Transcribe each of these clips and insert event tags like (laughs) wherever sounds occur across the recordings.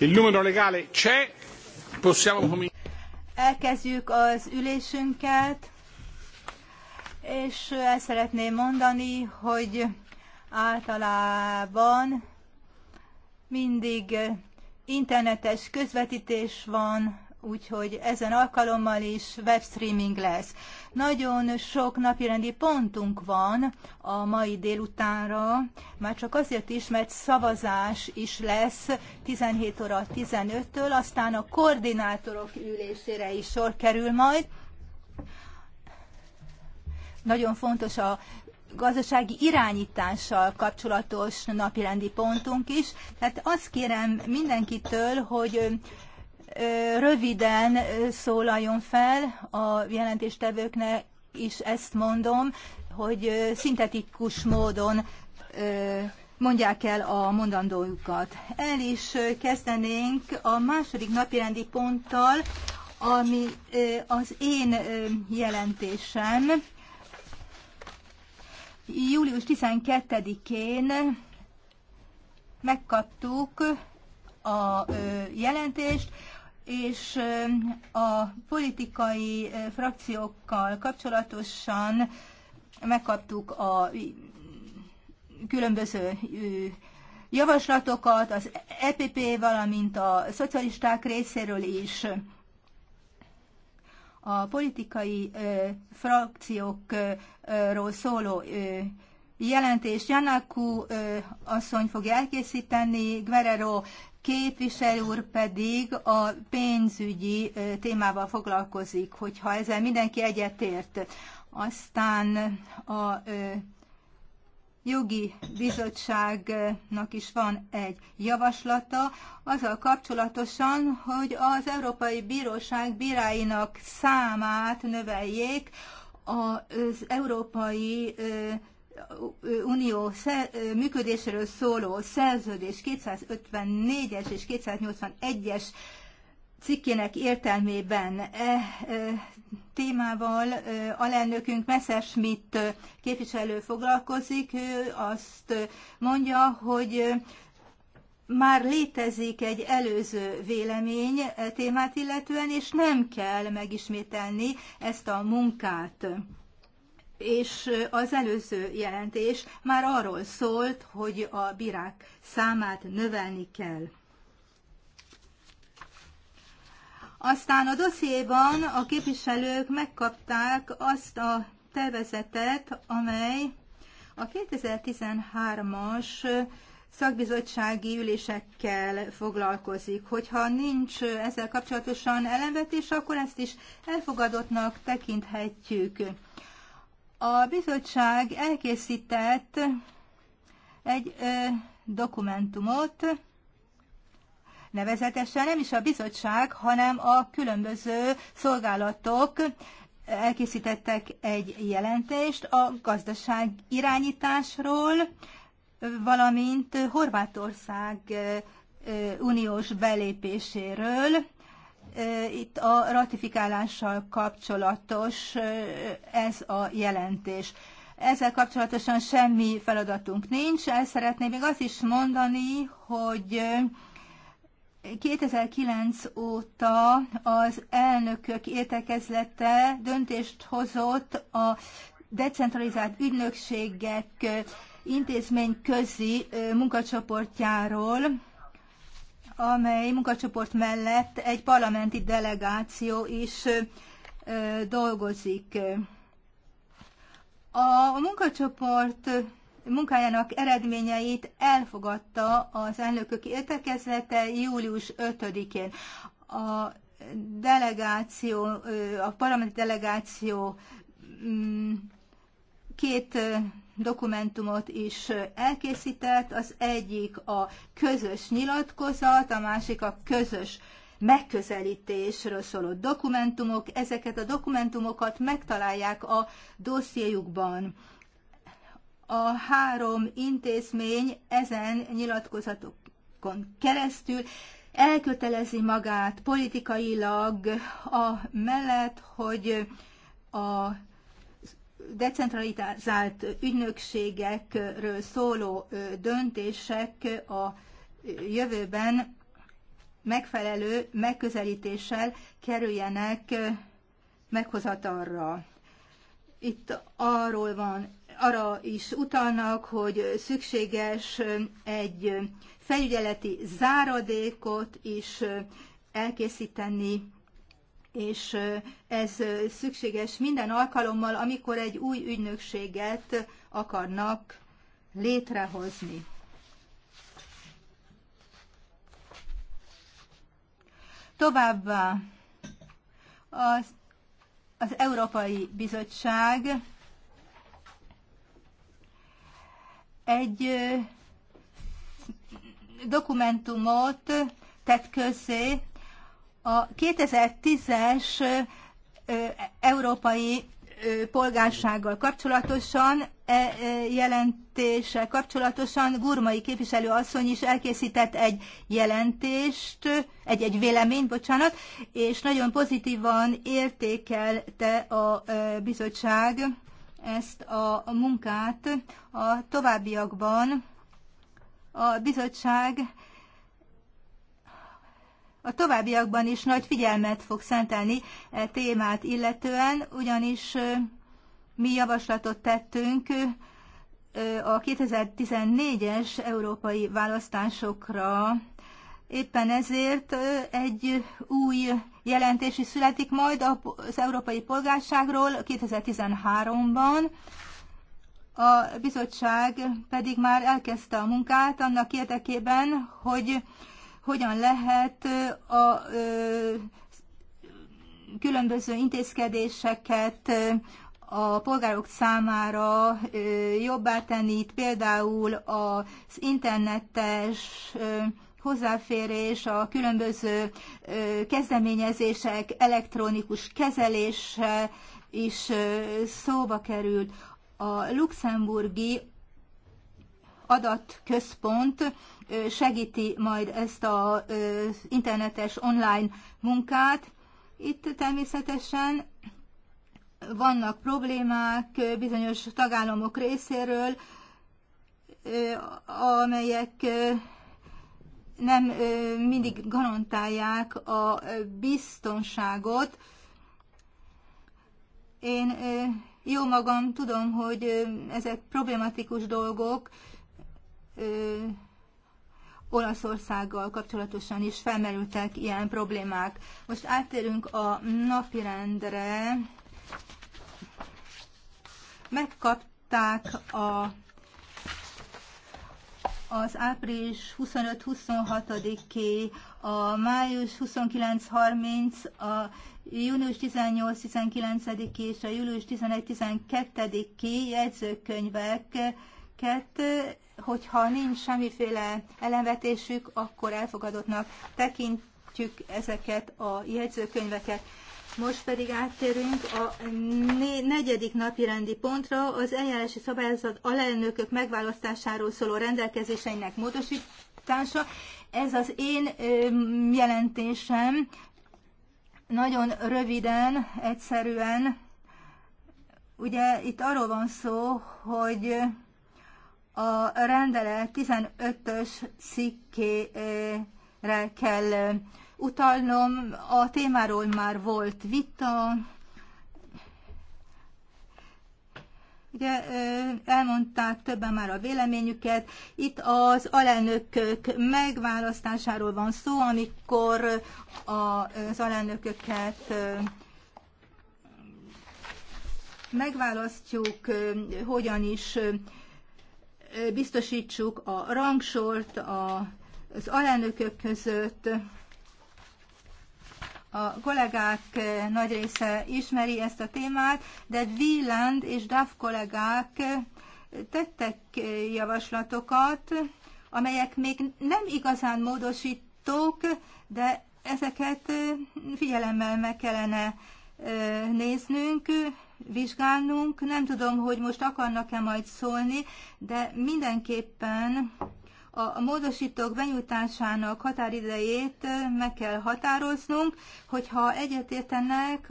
Il numero legale c'è, possiamo cominciare. Elkezdjük az ülésünket, és el szeretném mondani, hogy általában mindig internetes közvetítés van úgyhogy ezen alkalommal is webstreaming lesz. Nagyon sok napirendi pontunk van a mai délutánra, már csak azért is, mert szavazás is lesz 17 óra 15-től, aztán a koordinátorok ülésére is sor kerül majd. Nagyon fontos a gazdasági irányítással kapcsolatos napirendi pontunk is. Tehát azt kérem mindenkitől, hogy röviden szólaljon fel a jelentéstevőknek, is ezt mondom, hogy szintetikus módon mondják el a mondandójukat. El is kezdenénk a második napirendi ponttal, ami az én jelentésem. Július 12-én megkaptuk a jelentést, és a politikai frakciókkal kapcsolatosan megkaptuk a különböző javaslatokat az EPP, valamint a szocialisták részéről is. A politikai frakciókról szóló ö, jelentést Janaku asszony fogja elkészíteni, Guerrero képviselő úr pedig a pénzügyi témával foglalkozik, hogyha ezzel mindenki egyetért. Aztán a jogi bizottságnak is van egy javaslata azzal kapcsolatosan, hogy az Európai Bíróság bíráinak számát növeljék az Európai Unió működéséről szóló szerződés 254-es és 281-es cikkének értelmében e, e témával e, alelnökünk mit képviselő foglalkozik. Ő azt mondja, hogy már létezik egy előző vélemény e témát illetően, és nem kell megismételni ezt a munkát és az előző jelentés már arról szólt, hogy a bírák számát növelni kell. Aztán a dossziéban a képviselők megkapták azt a tervezetet, amely a 2013-as szakbizottsági ülésekkel foglalkozik. Hogyha nincs ezzel kapcsolatosan ellenvetés, akkor ezt is elfogadottnak tekinthetjük. A bizottság elkészített egy ö, dokumentumot, nevezetesen nem is a bizottság, hanem a különböző szolgálatok elkészítettek egy jelentést a gazdaság irányításról, valamint Horvátország uniós belépéséről Eh, itt a ratifikálással kapcsolatos eh, ez a jelentés. Ezzel kapcsolatosan semmi feladatunk nincs. El szeretném még azt is mondani, hogy 2009 eh, óta az elnökök értekezlete döntést hozott a decentralizált ügynökségek intézmény közi munkacsoportjáról, amely munkacsoport mellett egy parlamenti delegáció is dolgozik. A munkacsoport munkájának eredményeit elfogadta az elnökök értekezlete július 5-én. A delegáció, a parlamenti delegáció mm, két dokumentumot is elkészített. Az egyik a közös nyilatkozat, a másik a közös megközelítésről szóló dokumentumok. Ezeket a dokumentumokat megtalálják a dossziéjukban. A három intézmény ezen nyilatkozatokon keresztül elkötelezi magát politikailag a mellett, hogy a decentralizált ügynökségekről szóló döntések a jövőben megfelelő megközelítéssel kerüljenek meghozatalra. Itt arról van, arra is utalnak, hogy szükséges egy felügyeleti záradékot is elkészíteni és ez szükséges minden alkalommal, amikor egy új ügynökséget akarnak létrehozni. Továbbá az, az Európai Bizottság egy dokumentumot tett közzé a 2010-es európai polgársággal kapcsolatosan, e, e jelentése kapcsolatosan Gurmai képviselő asszony is elkészített egy jelentést, egy, egy vélemény, bocsánat, és nagyon pozitívan értékelte a bizottság ezt a munkát. A továbbiakban a bizottság a továbbiakban is nagy figyelmet fog szentelni e témát illetően, ugyanis mi javaslatot tettünk a 2014-es európai választásokra. Éppen ezért egy új jelentés is születik majd az európai polgárságról 2013-ban. A bizottság pedig már elkezdte a munkát annak érdekében, hogy hogyan lehet a különböző intézkedéseket a polgárok számára jobbá tenni, itt például az internetes hozzáférés, a különböző kezdeményezések, elektronikus kezelése is szóba került. A luxemburgi adatközpont segíti majd ezt az internetes online munkát. Itt természetesen vannak problémák bizonyos tagállamok részéről, amelyek nem mindig garantálják a biztonságot. Én jó magam tudom, hogy ezek problematikus dolgok, ö, Olaszországgal kapcsolatosan is felmerültek ilyen problémák. Most áttérünk a napirendre. Megkapták a, az április 25-26-é, a május 29-30, a június 18-19 és a július 11-12-é jegyzőkönyveket hogyha nincs semmiféle ellenvetésük, akkor elfogadottnak tekintjük ezeket a jegyzőkönyveket. Most pedig áttérünk a negyedik napi rendi pontra, az eljárási szabályzat alelnökök megválasztásáról szóló rendelkezéseinek módosítása. Ez az én jelentésem nagyon röviden, egyszerűen. Ugye itt arról van szó, hogy a rendelet 15-ös szikkére kell utalnom. A témáról már volt vita. Ugye elmondták többen már a véleményüket. Itt az alelnökök megválasztásáról van szó, amikor az alelnököket megválasztjuk, hogyan is biztosítsuk a rangsort a, az alelnökök között. A kollégák nagy része ismeri ezt a témát, de Wieland és DAF kollégák tettek javaslatokat, amelyek még nem igazán módosítók, de ezeket figyelemmel meg kellene néznünk vizsgálnunk. Nem tudom, hogy most akarnak-e majd szólni, de mindenképpen a módosítók benyújtásának határidejét meg kell határoznunk, hogyha egyetértenek,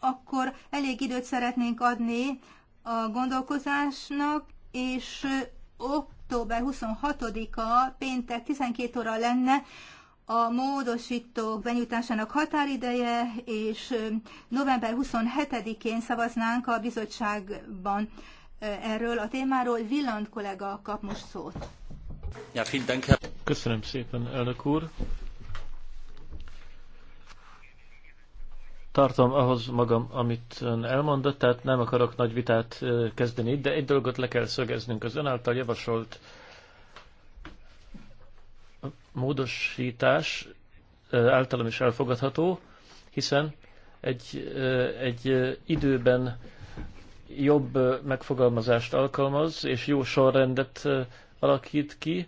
akkor elég időt szeretnénk adni a gondolkozásnak, és október 26-a péntek 12 óra lenne a módosítók benyújtásának határideje, és november 27-én szavaznánk a bizottságban erről a témáról. Villand kollega kap most szót. Köszönöm szépen, elnök úr. Tartom ahhoz magam, amit ön elmondott, tehát nem akarok nagy vitát kezdeni, de egy dolgot le kell szögeznünk. Az ön által javasolt módosítás általam is elfogadható, hiszen egy, egy időben jobb megfogalmazást alkalmaz, és jó sorrendet alakít ki.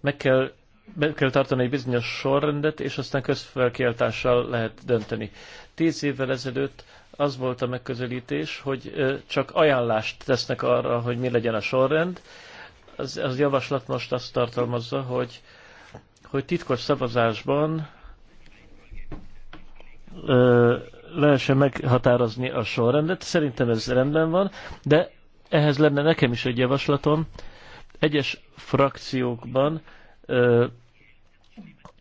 Meg kell, be kell tartani egy bizonyos sorrendet, és aztán közfelkiáltással lehet dönteni. Tíz évvel ezelőtt az volt a megközelítés, hogy csak ajánlást tesznek arra, hogy mi legyen a sorrend, az, az javaslat most azt tartalmazza, hogy, hogy titkos szavazásban ö, lehessen meghatározni a sorrendet. Szerintem ez rendben van, de ehhez lenne nekem is egy javaslatom. Egyes frakciókban ö,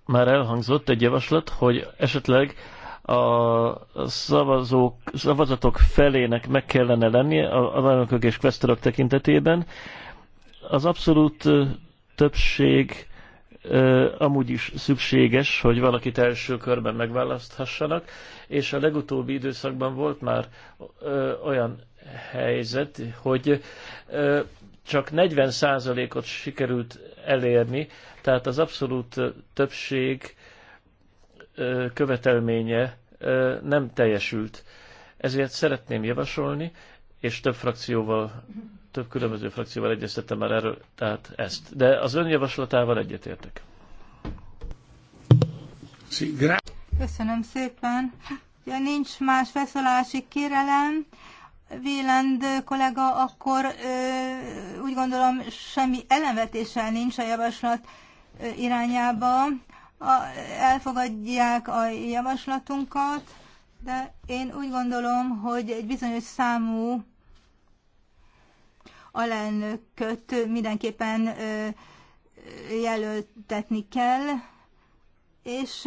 már elhangzott egy javaslat, hogy esetleg a szavazók, szavazatok felének meg kellene lennie a, a és kvesztorok tekintetében, az abszolút többség amúgy is szükséges, hogy valakit első körben megválaszthassanak, és a legutóbbi időszakban volt már olyan helyzet, hogy csak 40%-ot sikerült elérni, tehát az abszolút többség követelménye nem teljesült. Ezért szeretném javasolni, és több frakcióval több különböző frakcióval egyeztettem már erről, tehát ezt. De az ön javaslatával egyetértek. Köszönöm szépen. Ja, nincs más feszolási kérelem. Vélend kollega, akkor ö, úgy gondolom semmi ellenvetéssel nincs a javaslat ö, irányába. A, elfogadják a javaslatunkat, de én úgy gondolom, hogy egy bizonyos számú alelnököt mindenképpen jelöltetni kell, és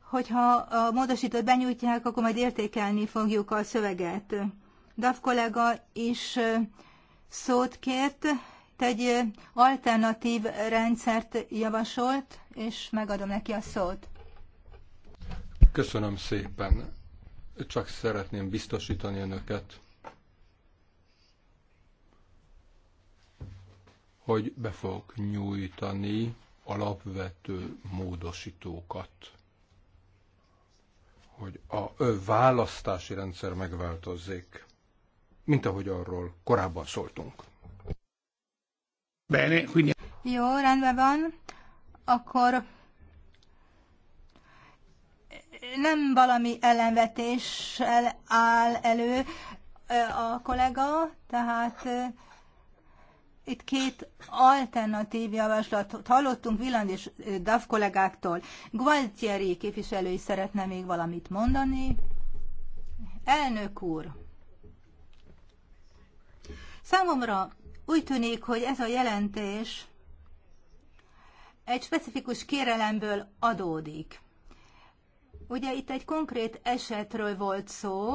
hogyha a módosítót benyújtják, akkor majd értékelni fogjuk a szöveget. DAF kollega is szót kért, egy alternatív rendszert javasolt, és megadom neki a szót. Köszönöm szépen. Csak szeretném biztosítani önöket, hogy be fogok nyújtani alapvető módosítókat, hogy a választási rendszer megváltozzék, mint ahogy arról korábban szóltunk. Bene, hogy... Jó, rendben van. Akkor nem valami ellenvetéssel áll elő a kollega, tehát itt két alternatív javaslatot hallottunk Villand és DAF kollégáktól. Gualtieri képviselő is szeretne még valamit mondani. Elnök úr, számomra úgy tűnik, hogy ez a jelentés egy specifikus kérelemből adódik. Ugye itt egy konkrét esetről volt szó,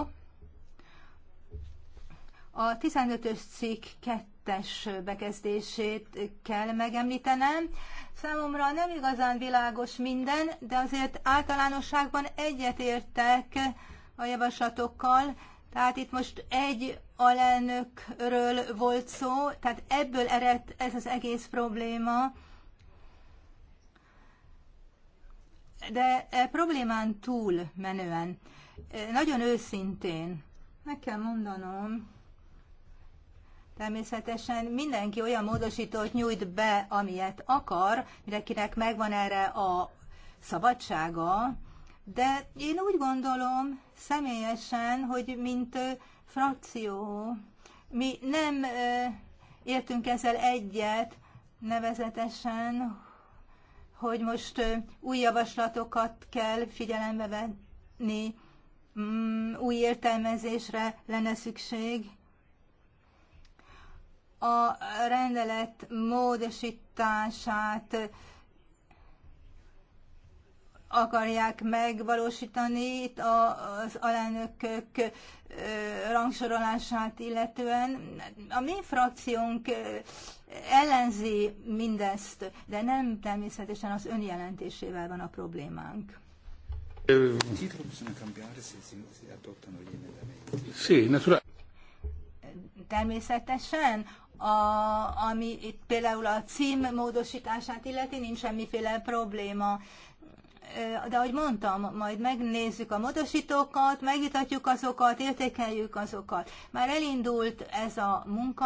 a 15-ös cikk kettes bekezdését kell megemlítenem. Számomra nem igazán világos minden, de azért általánosságban egyetértek a javaslatokkal, tehát itt most egy alelnökről volt szó, tehát ebből eredt ez az egész probléma. De e problémán túl menően, nagyon őszintén meg kell mondanom, Természetesen mindenki olyan módosítót nyújt be, amilyet akar, mindenkinek megvan erre a szabadsága, de én úgy gondolom személyesen, hogy mint frakció, mi nem értünk ezzel egyet, nevezetesen, hogy most új javaslatokat kell figyelembe venni, mm, új értelmezésre lenne szükség, a rendelet módosítását akarják megvalósítani itt az alelnökök rangsorolását illetően. A mi frakciónk ellenzi mindezt, de nem természetesen az önjelentésével van a problémánk. Természetesen a, ami itt például a cím módosítását illeti, nincs semmiféle probléma. De ahogy mondtam, majd megnézzük a módosítókat, megvitatjuk azokat, értékeljük azokat. Már elindult ez a munka,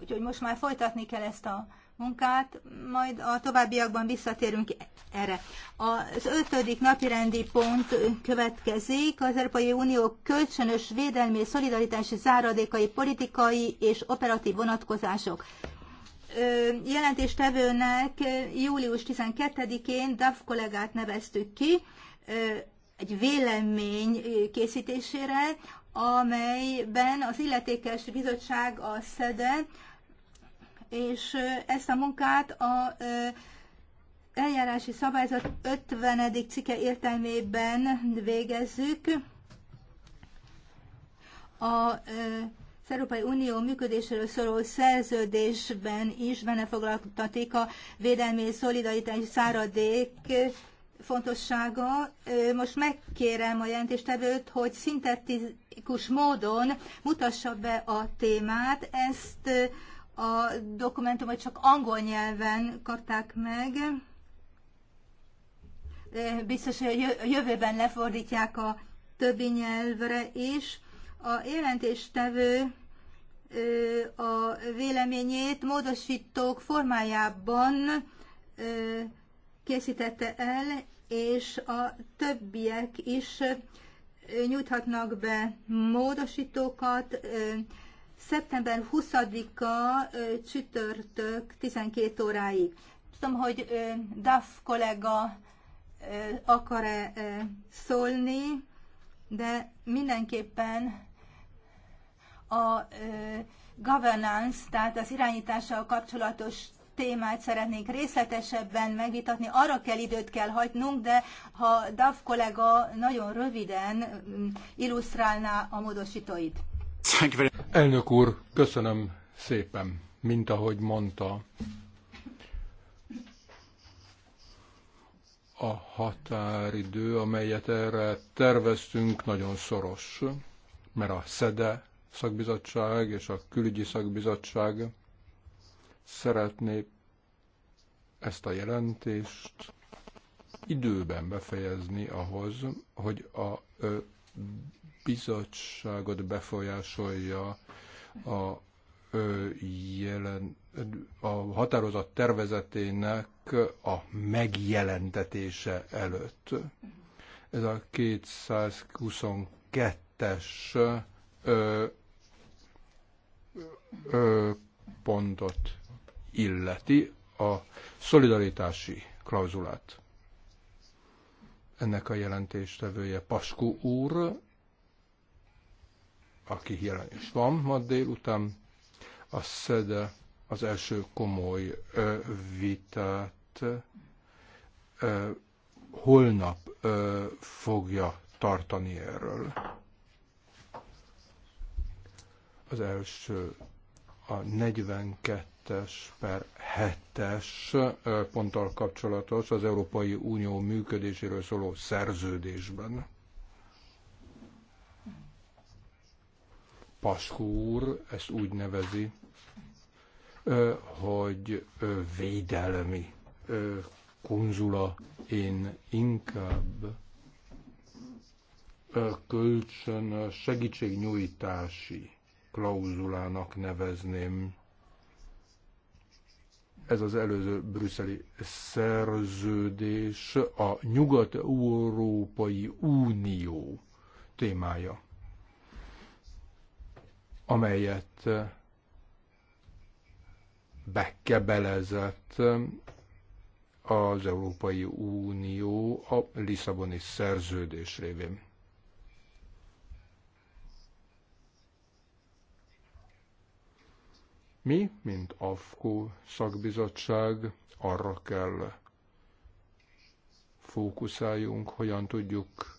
úgyhogy most már folytatni kell ezt a munkát, majd a továbbiakban visszatérünk erre. Az ötödik napirendi pont következik, az Európai Unió kölcsönös védelmi és szolidaritási záradékai politikai és operatív vonatkozások. Jelentéstevőnek július 12-én DAF kollégát neveztük ki egy vélemény készítésére, amelyben az illetékes bizottság a SZEDE és ezt a munkát a eljárási szabályzat 50. cikke értelmében végezzük. A az Európai Unió működéséről szóló szerződésben is benne foglaltatik a védelmi és szolidaritási száradék fontossága. Most megkérem a jelentéstevőt, hogy szintetikus módon mutassa be a témát. Ezt a dokumentumot csak angol nyelven kapták meg. Biztos, hogy a jövőben lefordítják a többi nyelvre is. A jelentéstevő a véleményét módosítók formájában készítette el, és a többiek is nyújthatnak be módosítókat, Szeptember 20-a csütörtök 12 óráig. Tudom, hogy DAF kollega akar-e szólni, de mindenképpen a governance, tehát az irányítással kapcsolatos témát szeretnénk részletesebben megvitatni, arra kell időt kell hagynunk, de ha DAV kollega nagyon röviden mm, illusztrálná a módosítóit. Elnök úr, köszönöm szépen, mint ahogy mondta. A határidő, amelyet erre terveztünk, nagyon szoros, mert a SZEDE szakbizottság és a külügyi szakbizottság szeretné ezt a jelentést időben befejezni ahhoz, hogy a bizottságot befolyásolja a jelen, a határozat tervezetének a megjelentetése előtt. Ez a 222-es ö, ö, pontot illeti a szolidaritási klauzulát. Ennek a jelentéstevője Pasku úr, aki jelen is van ma délután. A SZEDE az első komoly ö, vitát ö, holnap ö, fogja tartani erről. Az első a 42-es per 7-es ponttal kapcsolatos az Európai Unió működéséről szóló szerződésben. úr ezt úgy nevezi, hogy védelmi konzula, én inkább kölcsön segítségnyújtási klauzulának nevezném. Ez az előző brüsszeli szerződés a Nyugat-Európai Unió témája amelyet bekebelezett az Európai Unió a Lisszaboni szerződés révén. Mi, mint AFKO szakbizottság, arra kell fókuszáljunk, hogyan tudjuk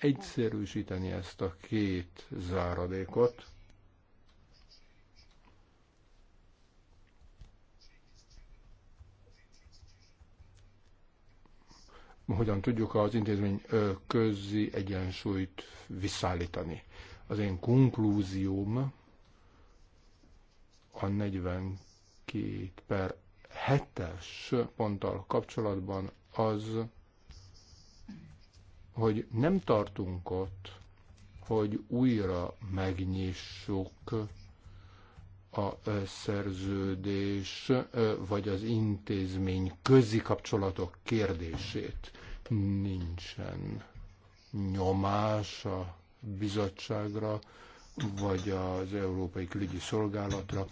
egyszerűsíteni ezt a két záradékot, hogyan tudjuk az intézmény közi egyensúlyt visszaállítani. Az én konklúzióm a 42 per 7-es ponttal kapcsolatban az, hogy nem tartunk ott, hogy újra megnyissuk a szerződés vagy az intézmény közi kapcsolatok kérdését. Nincsen nyomás a bizottságra, vagy az Európai Külügyi Szolgálatra,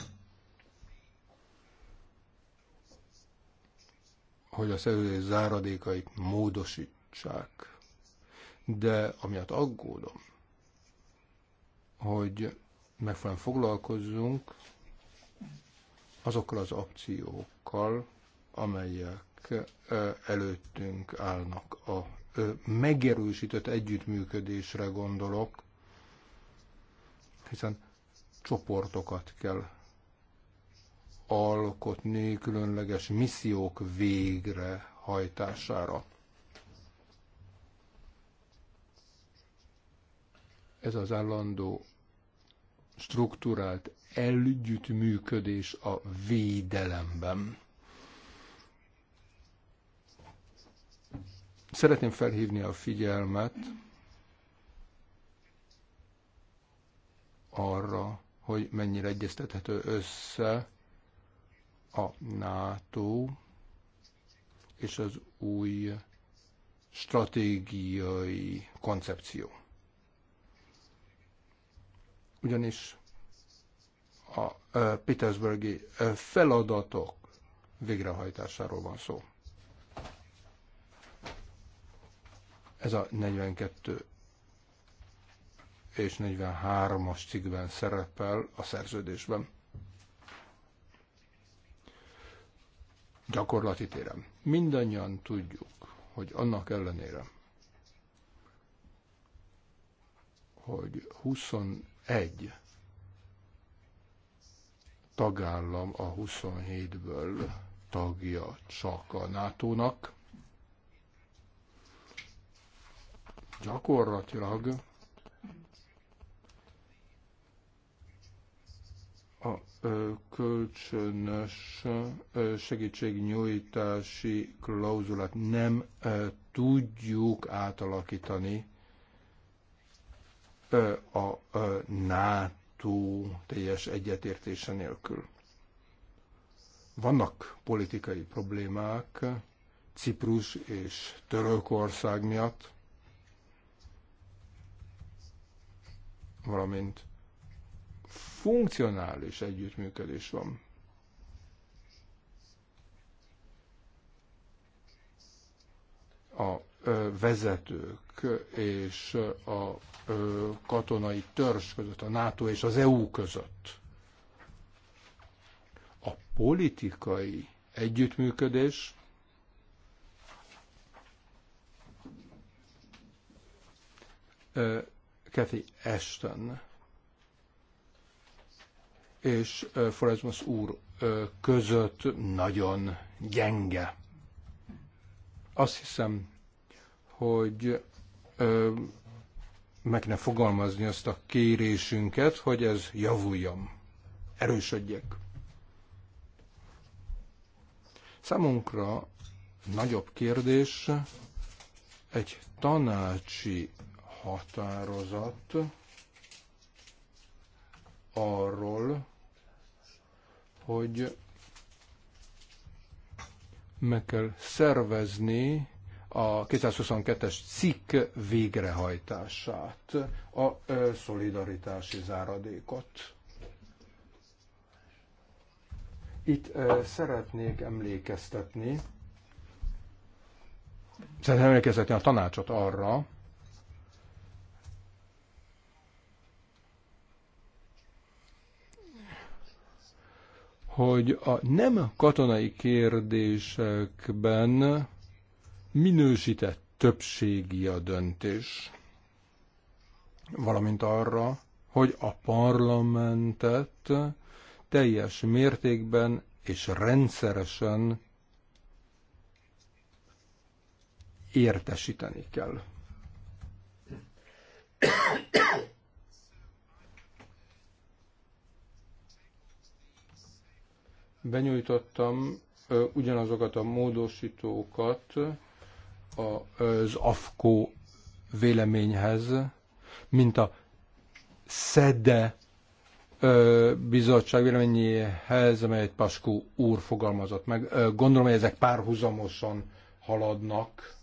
hogy a szerződés záradékait módosítsák. De amiatt aggódom, hogy megfelelően foglalkozzunk azokkal az opciókkal, amelyek előttünk állnak. A megerősített együttműködésre gondolok, hiszen csoportokat kell alkotni különleges missziók hajtására. Ez az állandó struktúrált együttműködés a védelemben. Szeretném felhívni a figyelmet arra, hogy mennyire egyeztethető össze a NATO és az új stratégiai koncepció ugyanis a Petersburgi feladatok végrehajtásáról van szó. Ez a 42 és 43-as cikkben szerepel a szerződésben. Gyakorlati téren. Mindannyian tudjuk, hogy annak ellenére, hogy 25 egy tagállam a 27-ből tagja csak a NATO-nak. Gyakorlatilag a kölcsönös segítségnyújtási klauzulát nem tudjuk átalakítani a NATO teljes egyetértése nélkül. Vannak politikai problémák Ciprus és Törökország miatt, valamint funkcionális együttműködés van. A vezetők és a katonai törzs között, a NATO és az EU között. A politikai együttműködés Kathy Ashton és Forasmus úr között nagyon gyenge. Azt hiszem, hogy meg ne fogalmazni azt a kérésünket, hogy ez javuljam, erősödjek. Számunkra nagyobb kérdés egy tanácsi határozat arról, hogy meg kell szervezni a 222-es cikk végrehajtását, a szolidaritási záradékot. Itt szeretnék emlékeztetni, szeretnék emlékeztetni a tanácsot arra, hogy a nem katonai kérdésekben minősített többségi a döntés, valamint arra, hogy a parlamentet teljes mértékben és rendszeresen értesíteni kell. Benyújtottam ugyanazokat a módosítókat, az AFKO véleményhez, mint a SZEDE bizottság véleményéhez, amelyet Paskó úr fogalmazott meg. Gondolom, hogy ezek párhuzamosan haladnak,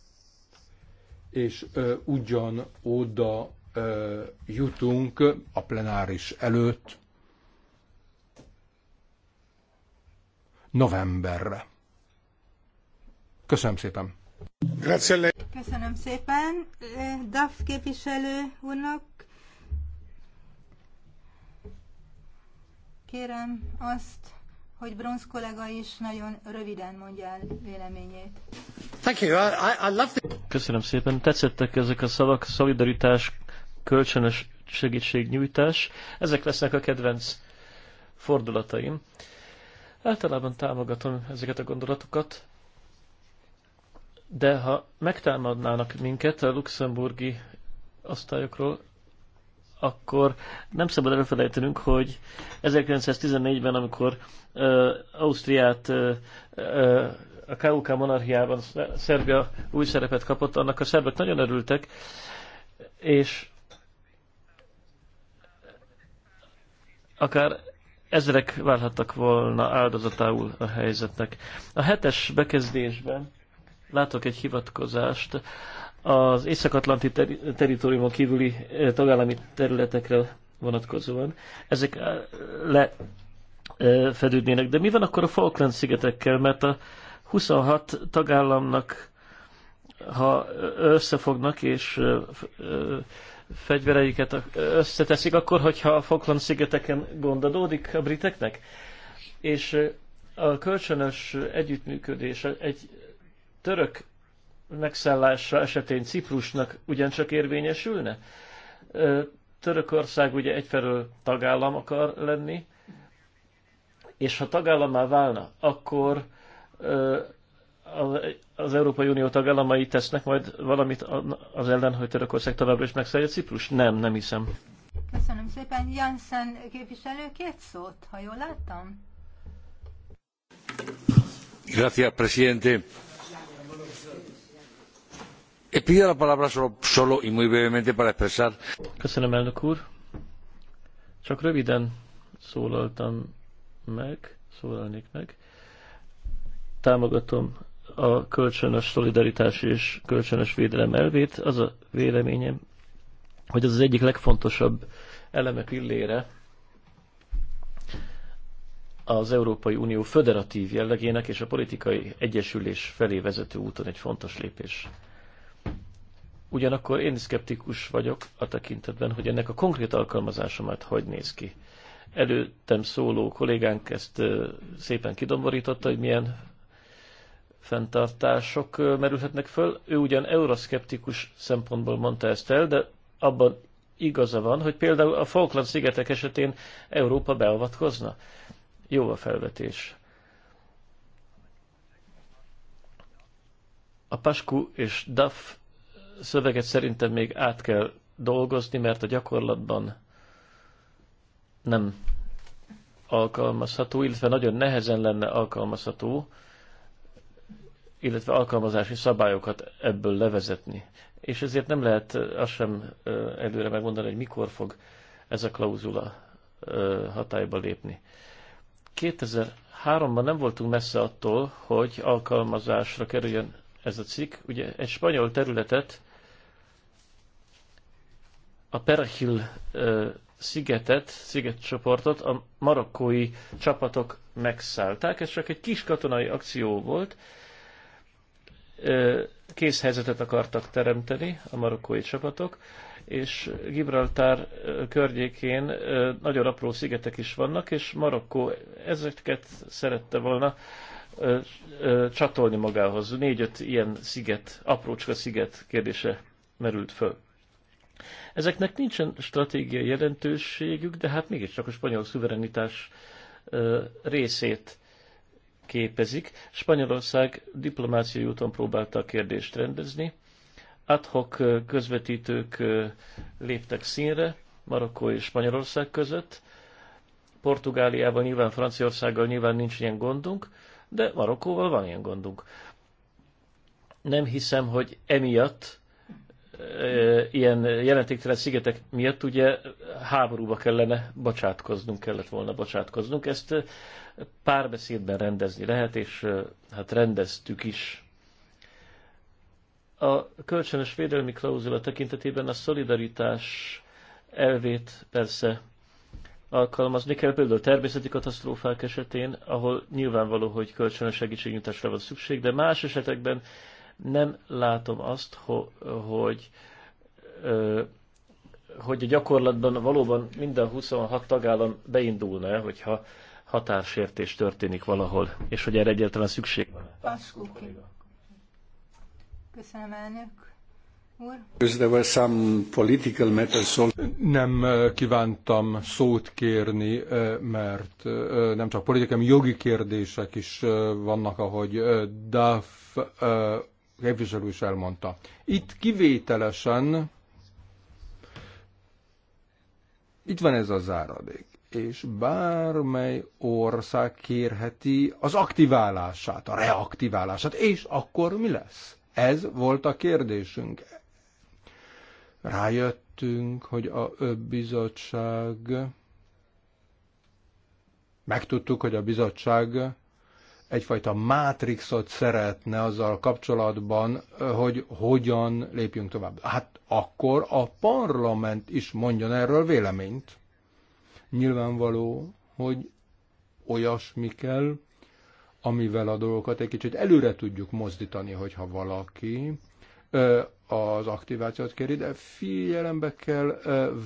és ugyan oda jutunk a plenáris előtt novemberre. Köszönöm szépen! Köszönöm szépen DAF képviselő úrnak. Kérem azt, hogy Bronz kollega is nagyon röviden mondja el véleményét. Thank you. I, I love the... Köszönöm szépen. Tetszettek ezek a szavak, szolidaritás, kölcsönös segítségnyújtás. Ezek lesznek a kedvenc fordulataim. Általában támogatom ezeket a gondolatokat de ha megtámadnának minket a luxemburgi osztályokról, akkor nem szabad elfelejtenünk, hogy 1914-ben, amikor ö, Ausztriát ö, ö, a KUK monarchiában Szerbia új szerepet kapott, annak a szerbek nagyon örültek, és akár ezrek válhattak volna áldozatául a helyzetnek. A hetes bekezdésben látok egy hivatkozást az Észak-Atlanti ter- teritoriumon kívüli eh, tagállami területekre vonatkozóan. Ezek eh, lefedődnének. Eh, De mi van akkor a Falkland-szigetekkel? Mert a 26 tagállamnak, ha összefognak és fegyvereiket összeteszik, akkor, hogyha a Falkland-szigeteken gond adódik a briteknek? És a kölcsönös együttműködés, egy török megszállása esetén Ciprusnak ugyancsak érvényesülne? Törökország ugye egyfelől tagállam akar lenni, és ha tagállamá válna, akkor az Európai Unió tagállamai tesznek majd valamit az ellen, hogy Törökország továbbra is megszállja Ciprus? Nem, nem hiszem. Köszönöm szépen. Janssen képviselő két szót, ha jól láttam. Gracias, presidente. Eh, la palabra solo, y muy brevemente para expresar. Köszönöm, elnök úr. Csak röviden szólaltam meg, szólalnék meg. Támogatom a kölcsönös szolidaritás és kölcsönös védelem elvét. Az a véleményem, hogy az az egyik legfontosabb eleme pillére az Európai Unió föderatív jellegének és a politikai egyesülés felé vezető úton egy fontos lépés. Ugyanakkor én szkeptikus vagyok a tekintetben, hogy ennek a konkrét alkalmazása majd hogy néz ki. Előttem szóló kollégánk ezt szépen kidomborította, hogy milyen fenntartások merülhetnek föl. Ő ugyan euroszkeptikus szempontból mondta ezt el, de abban igaza van, hogy például a Falkland-szigetek esetén Európa beavatkozna. Jó a felvetés. A Pasku és Duff szöveget szerintem még át kell dolgozni, mert a gyakorlatban nem alkalmazható, illetve nagyon nehezen lenne alkalmazható, illetve alkalmazási szabályokat ebből levezetni. És ezért nem lehet azt sem előre megmondani, hogy mikor fog ez a klauzula hatályba lépni. 2003-ban nem voltunk messze attól, hogy alkalmazásra kerüljön ez a cikk. Ugye egy spanyol területet a Perhil szigetet, szigetcsoportot a marokkói csapatok megszállták. Ez csak egy kis katonai akció volt. Készhelyzetet akartak teremteni a marokkói csapatok, és Gibraltár környékén nagyon apró szigetek is vannak, és Marokkó ezeket szerette volna csatolni magához. Négy-öt ilyen sziget, aprócska sziget kérdése merült föl. Ezeknek nincsen stratégiai jelentőségük, de hát mégiscsak a spanyol szuverenitás részét képezik. Spanyolország diplomáciai úton próbálta a kérdést rendezni. Adhok közvetítők léptek színre Marokkó és Spanyolország között. Portugáliával nyilván, Franciaországgal nyilván nincs ilyen gondunk, de Marokkóval van ilyen gondunk. Nem hiszem, hogy emiatt ilyen jelentéktelen szigetek miatt ugye háborúba kellene bocsátkoznunk, kellett volna bocsátkoznunk. Ezt párbeszédben rendezni lehet, és hát rendeztük is. A kölcsönös védelmi klauzula tekintetében a szolidaritás elvét persze alkalmazni kell, például természeti katasztrófák esetén, ahol nyilvánvaló, hogy kölcsönös segítségnyújtásra van szükség, de más esetekben nem látom azt, hogy, hogy a gyakorlatban valóban minden 26 tagállam beindulna, hogyha határsértés történik valahol, és hogy erre egyáltalán szükség van. Köszönöm, elnök. Nem kívántam szót kérni, mert nem csak politikai, jogi kérdések is vannak, ahogy Duff képviselő is elmondta. Itt kivételesen itt van ez a záradék, és bármely ország kérheti az aktiválását, a reaktiválását, és akkor mi lesz? Ez volt a kérdésünk. Rájöttünk, hogy a bizottság megtudtuk, hogy a bizottság egyfajta mátrixot szeretne azzal kapcsolatban, hogy hogyan lépjünk tovább. Hát akkor a parlament is mondjon erről véleményt. Nyilvánvaló, hogy olyasmi kell, amivel a dolgokat egy kicsit előre tudjuk mozdítani, hogyha valaki az aktivációt kéri, de figyelembe kell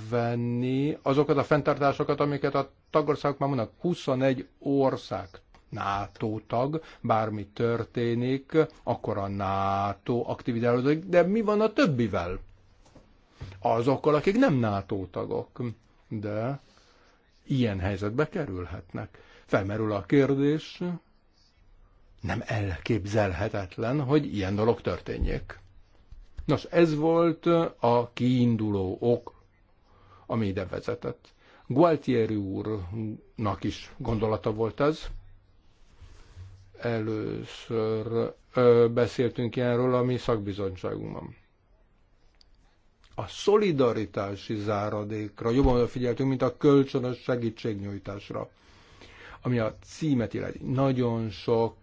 venni azokat a fenntartásokat, amiket a tagországok már mondanak. 21 ország NATO tag, bármi történik, akkor a NATO aktivizálódik, de mi van a többivel? Azokkal, akik nem NATO tagok, de ilyen helyzetbe kerülhetnek. Felmerül a kérdés, nem elképzelhetetlen, hogy ilyen dolog történjék. Nos, ez volt a kiinduló ok, ami ide vezetett. Gualtieri úrnak is gondolata volt ez, először beszéltünk ilyenről a mi szakbizottságunkban. A szolidaritási záradékra jobban figyeltünk, mint a kölcsönös segítségnyújtásra, ami a címet illeti. Nagyon sok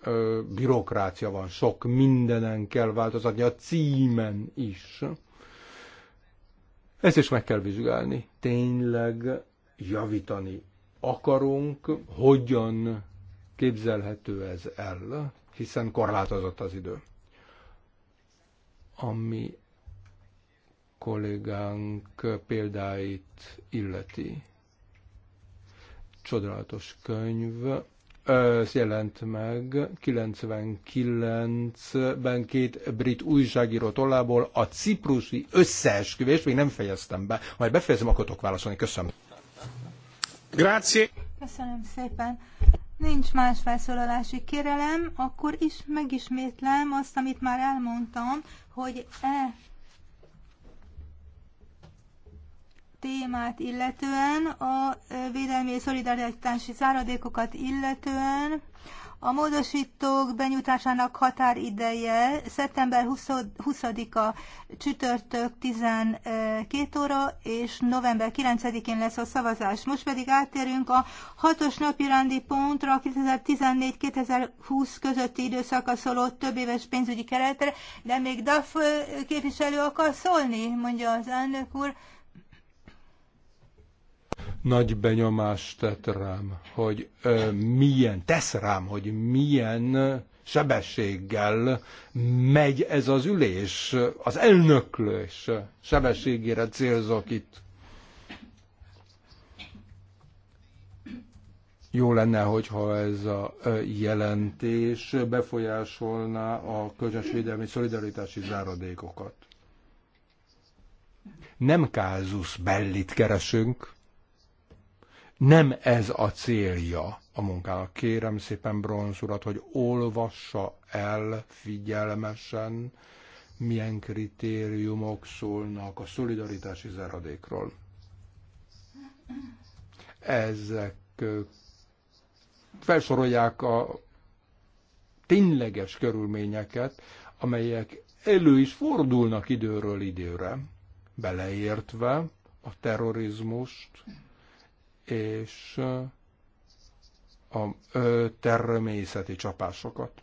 ö, bürokrácia van, sok mindenen kell változtatni, a címen is. Ezt is meg kell vizsgálni. Tényleg javítani akarunk, hogyan képzelhető ez el, hiszen korlátozott az idő. Ami kollégánk példáit illeti. Csodálatos könyv. Ez jelent meg 99-ben két brit újságíró tollából a ciprusi összeesküvés. még nem fejeztem be. Majd befejezem, akkor tudok válaszolni. Köszönöm. Grazie. Köszönöm szépen nincs más felszólalási kérelem, akkor is megismétlem azt, amit már elmondtam, hogy e témát illetően, a védelmi és szolidaritási záradékokat illetően a módosítók benyújtásának határideje szeptember 20-a csütörtök 12 óra, és november 9-én lesz a szavazás. Most pedig átérünk a hatos napi rendi pontra a 2014-2020 közötti időszakra szóló több éves pénzügyi keretre, de még DAF képviselő akar szólni, mondja az elnök úr nagy benyomást tett rám, hogy ö, milyen, tesz rám, hogy milyen sebességgel megy ez az ülés, az elnöklés sebességére célzok itt. Jó lenne, hogyha ez a jelentés befolyásolná a közösvédelmi szolidaritási záradékokat. Nem kázus bellit keresünk, nem ez a célja a munkának. Kérem szépen Bronz urat, hogy olvassa el figyelmesen, milyen kritériumok szólnak a szolidaritási zeradékról. Ezek felsorolják a tényleges körülményeket, amelyek elő is fordulnak időről időre, beleértve a terrorizmust, és a természeti csapásokat.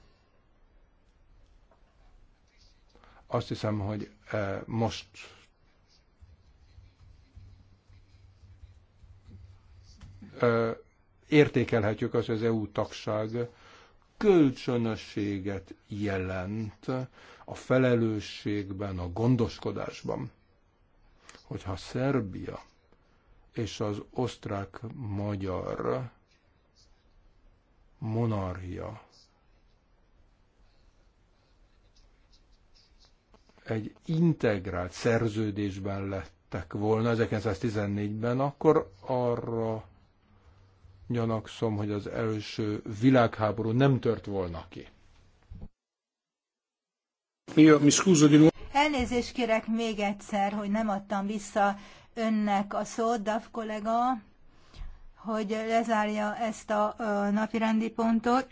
Azt hiszem, hogy most értékelhetjük azt, hogy az EU tagság kölcsönösséget jelent a felelősségben, a gondoskodásban. Hogyha Szerbia és az osztrák-magyar monarchia egy integrált szerződésben lettek volna 1914-ben, akkor arra gyanakszom, hogy az első világháború nem tört volna ki. Elnézést kérek még egyszer, hogy nem adtam vissza önnek a szót, DAF kollega, hogy lezárja ezt a napirendi pontot.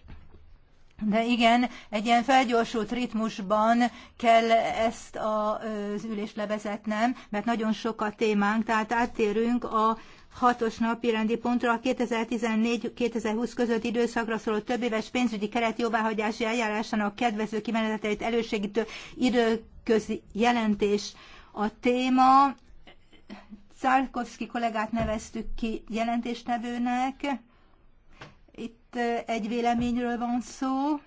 De igen, egy ilyen felgyorsult ritmusban kell ezt az ülést levezetnem, mert nagyon sok a témánk, tehát áttérünk a hatos napi rendi pontra a 2014-2020 közötti időszakra szóló éves pénzügyi keret jóváhagyási eljárásának kedvező kimeneteit elősegítő időközi jelentés a téma. Szárkovszki kollégát neveztük ki jelentéstevőnek. Itt egy véleményről van szó.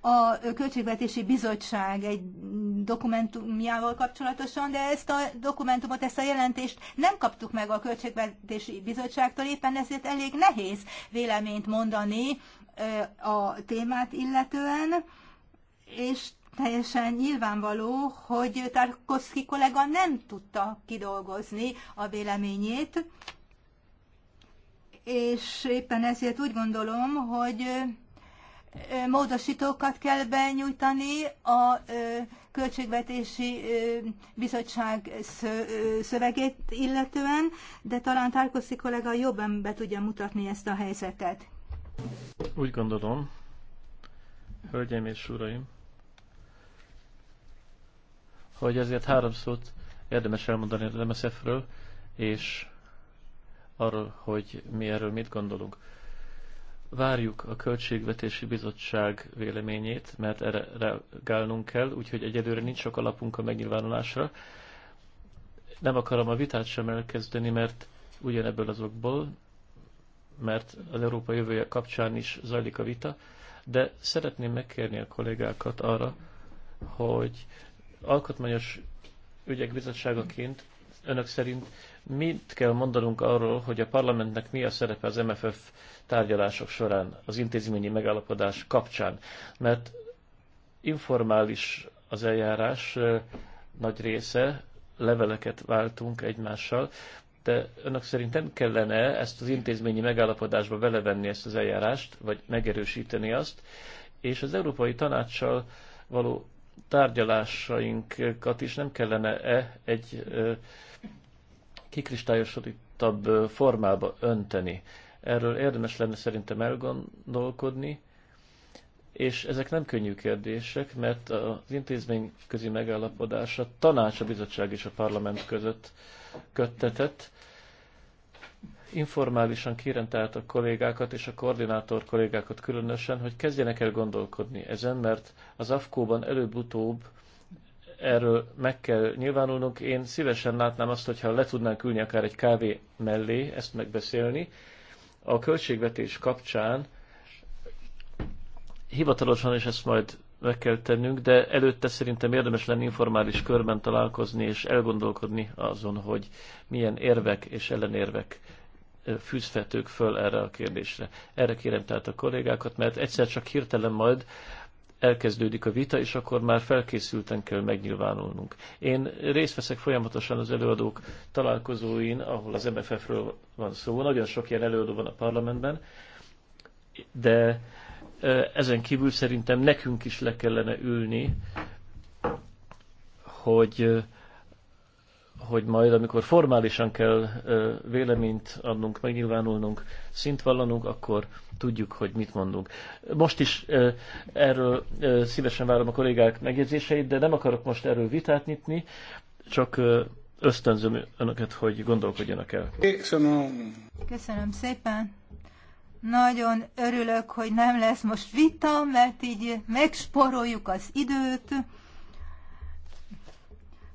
A Költségvetési Bizottság egy dokumentumjával kapcsolatosan, de ezt a dokumentumot, ezt a jelentést nem kaptuk meg a Költségvetési Bizottságtól, éppen ezért elég nehéz véleményt mondani a témát illetően, és teljesen nyilvánvaló, hogy Tarkovsky kollega nem tudta kidolgozni a véleményét, és éppen ezért úgy gondolom, hogy módosítókat kell benyújtani a Költségvetési Bizottság szövegét illetően, de talán Tarkovsky kollega jobban be tudja mutatni ezt a helyzetet. Úgy gondolom, hölgyeim és uraim, hogy ezért három szót érdemes elmondani a MSZF-ről, és arról, hogy mi erről mit gondolunk. Várjuk a Költségvetési Bizottság véleményét, mert erre reagálnunk kell, úgyhogy egyelőre nincs sok alapunk a megnyilvánulásra. Nem akarom a vitát sem elkezdeni, mert ugyanebből azokból, mert az Európa jövője kapcsán is zajlik a vita, de szeretném megkérni a kollégákat arra, hogy Alkotmányos ügyek bizottságaként önök szerint mit kell mondanunk arról, hogy a parlamentnek mi a szerepe az MFF tárgyalások során, az intézményi megállapodás kapcsán? Mert informális az eljárás nagy része, leveleket váltunk egymással, de önök szerint nem kellene ezt az intézményi megállapodásba belevenni ezt az eljárást, vagy megerősíteni azt, és az Európai Tanácssal való tárgyalásainkat is nem kellene-e egy kikristályosodottabb formába önteni. Erről érdemes lenne szerintem elgondolkodni, és ezek nem könnyű kérdések, mert az intézmény közi megállapodása tanács a bizottság és a parlament között köttetett, informálisan kérem tehát a kollégákat és a koordinátor kollégákat különösen, hogy kezdjenek el gondolkodni ezen, mert az AFKO-ban előbb-utóbb erről meg kell nyilvánulnunk. Én szívesen látnám azt, hogyha le tudnánk ülni akár egy kávé mellé, ezt megbeszélni. A költségvetés kapcsán hivatalosan is ezt majd meg kell tennünk, de előtte szerintem érdemes lenni informális körben találkozni és elgondolkodni azon, hogy milyen érvek és ellenérvek fűzfetők föl erre a kérdésre. Erre kérem tehát a kollégákat, mert egyszer csak hirtelen majd elkezdődik a vita, és akkor már felkészülten kell megnyilvánulnunk. Én részt veszek folyamatosan az előadók találkozóin, ahol az MFF-ről van szó. Nagyon sok ilyen előadó van a parlamentben, de ezen kívül szerintem nekünk is le kellene ülni, hogy hogy majd, amikor formálisan kell véleményt adnunk, megnyilvánulnunk, szint vallanunk, akkor tudjuk, hogy mit mondunk. Most is erről szívesen várom a kollégák megjegyzéseit, de nem akarok most erről vitát nyitni, csak ösztönzöm önöket, hogy gondolkodjanak el. Köszönöm. Köszönöm szépen. Nagyon örülök, hogy nem lesz most vita, mert így megsporoljuk az időt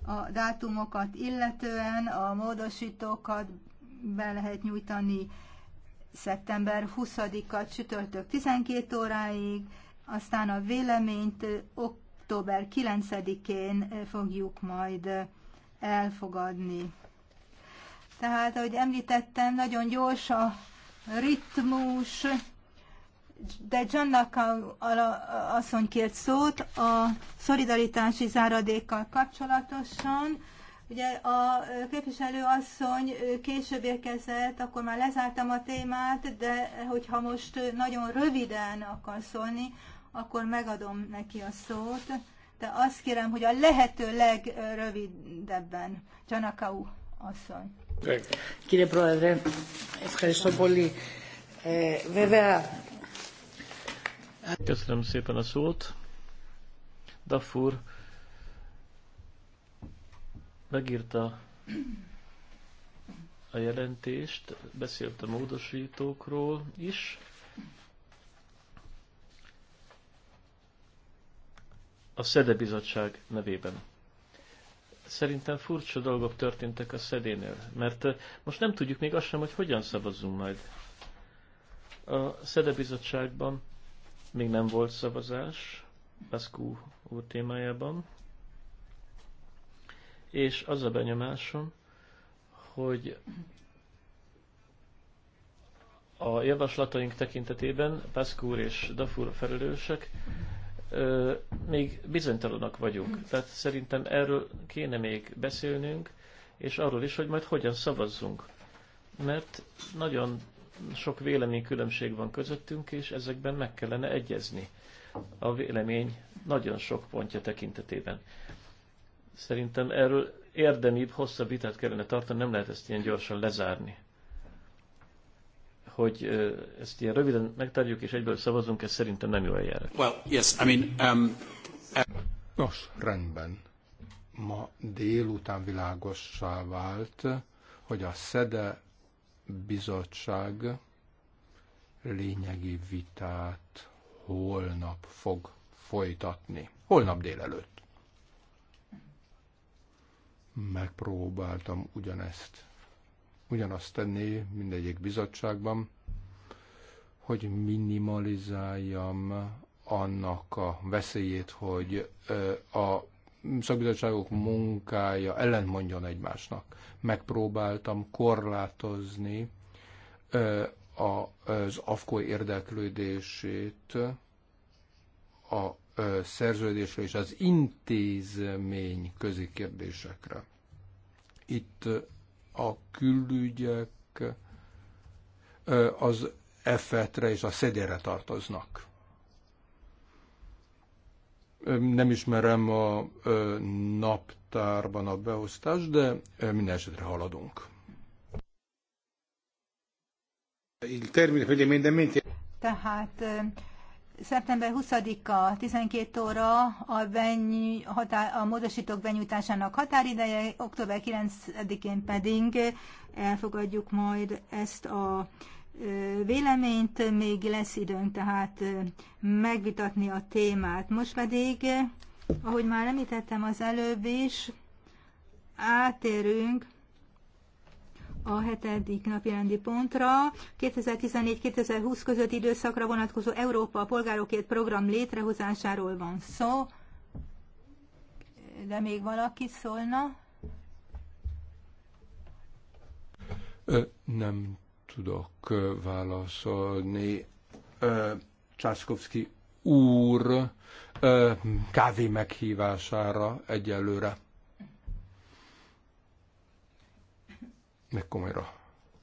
a dátumokat illetően a módosítókat be lehet nyújtani szeptember 20 at csütörtök 12 óráig, aztán a véleményt október 9-én fogjuk majd elfogadni. Tehát, ahogy említettem, nagyon gyors a ritmus, de Lacan asszony kért szót a szolidaritási záradékkal kapcsolatosan. Ugye a képviselő asszony később érkezett, akkor már lezártam a témát, de hogyha most nagyon röviden akar szólni, akkor megadom neki a szót. De azt kérem, hogy a lehető legrövidebben. Csanakau asszony. Kire Proedre, ευχαριστώ πολύ. Ε, Köszönöm szépen a szót. Dafur megírta a jelentést, beszélt a módosítókról is. A SZEDE bizottság nevében. Szerintem furcsa dolgok történtek a szedénél, mert most nem tudjuk még azt sem, hogy hogyan szavazunk majd. A SZEDE bizottságban még nem volt szavazás Pascu úr témájában, és az a benyomásom, hogy a javaslataink tekintetében Pascu úr és Dafur felelősek, még bizonytalanak vagyunk. Tehát szerintem erről kéne még beszélnünk, és arról is, hogy majd hogyan szavazzunk. Mert nagyon sok véleménykülönbség van közöttünk, és ezekben meg kellene egyezni a vélemény nagyon sok pontja tekintetében. Szerintem erről érdemibb, hosszabb vitát kellene tartani, nem lehet ezt ilyen gyorsan lezárni. Hogy ezt ilyen röviden megtárjuk és egyből szavazunk, ez szerintem nem jó eljárás. Well, yes, I mean, um, um... Nos, rendben. Ma délután világossá vált, hogy a SZEDE bizottság lényegi vitát holnap fog folytatni. Holnap délelőtt. Megpróbáltam ugyanezt, ugyanazt tenni mindegyik bizottságban, hogy minimalizáljam annak a veszélyét, hogy a szakbizottságok munkája ellentmondjon egymásnak. Megpróbáltam korlátozni az AFKO érdeklődését a szerződésre és az intézmény közi kérdésekre. Itt a külügyek az EFET-re és a szedére tartoznak. Nem ismerem a naptárban a beosztást, de minden esetre haladunk. Tehát szeptember 20-a 12 óra a, beny, határ, a módosítók benyújtásának határideje, október 9-én pedig elfogadjuk majd ezt a véleményt, még lesz időnk tehát megvitatni a témát. Most pedig, ahogy már említettem az előbb is, átérünk a hetedik napi rendi pontra. 2014-2020 közötti időszakra vonatkozó Európa a polgárokért program létrehozásáról van szó. De még valaki szólna? Ö, nem tudok válaszolni. Császkowski úr kávé meghívására egyelőre. Meg komolyra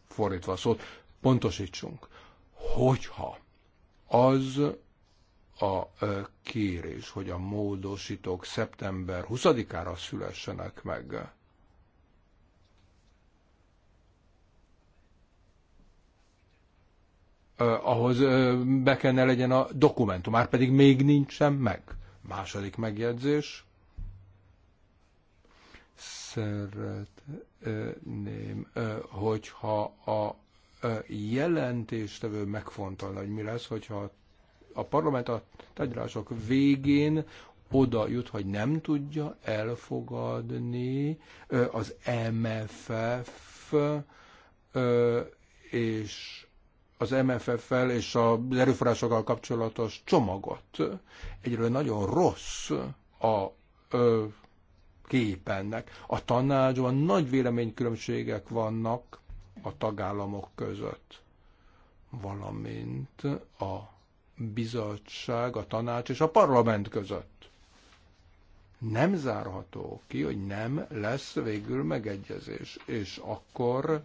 fordítva a szót, pontosítsunk, hogyha az a kérés, hogy a módosítók szeptember 20-ára szülessenek meg, ahhoz be kellene legyen a dokumentum, már pedig még nincsen meg. Második megjegyzés. Szeretném, hogyha a jelentéstevő megfontolna, hogy mi lesz, hogyha a parlament a tárgyalások végén oda jut, hogy nem tudja elfogadni az MFF és az MFF-fel és az erőforrásokkal kapcsolatos csomagot. Egyről nagyon rossz a ö, kép ennek. A tanácsban nagy véleménykülönbségek vannak a tagállamok között, valamint a bizottság, a tanács és a parlament között. Nem zárható ki, hogy nem lesz végül megegyezés, és akkor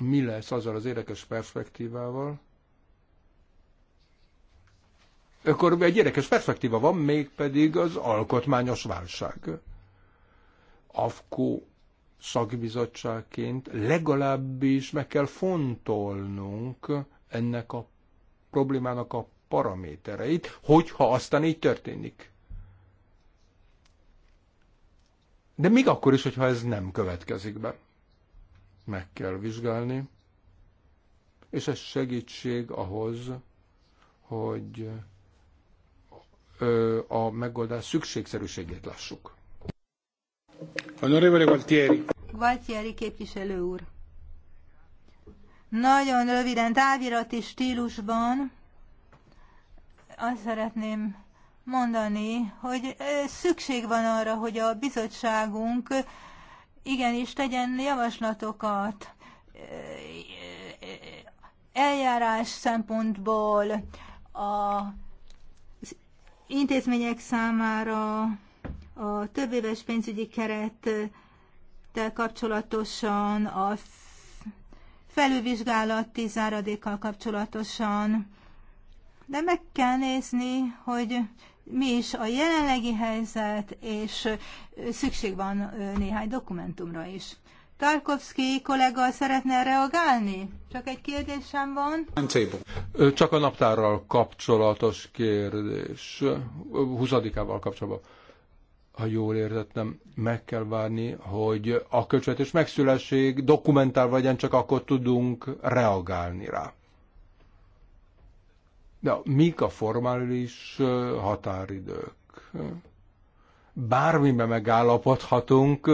mi lesz azzal az érdekes perspektívával, akkor egy érdekes perspektíva van, mégpedig az alkotmányos válság. AFKO szakbizottságként legalábbis meg kell fontolnunk ennek a problémának a paramétereit, hogyha aztán így történik. De még akkor is, hogyha ez nem következik be meg kell vizsgálni, és ez segítség ahhoz, hogy a megoldás szükségszerűségét lássuk. Honorevole Gualtieri. Gualtieri képviselő úr. Nagyon röviden, távirati stílusban azt szeretném mondani, hogy szükség van arra, hogy a bizottságunk igen, és tegyen javaslatokat eh, eljárás szempontból, az intézmények számára a éves pénzügyi kerettel kapcsolatosan, a felülvizsgálati záradékkal kapcsolatosan, de meg kell nézni, hogy mi is a jelenlegi helyzet, és szükség van néhány dokumentumra is. Tarkovsky kollega szeretne reagálni? Csak egy kérdésem van. Csak a naptárral kapcsolatos kérdés. 20-ával kapcsolatban. Ha jól értettem, meg kell várni, hogy a költségvetés megszülesség dokumentálva legyen, csak akkor tudunk reagálni rá. De mik a formális határidők? Bármiben megállapodhatunk,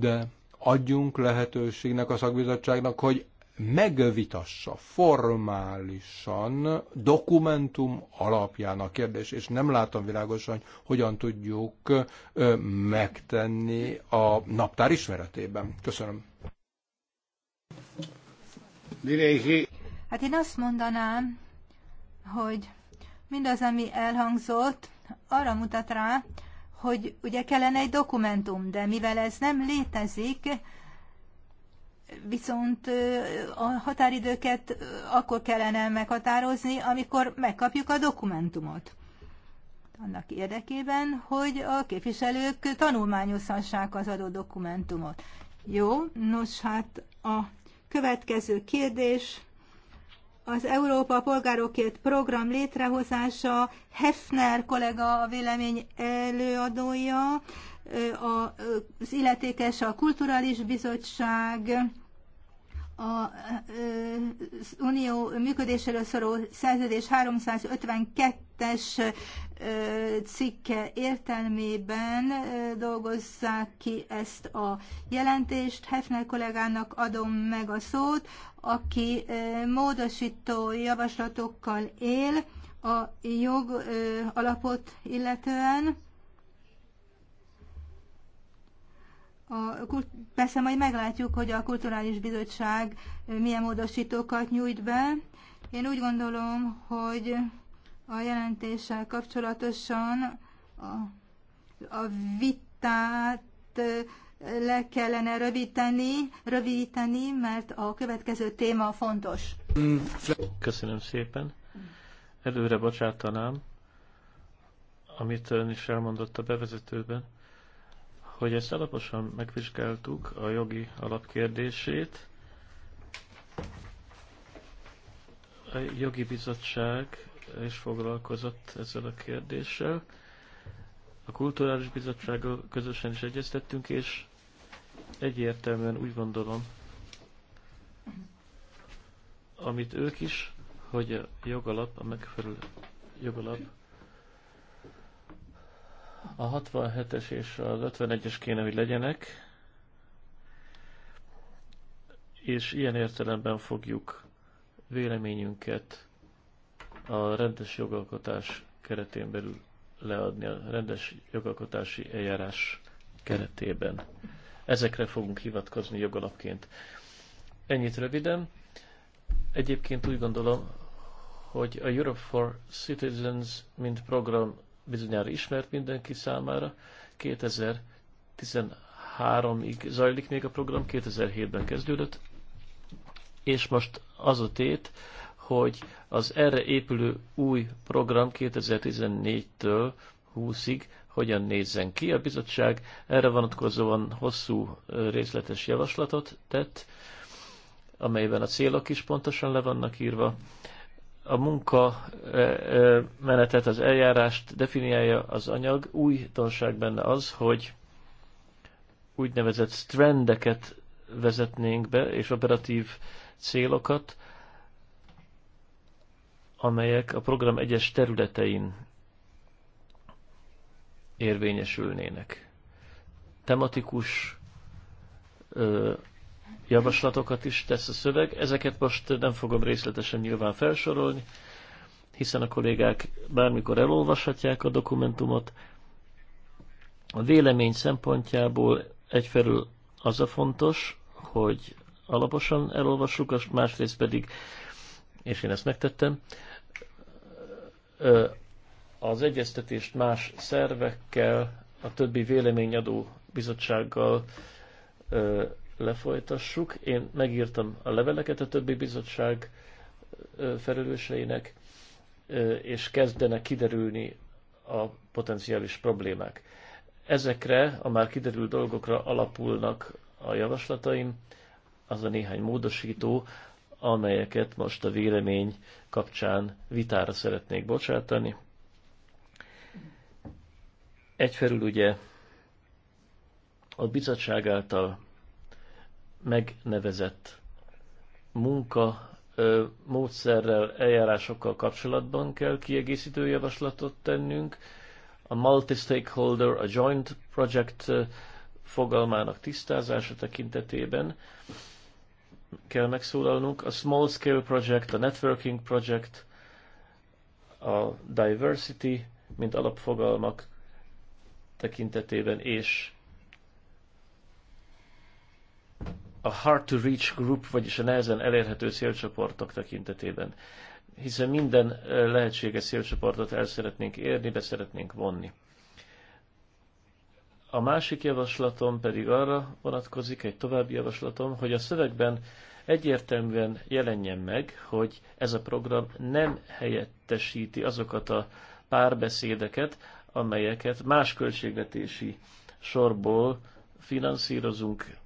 de adjunk lehetőségnek a szakbizottságnak, hogy megvitassa formálisan dokumentum alapján a kérdés, és nem látom világosan, hogy hogyan tudjuk megtenni a naptár ismeretében. Köszönöm. Hát én azt mondanám, hogy mindaz, ami elhangzott, arra mutat rá, hogy ugye kellene egy dokumentum, de mivel ez nem létezik, viszont a határidőket akkor kellene meghatározni, amikor megkapjuk a dokumentumot. Annak érdekében, hogy a képviselők tanulmányozhassák az adott dokumentumot. Jó, nos hát a következő kérdés az Európa Polgárokért program létrehozása, Hefner kollega a vélemény előadója, az illetékes a Kulturális Bizottság, az Unió működéséről szóló szerződés 352-es cikke értelmében dolgozzák ki ezt a jelentést. Hefner kollégának adom meg a szót, aki módosító javaslatokkal él a jog alapot illetően. A, persze majd meglátjuk, hogy a Kulturális Bizottság milyen módosítókat nyújt be. Én úgy gondolom, hogy a jelentéssel kapcsolatosan a, a vitát le kellene rövidíteni, rövidíteni, mert a következő téma fontos. Köszönöm szépen. Előre bocsátanám, amit ön is elmondott a bevezetőben hogy ezt alaposan megvizsgáltuk, a jogi alapkérdését. A jogi bizottság is foglalkozott ezzel a kérdéssel. A kulturális bizottsággal közösen is egyeztettünk, és egyértelműen úgy gondolom, amit ők is, hogy a jogalap, a megfelelő jogalap a 67-es és az 51-es kéne, hogy legyenek, és ilyen értelemben fogjuk véleményünket a rendes jogalkotás keretén belül leadni, a rendes jogalkotási eljárás keretében. Ezekre fogunk hivatkozni jogalapként. Ennyit röviden. Egyébként úgy gondolom, hogy a Europe for Citizens, mint program bizonyára ismert mindenki számára. 2013-ig zajlik még a program, 2007-ben kezdődött, és most az a tét, hogy az erre épülő új program 2014-től 20-ig hogyan nézzen ki. A bizottság erre vonatkozóan hosszú részletes javaslatot tett, amelyben a célok is pontosan le vannak írva, a munka menetet, az eljárást definiálja az anyag. Újdonság benne az, hogy úgynevezett strendeket vezetnénk be, és operatív célokat, amelyek a program egyes területein érvényesülnének. Tematikus ö, javaslatokat is tesz a szöveg. Ezeket most nem fogom részletesen nyilván felsorolni, hiszen a kollégák bármikor elolvashatják a dokumentumot. A vélemény szempontjából egyfelől az a fontos, hogy alaposan elolvassuk, másrészt pedig, és én ezt megtettem, az egyeztetést más szervekkel, a többi véleményadó bizottsággal lefolytassuk. Én megírtam a leveleket a többi bizottság felelőseinek, és kezdenek kiderülni a potenciális problémák. Ezekre a már kiderült dolgokra alapulnak a javaslataim, az a néhány módosító, amelyeket most a vélemény kapcsán vitára szeretnék bocsátani. Egyfelül ugye a bizottság által megnevezett munka módszerrel, eljárásokkal kapcsolatban kell kiegészítő javaslatot tennünk. A multi-stakeholder, a joint project fogalmának tisztázása tekintetében kell megszólalnunk. A small scale project, a networking project, a diversity, mint alapfogalmak tekintetében, és a hard to reach group, vagyis a nehezen elérhető szélcsoportok tekintetében. Hiszen minden lehetséges szélcsoportot el szeretnénk érni, be szeretnénk vonni. A másik javaslatom pedig arra vonatkozik, egy további javaslatom, hogy a szövegben egyértelműen jelenjen meg, hogy ez a program nem helyettesíti azokat a párbeszédeket, amelyeket más költségvetési sorból finanszírozunk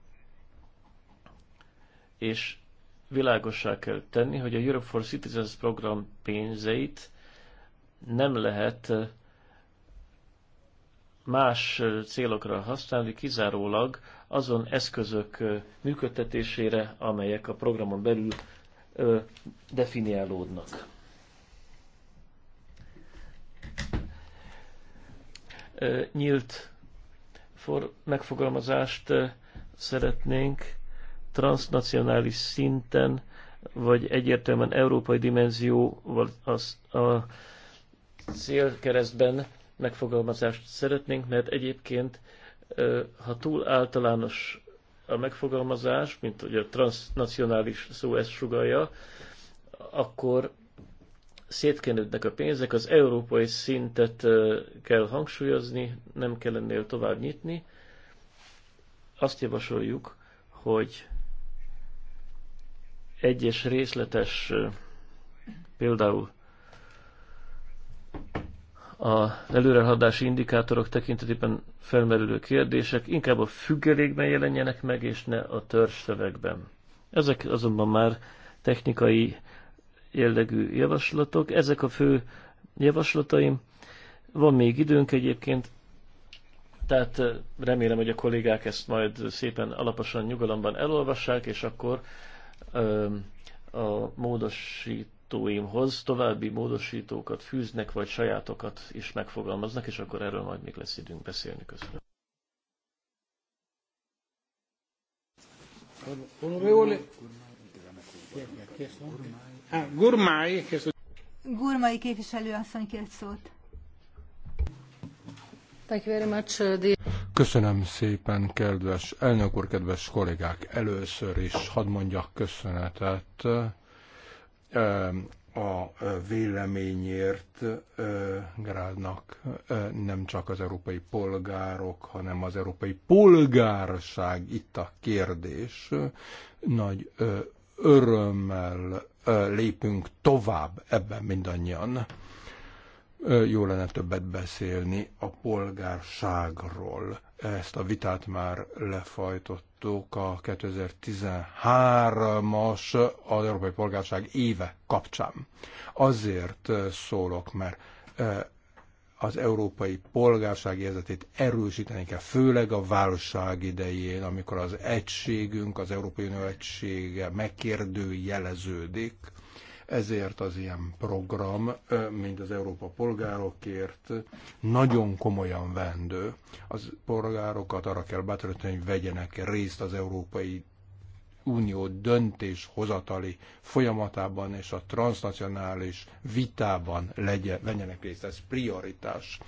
és világossá kell tenni, hogy a Europe for Citizens program pénzeit nem lehet más célokra használni, kizárólag azon eszközök működtetésére, amelyek a programon belül definiálódnak. Nyílt megfogalmazást szeretnénk, transnacionális szinten, vagy egyértelműen európai dimenzióval az a célkeresztben megfogalmazást szeretnénk, mert egyébként, ha túl általános a megfogalmazás, mint hogy a transnacionális szó ezt sugalja, akkor szétkenődnek a pénzek, az európai szintet kell hangsúlyozni, nem kell ennél tovább nyitni. Azt javasoljuk, hogy egyes részletes, például a előrehaladási indikátorok tekintetében felmerülő kérdések inkább a függelékben jelenjenek meg, és ne a törzszövegben. Ezek azonban már technikai jellegű javaslatok. Ezek a fő javaslataim. Van még időnk egyébként, tehát remélem, hogy a kollégák ezt majd szépen alaposan nyugalomban elolvassák, és akkor a módosítóimhoz további módosítókat fűznek, vagy sajátokat is megfogalmaznak, és akkor erről majd még lesz időnk beszélni. Köszönöm. Ah, Gurmai képviselő asszony kért szót. Uh, Köszönöm szépen, kedves elnök úr, kedves kollégák! Először is hadd mondjak köszönetet um, a uh, véleményért uh, Grádnak nem csak az európai polgárok, hanem az európai polgárság itt a kérdés. Nagy örömmel lépünk tovább ebben mindannyian jó lenne többet beszélni a polgárságról. Ezt a vitát már lefajtottuk a 2013-as az Európai Polgárság éve kapcsán. Azért szólok, mert az európai polgárság érzetét erősíteni kell, főleg a válság idején, amikor az egységünk, az Európai Unió egysége megkérdőjeleződik, ezért az ilyen program, mint az Európa polgárokért, nagyon komolyan vendő. Az polgárokat arra kell bátorítani, hogy vegyenek részt az Európai Unió döntéshozatali folyamatában és a transnacionális vitában legyen, legyenek részt. Ez prioritás.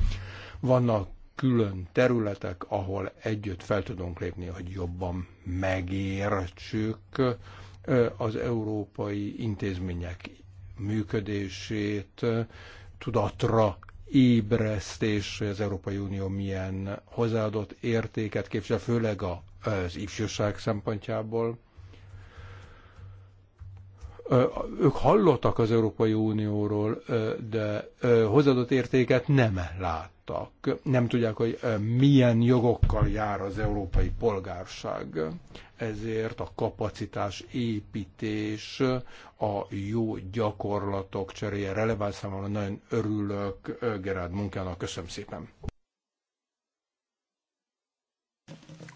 Vannak külön területek, ahol együtt fel tudunk lépni, hogy jobban megértsük az európai intézmények működését, tudatra ébresztés, hogy az Európai Unió milyen hozzáadott értéket képvisel, főleg az ifjúság szempontjából. Ők hallottak az Európai Unióról, de hozzáadott értéket nem lát hallottak nem tudják, hogy milyen jogokkal jár az európai polgárság. Ezért a kapacitás építés, a jó gyakorlatok cseréje releváns számomra nagyon örülök Gerard munkának. Köszönöm szépen.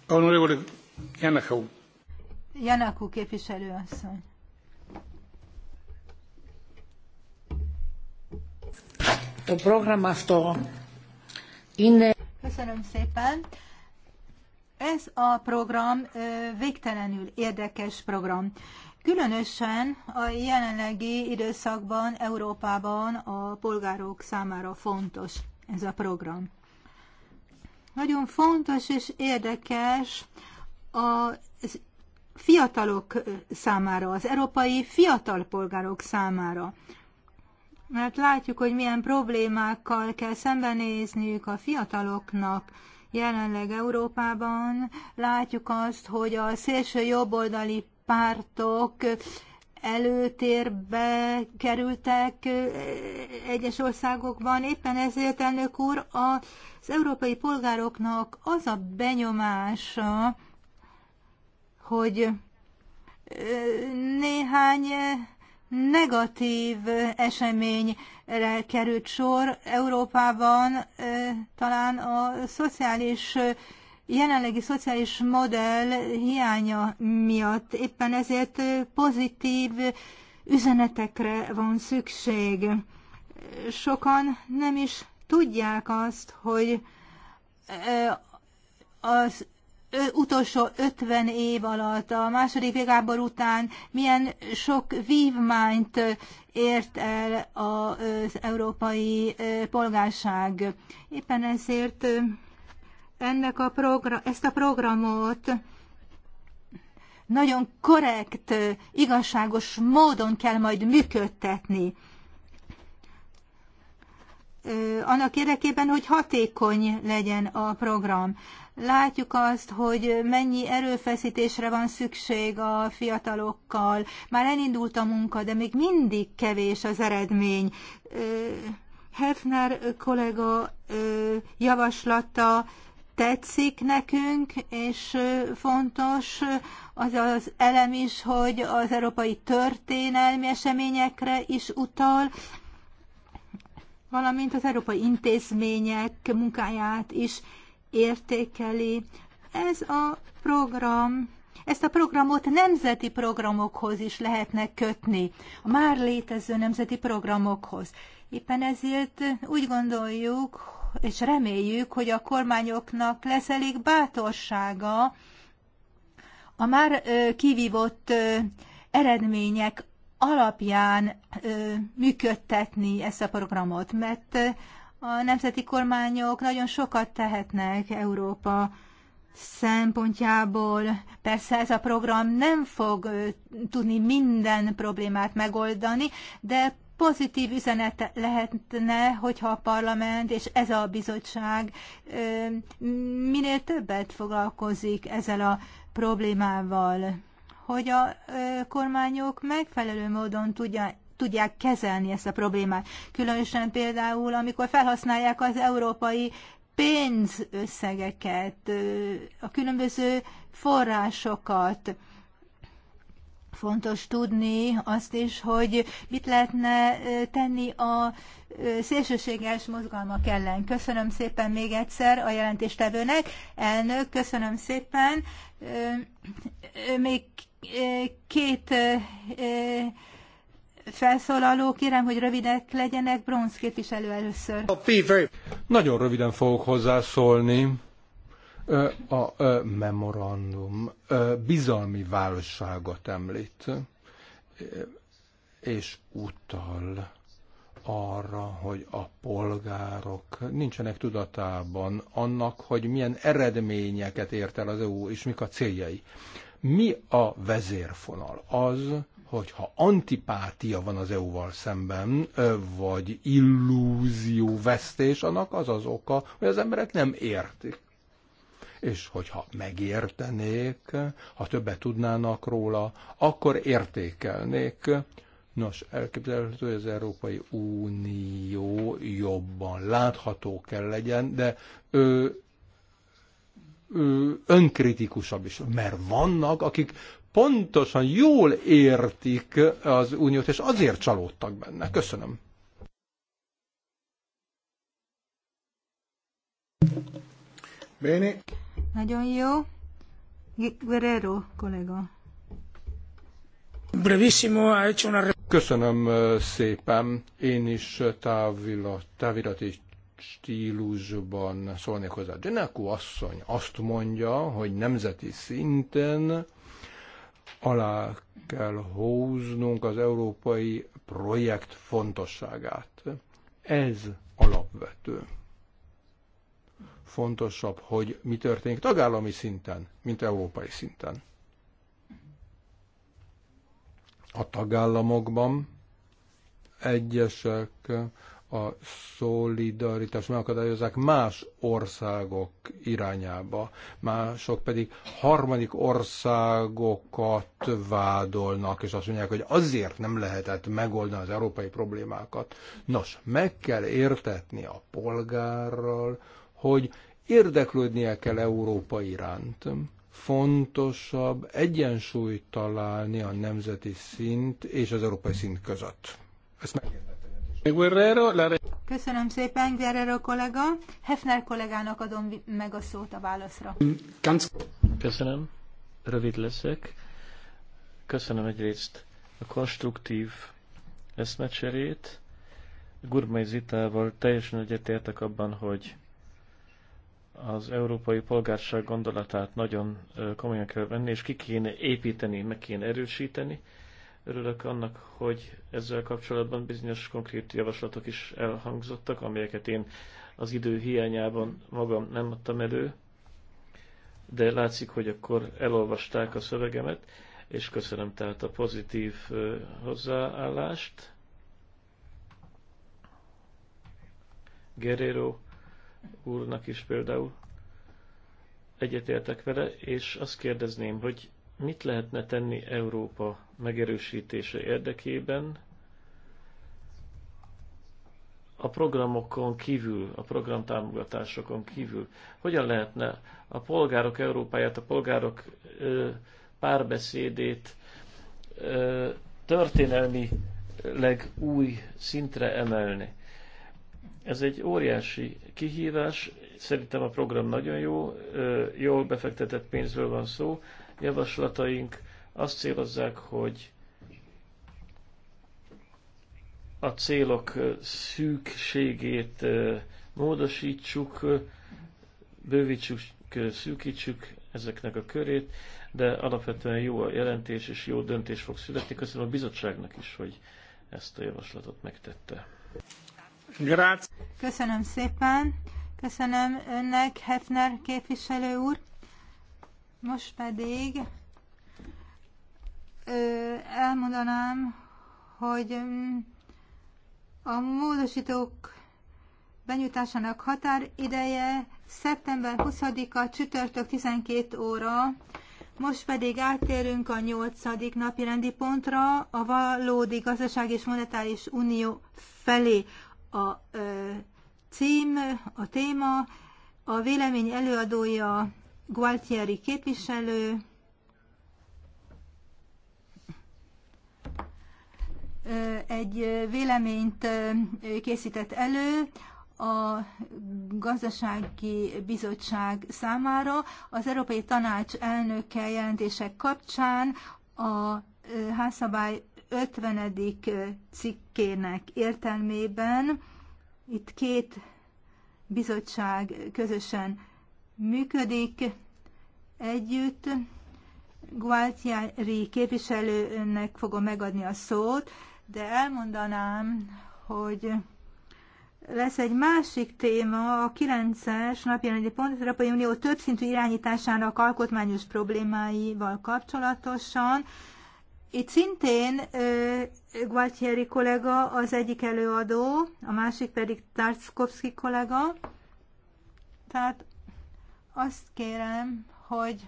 Honorable Janakó. képviselő képviselőasszony. A program azt. Köszönöm szépen. Ez a program végtelenül érdekes program. Különösen a jelenlegi időszakban Európában a polgárok számára fontos ez a program. Nagyon fontos és érdekes a fiatalok számára, az európai fiatal polgárok számára mert látjuk, hogy milyen problémákkal kell szembenézniük a fiataloknak jelenleg Európában. Látjuk azt, hogy a szélső jobboldali pártok előtérbe kerültek egyes országokban. Éppen ezért, elnök úr, az európai polgároknak az a benyomása, hogy néhány negatív eseményre került sor Európában, talán a szociális jelenlegi szociális modell hiánya miatt. Éppen ezért pozitív üzenetekre van szükség. Sokan nem is tudják azt, hogy az utolsó 50 év alatt, a második világháború után milyen sok vívmányt ért el az európai polgárság. Éppen ezért ennek a program, ezt a programot nagyon korrekt, igazságos módon kell majd működtetni. Annak érdekében, hogy hatékony legyen a program. Látjuk azt, hogy mennyi erőfeszítésre van szükség a fiatalokkal. Már elindult a munka, de még mindig kevés az eredmény. Hefner kollega javaslata tetszik nekünk, és fontos az az elem is, hogy az európai történelmi eseményekre is utal, valamint az európai intézmények munkáját is értékeli. Ez a program, ezt a programot nemzeti programokhoz is lehetne kötni, a már létező nemzeti programokhoz. Éppen ezért úgy gondoljuk, és reméljük, hogy a kormányoknak lesz elég bátorsága a már kivívott eredmények alapján működtetni ezt a programot, mert a nemzeti kormányok nagyon sokat tehetnek Európa szempontjából. Persze ez a program nem fog tudni minden problémát megoldani, de pozitív üzenet lehetne, hogyha a parlament és ez a bizottság minél többet foglalkozik ezzel a problémával, hogy a kormányok megfelelő módon tudja, tudják kezelni ezt a problémát. Különösen például, amikor felhasználják az európai pénzösszegeket, a különböző forrásokat. Fontos tudni azt is, hogy mit lehetne tenni a szélsőséges mozgalmak ellen. Köszönöm szépen még egyszer a jelentéstevőnek. Elnök, köszönöm szépen. Még két felszólaló, kérem, hogy rövidek legyenek. Bronz képviselő először. Nagyon röviden fogok hozzászólni. A memorandum bizalmi válságot említ, és utal arra, hogy a polgárok nincsenek tudatában annak, hogy milyen eredményeket ért el az EU, és mik a céljai. Mi a vezérfonal? Az, hogyha antipátia van az EU-val szemben, vagy illúzióvesztés, annak az az oka, hogy az emberek nem értik. És hogyha megértenék, ha többet tudnának róla, akkor értékelnék. Nos, elképzelhető, hogy az Európai Unió jobban látható kell legyen, de ő önkritikusabb is. Mert vannak, akik pontosan jól értik az uniót, és azért csalódtak benne. Köszönöm. Béni. Nagyon jó. Guerrero kollega. Brevissimo, ha Köszönöm szépen. Én is távirat, és stílusban szólnék hozzá. Genekó asszony azt mondja, hogy nemzeti szinten alá kell húznunk az európai projekt fontosságát. Ez alapvető. Fontosabb, hogy mi történik tagállami szinten, mint európai szinten. A tagállamokban egyesek a szolidaritást megakadályozzák más országok irányába, mások pedig harmadik országokat vádolnak, és azt mondják, hogy azért nem lehetett megoldani az európai problémákat. Nos, meg kell értetni a polgárral, hogy érdeklődnie kell Európa iránt fontosabb egyensúlyt találni a nemzeti szint és az európai szint között. Ezt megértem. Köszönöm szépen, Guerrero kollega. Hefner kollégának adom meg a szót a válaszra. Köszönöm, rövid leszek. Köszönöm egyrészt a konstruktív eszmecserét. Gurmai Zitával teljesen egyetértek abban, hogy az európai polgárság gondolatát nagyon komolyan kell venni, és ki kéne építeni, meg kéne erősíteni Örülök annak, hogy ezzel kapcsolatban bizonyos konkrét javaslatok is elhangzottak, amelyeket én az idő hiányában magam nem adtam elő, de látszik, hogy akkor elolvasták a szövegemet, és köszönöm tehát a pozitív hozzáállást. Guerrero úrnak is például egyetértek vele, és azt kérdezném, hogy mit lehetne tenni Európa megerősítése érdekében a programokon kívül, a programtámogatásokon kívül, hogyan lehetne a polgárok Európáját, a polgárok ö, párbeszédét ö, történelmileg új szintre emelni. Ez egy óriási kihívás, szerintem a program nagyon jó, ö, jól befektetett pénzről van szó, javaslataink azt célozzák, hogy a célok szűkségét módosítsuk, bővítsük, szűkítsük ezeknek a körét, de alapvetően jó a jelentés és jó döntés fog születni. Köszönöm a bizottságnak is, hogy ezt a javaslatot megtette. Grácz. Köszönöm szépen. Köszönöm önnek, Hefner képviselő úr. Most pedig elmondanám, hogy mm, a módosítók benyújtásának határideje szeptember 20-a csütörtök 12 óra, most pedig áttérünk a 8. napi rendi pontra, a valódi gazdaság és monetáris unió felé. A ö, cím, a téma, a vélemény előadója Gualtieri képviselő, egy véleményt készített elő a gazdasági bizottság számára az Európai Tanács elnöke jelentések kapcsán a házszabály 50. cikkének értelmében itt két bizottság közösen működik együtt. Gualtieri képviselőnek fogom megadni a szót, de elmondanám, hogy lesz egy másik téma, a 9-es napjelenti pont, az Európai Unió többszintű irányításának alkotmányos problémáival kapcsolatosan. Itt szintén uh, Gualtieri kollega az egyik előadó, a másik pedig Tarskovski kollega. Tehát azt kérem, hogy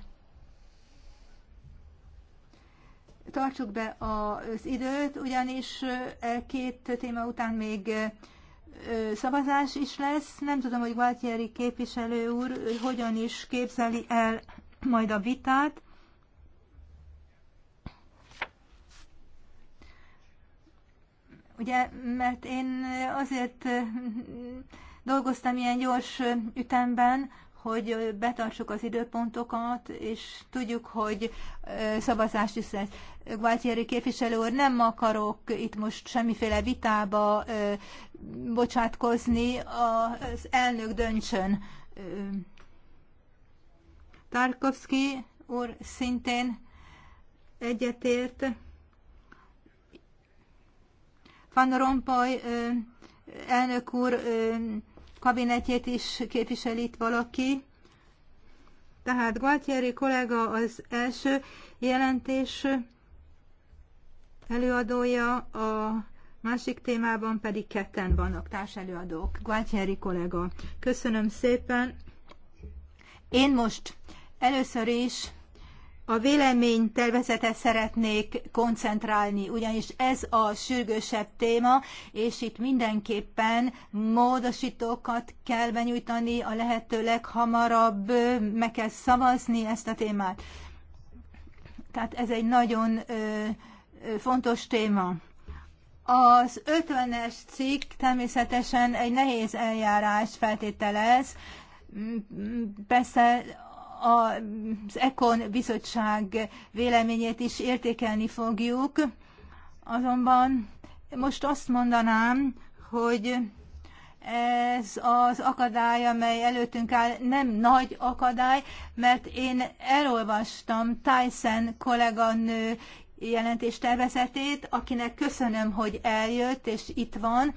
Tartsuk be az időt, ugyanis e, két téma után még szavazás is lesz. Nem tudom, hogy Gualtieri képviselő úr hogyan is képzeli el majd a vitát. Ugye, mert én azért dolgoztam ilyen gyors ütemben, hogy betartsuk az időpontokat, és tudjuk, hogy szavazást is lesz. Gualtieri képviselő úr, nem akarok itt most semmiféle vitába bocsátkozni, az elnök döntsön. Tarkovsky úr szintén egyetért. Van Rompuy elnök úr kabinetjét is képvisel itt valaki. Tehát Galtieri kollega az első jelentés előadója, a másik témában pedig ketten vannak társelőadók. Gualtieri kollega, köszönöm szépen. Én most először is a véleménytervezetet szeretnék koncentrálni, ugyanis ez a sürgősebb téma, és itt mindenképpen módosítókat kell benyújtani, a lehető leghamarabb meg kell szavazni ezt a témát. Tehát ez egy nagyon ö, fontos téma. Az 50-es cikk természetesen egy nehéz eljárás feltételez. Persze az ECON bizottság véleményét is értékelni fogjuk. Azonban most azt mondanám, hogy ez az akadály, amely előttünk áll, nem nagy akadály, mert én elolvastam Tyson kolléganő jelentéstervezetét, akinek köszönöm, hogy eljött és itt van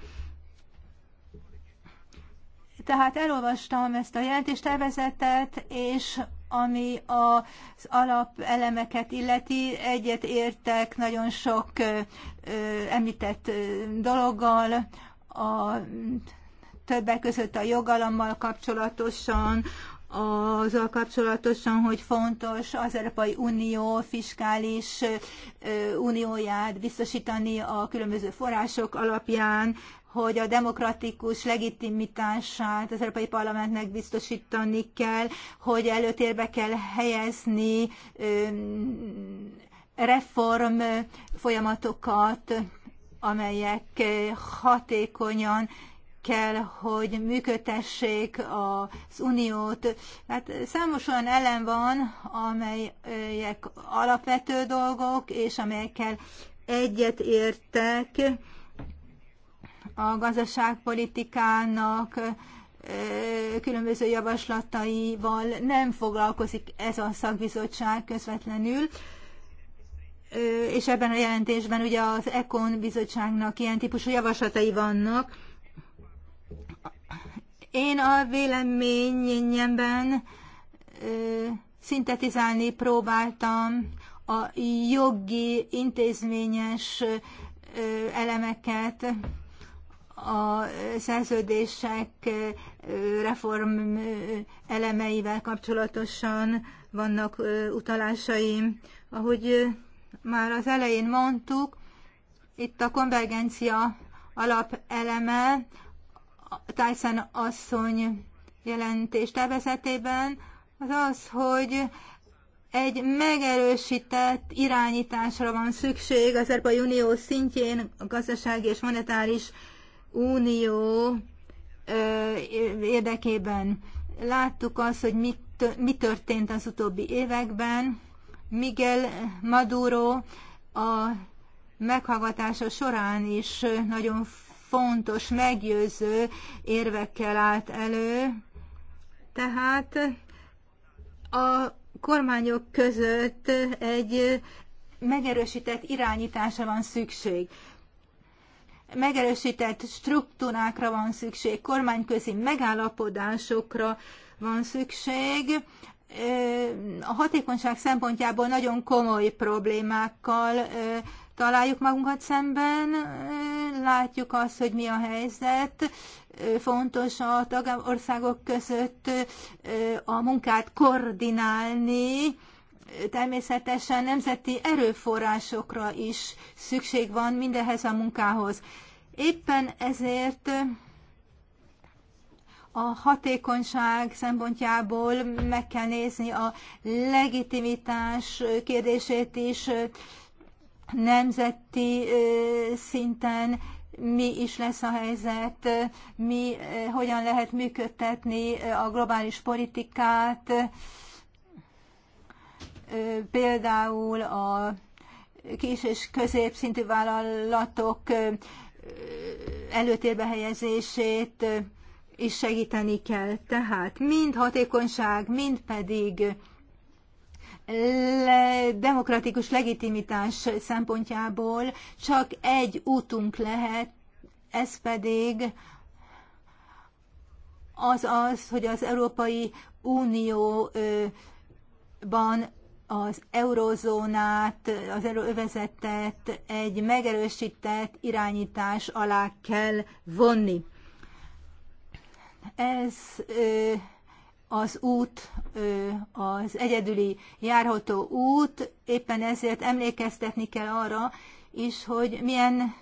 tehát elolvastam ezt a jelentéstervezetet, és ami az alapelemeket illeti, egyet értek nagyon sok említett dologgal, a többek között a jogalammal kapcsolatosan, azzal kapcsolatosan, hogy fontos az Európai Unió fiskális unióját biztosítani a különböző források alapján, hogy a demokratikus legitimitását az Európai Parlamentnek biztosítani kell, hogy előtérbe kell helyezni reform folyamatokat, amelyek hatékonyan kell, hogy működtessék az uniót. Hát számos olyan elem van, amelyek alapvető dolgok, és amelyekkel egyet értek a gazdaságpolitikának különböző javaslataival nem foglalkozik ez a szakbizottság közvetlenül, és ebben a jelentésben ugye az ECON bizottságnak ilyen típusú javaslatai vannak. Én a véleményemben szintetizálni próbáltam a jogi intézményes elemeket, a szerződések reform elemeivel kapcsolatosan vannak utalásaim. Ahogy már az elején mondtuk, itt a konvergencia alapeleme Tyson asszony jelentés tervezetében az az, hogy egy megerősített irányításra van szükség az Európai Unió szintjén a gazdasági és monetáris Unió érdekében. Láttuk azt, hogy mit, mi történt az utóbbi években. Miguel Maduro a meghallgatása során is nagyon fontos, meggyőző érvekkel állt elő. Tehát a kormányok között egy megerősített irányításra van szükség megerősített struktúrákra van szükség, kormányközi megállapodásokra van szükség. A hatékonyság szempontjából nagyon komoly problémákkal találjuk magunkat szemben, látjuk azt, hogy mi a helyzet, fontos a tagországok között a munkát koordinálni, természetesen nemzeti erőforrásokra is szükség van mindehhez a munkához. Éppen ezért a hatékonyság szempontjából meg kell nézni a legitimitás kérdését is nemzeti szinten, mi is lesz a helyzet, mi hogyan lehet működtetni a globális politikát, például a kis és középszintű vállalatok előtérbe helyezését is segíteni kell. Tehát mind hatékonyság, mind pedig le, demokratikus legitimitás szempontjából csak egy útunk lehet, ez pedig az az, hogy az Európai Unióban az eurozónát, az euróövezetet egy megerősített irányítás alá kell vonni. Ez az út, az egyedüli járható út, éppen ezért emlékeztetni kell arra is, hogy milyen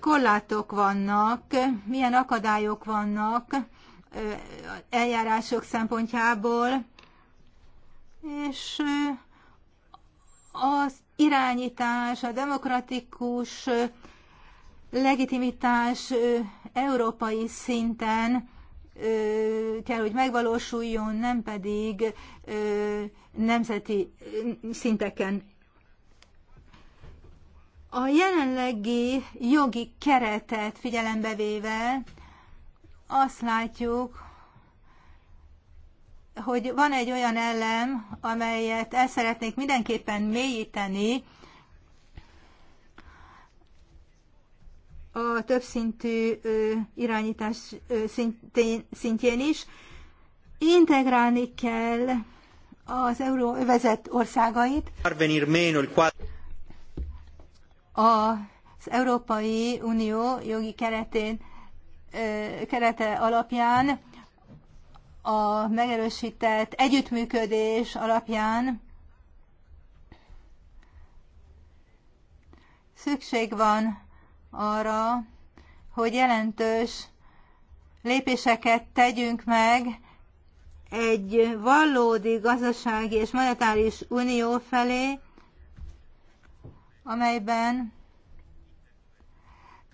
korlátok vannak, milyen akadályok vannak eljárások szempontjából, és az irányítás, a demokratikus legitimitás európai szinten kell, hogy megvalósuljon, nem pedig nemzeti szinteken. A jelenlegi jogi keretet figyelembe véve azt látjuk, hogy van egy olyan elem, amelyet el szeretnék mindenképpen mélyíteni, a többszintű irányítás szintén, szintjén is. Integrálni kell az euróvezet országait. Az Európai Unió jogi keretén, kerete alapján a megerősített együttműködés alapján szükség van arra, hogy jelentős lépéseket tegyünk meg egy valódi gazdasági és monetáris unió felé, amelyben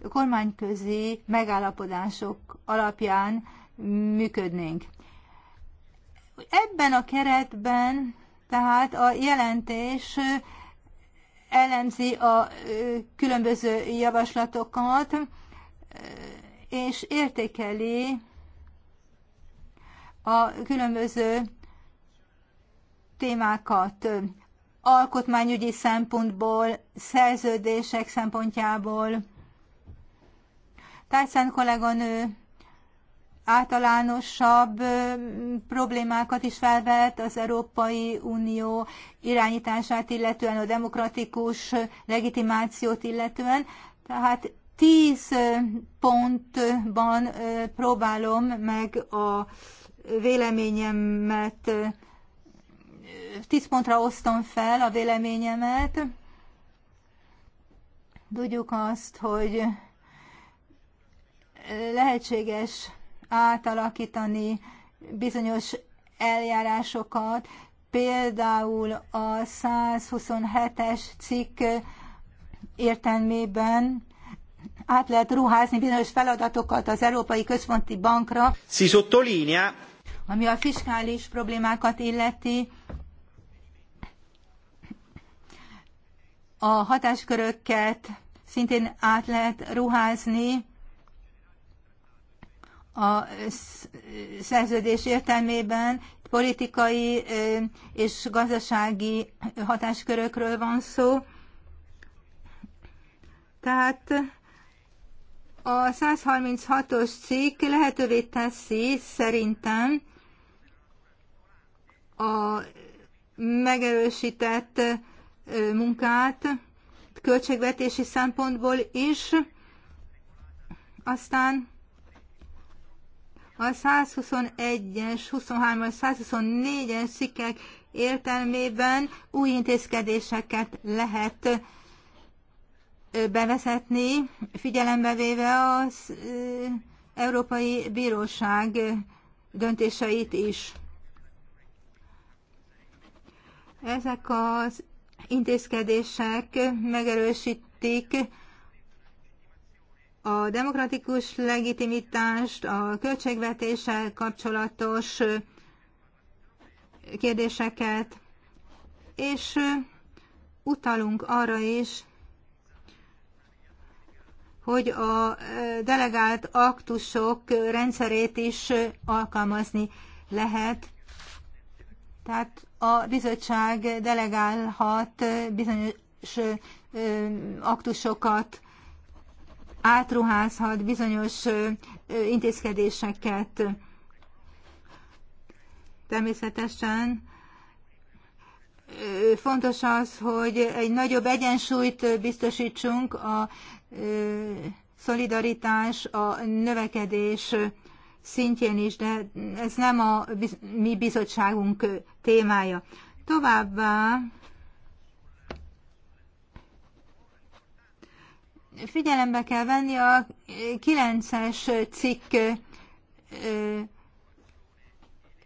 kormányközi megállapodások alapján működnénk hogy ebben a keretben tehát a jelentés elemzi a különböző javaslatokat, és értékeli a különböző témákat alkotmányügyi szempontból, szerződések szempontjából. Tárcán kolléganő általánosabb problémákat is felvet az Európai Unió irányítását illetően, a demokratikus legitimációt illetően. Tehát tíz pontban próbálom meg a véleményemet, tíz pontra osztom fel a véleményemet. Tudjuk azt, hogy lehetséges átalakítani bizonyos eljárásokat, például a 127-es cikk értelmében át lehet ruházni bizonyos feladatokat az Európai Központi Bankra, si sottolinea. ami a fiskális problémákat illeti, a hatásköröket szintén át lehet ruházni, a szerződés értelmében politikai és gazdasági hatáskörökről van szó. Tehát a 136-os cikk lehetővé teszi szerintem a megerősített munkát költségvetési szempontból is, aztán a 121-es, 23-as, 124-es cikkek értelmében új intézkedéseket lehet bevezetni, figyelembe véve az Európai Bíróság döntéseit is. Ezek az intézkedések megerősítik a demokratikus legitimitást, a költségvetéssel kapcsolatos kérdéseket, és utalunk arra is, hogy a delegált aktusok rendszerét is alkalmazni lehet. Tehát a bizottság delegálhat bizonyos aktusokat átruházhat bizonyos intézkedéseket. Természetesen fontos az, hogy egy nagyobb egyensúlyt biztosítsunk a szolidaritás, a növekedés szintjén is, de ez nem a mi bizottságunk témája. Továbbá figyelembe kell venni a 9-es cikk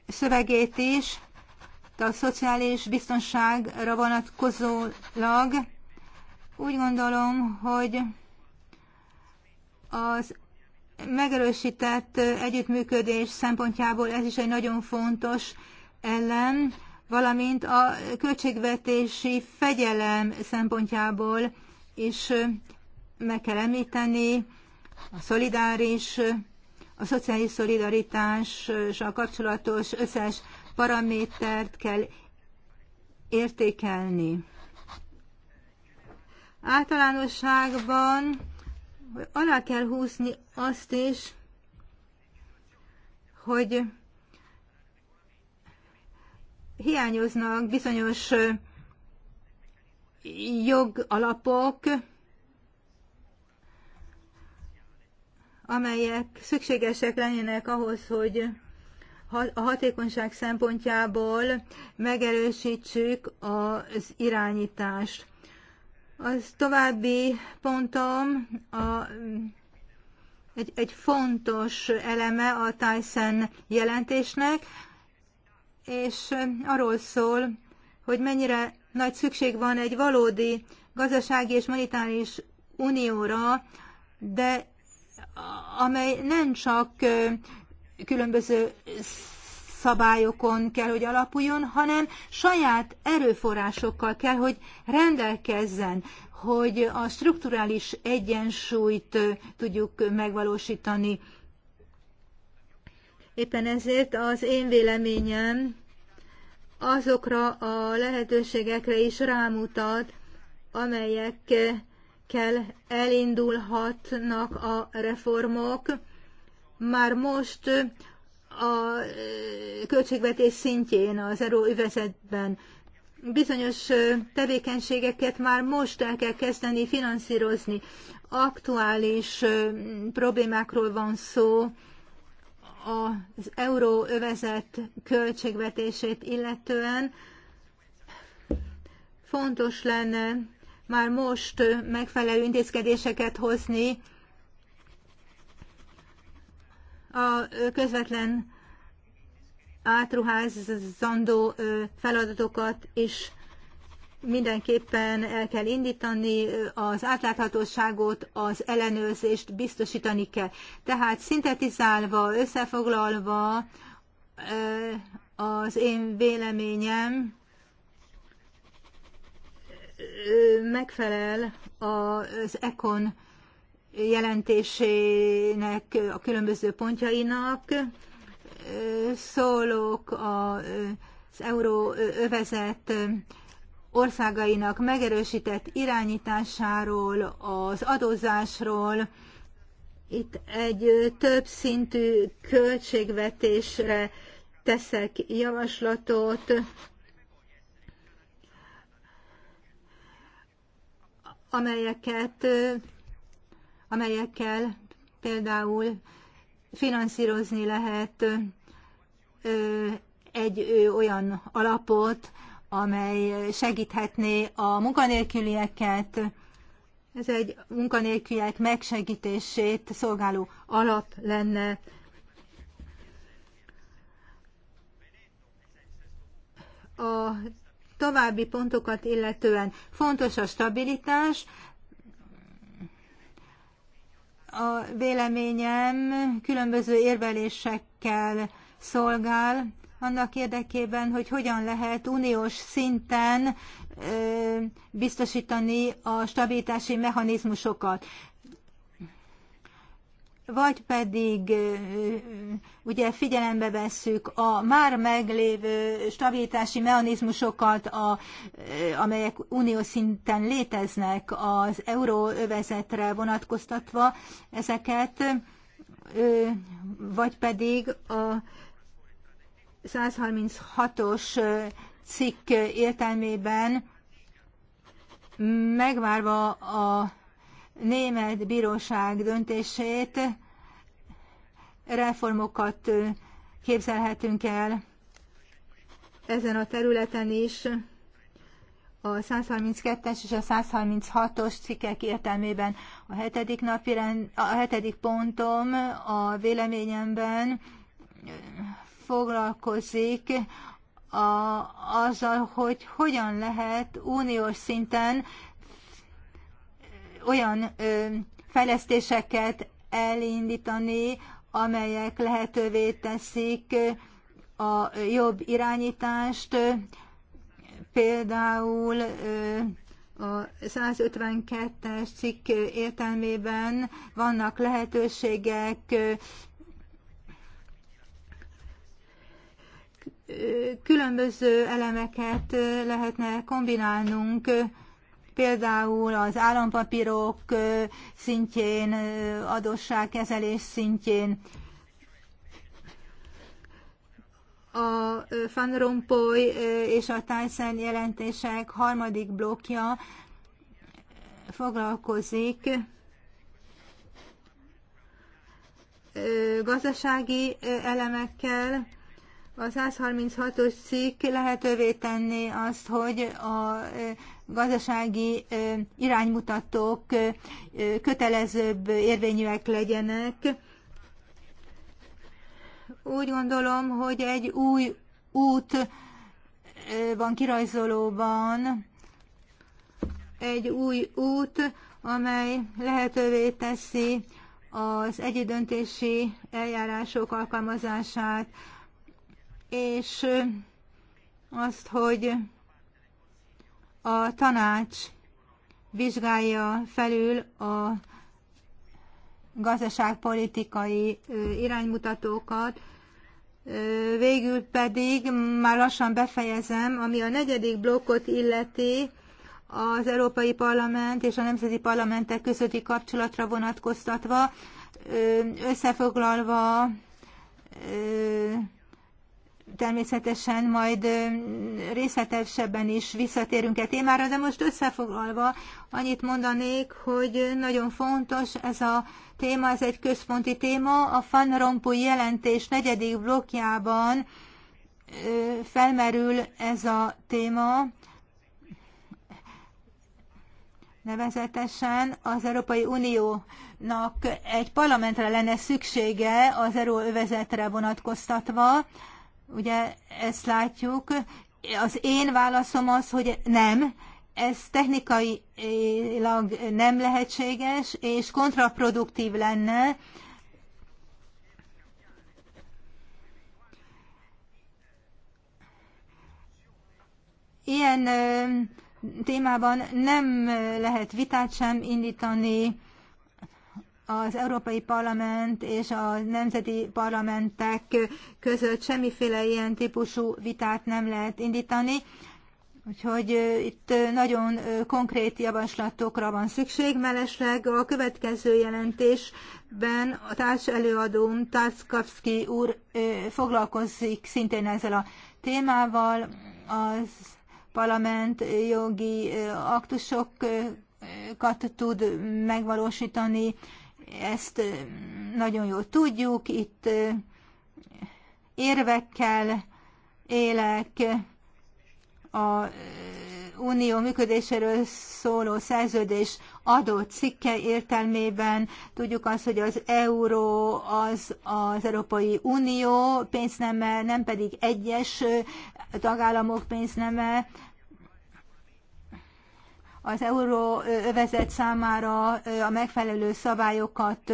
szövegét is, a szociális biztonságra vonatkozólag. Úgy gondolom, hogy az megerősített együttműködés szempontjából ez is egy nagyon fontos ellen, valamint a költségvetési fegyelem szempontjából is meg kell említeni, a szolidáris, a szociális és a kapcsolatos összes paramétert kell értékelni. Általánosságban alá kell húzni azt is, hogy hiányoznak bizonyos jogalapok, amelyek szükségesek lennének ahhoz, hogy a hatékonyság szempontjából megerősítsük az irányítást. Az további pontom a, egy, egy fontos eleme a Tyson jelentésnek, és arról szól, hogy mennyire nagy szükség van egy valódi gazdasági és monetáris unióra, de amely nem csak különböző szabályokon kell, hogy alapuljon, hanem saját erőforrásokkal kell, hogy rendelkezzen, hogy a strukturális egyensúlyt tudjuk megvalósítani. Éppen ezért az én véleményem azokra a lehetőségekre is rámutat, amelyek amelyekkel elindulhatnak a reformok. Már most a e, költségvetés szintjén, az euróövezetben bizonyos e, tevékenységeket már most el kell kezdeni finanszírozni. Aktuális e, problémákról van szó az euróövezet költségvetését illetően. Fontos lenne már most megfelelő intézkedéseket hozni a közvetlen átruházandó feladatokat is mindenképpen el kell indítani, az átláthatóságot, az ellenőrzést biztosítani kell. Tehát szintetizálva, összefoglalva az én véleményem megfelel az ECON jelentésének a különböző pontjainak, szólók az euróövezet országainak megerősített irányításáról, az adózásról, itt egy több szintű költségvetésre teszek javaslatot, amelyeket, amelyekkel például finanszírozni lehet egy olyan alapot, amely segíthetné a munkanélkülieket. Ez egy munkanélküliek megsegítését szolgáló alap lenne. A további pontokat illetően fontos a stabilitás, a véleményem különböző érvelésekkel szolgál, annak érdekében, hogy hogyan lehet uniós szinten ö, biztosítani a stabilitási mechanizmusokat vagy pedig ugye figyelembe vesszük a már meglévő stabilitási mechanizmusokat, a, amelyek unió szinten léteznek az euróövezetre vonatkoztatva ezeket, vagy pedig a 136-os cikk értelmében megvárva a német bíróság döntését reformokat képzelhetünk el ezen a területen is a 132-es és a 136-os cikkek értelmében a hetedik, napi rend, a hetedik pontom a véleményemben foglalkozik a, azzal, hogy hogyan lehet uniós szinten olyan fejlesztéseket elindítani, amelyek lehetővé teszik a jobb irányítást, például a 152-es cikk értelmében vannak lehetőségek különböző elemeket lehetne kombinálnunk például az állampapírok szintjén, adósságkezelés szintjén. A Van Rompuy és a Tyson jelentések harmadik blokja foglalkozik gazdasági elemekkel, a 136-os cikk lehetővé tenni azt, hogy a gazdasági iránymutatók kötelezőbb érvényűek legyenek. Úgy gondolom, hogy egy új út van kirajzolóban, egy új út, amely lehetővé teszi az egyidöntési eljárások alkalmazását, és azt, hogy a tanács vizsgálja felül a gazdaságpolitikai iránymutatókat, végül pedig már lassan befejezem, ami a negyedik blokkot illeti, az Európai Parlament és a nemzeti parlamentek közötti kapcsolatra vonatkoztatva, összefoglalva Természetesen majd részletesebben is visszatérünk e témára, de most összefoglalva annyit mondanék, hogy nagyon fontos ez a téma, ez egy központi téma. A Fan Rompuy jelentés negyedik blokkjában felmerül ez a téma, nevezetesen az Európai Uniónak egy parlamentre lenne szüksége az euróövezetre vonatkoztatva, Ugye ezt látjuk. Az én válaszom az, hogy nem, ez technikailag nem lehetséges, és kontraproduktív lenne, ilyen témában nem lehet vitát sem indítani, az Európai Parlament és a nemzeti parlamentek között semmiféle ilyen típusú vitát nem lehet indítani. Úgyhogy itt nagyon konkrét javaslatokra van szükség, mellesleg a következő jelentésben a társ előadóm Tarskowski úr foglalkozik szintén ezzel a témával, az parlament jogi aktusokat tud megvalósítani, ezt nagyon jól tudjuk, itt érvekkel élek, a unió működéséről szóló szerződés adott cikke értelmében. Tudjuk azt, hogy az euró az az Európai Unió pénzneme, nem pedig egyes tagállamok pénzneme az euróövezet számára a megfelelő szabályokat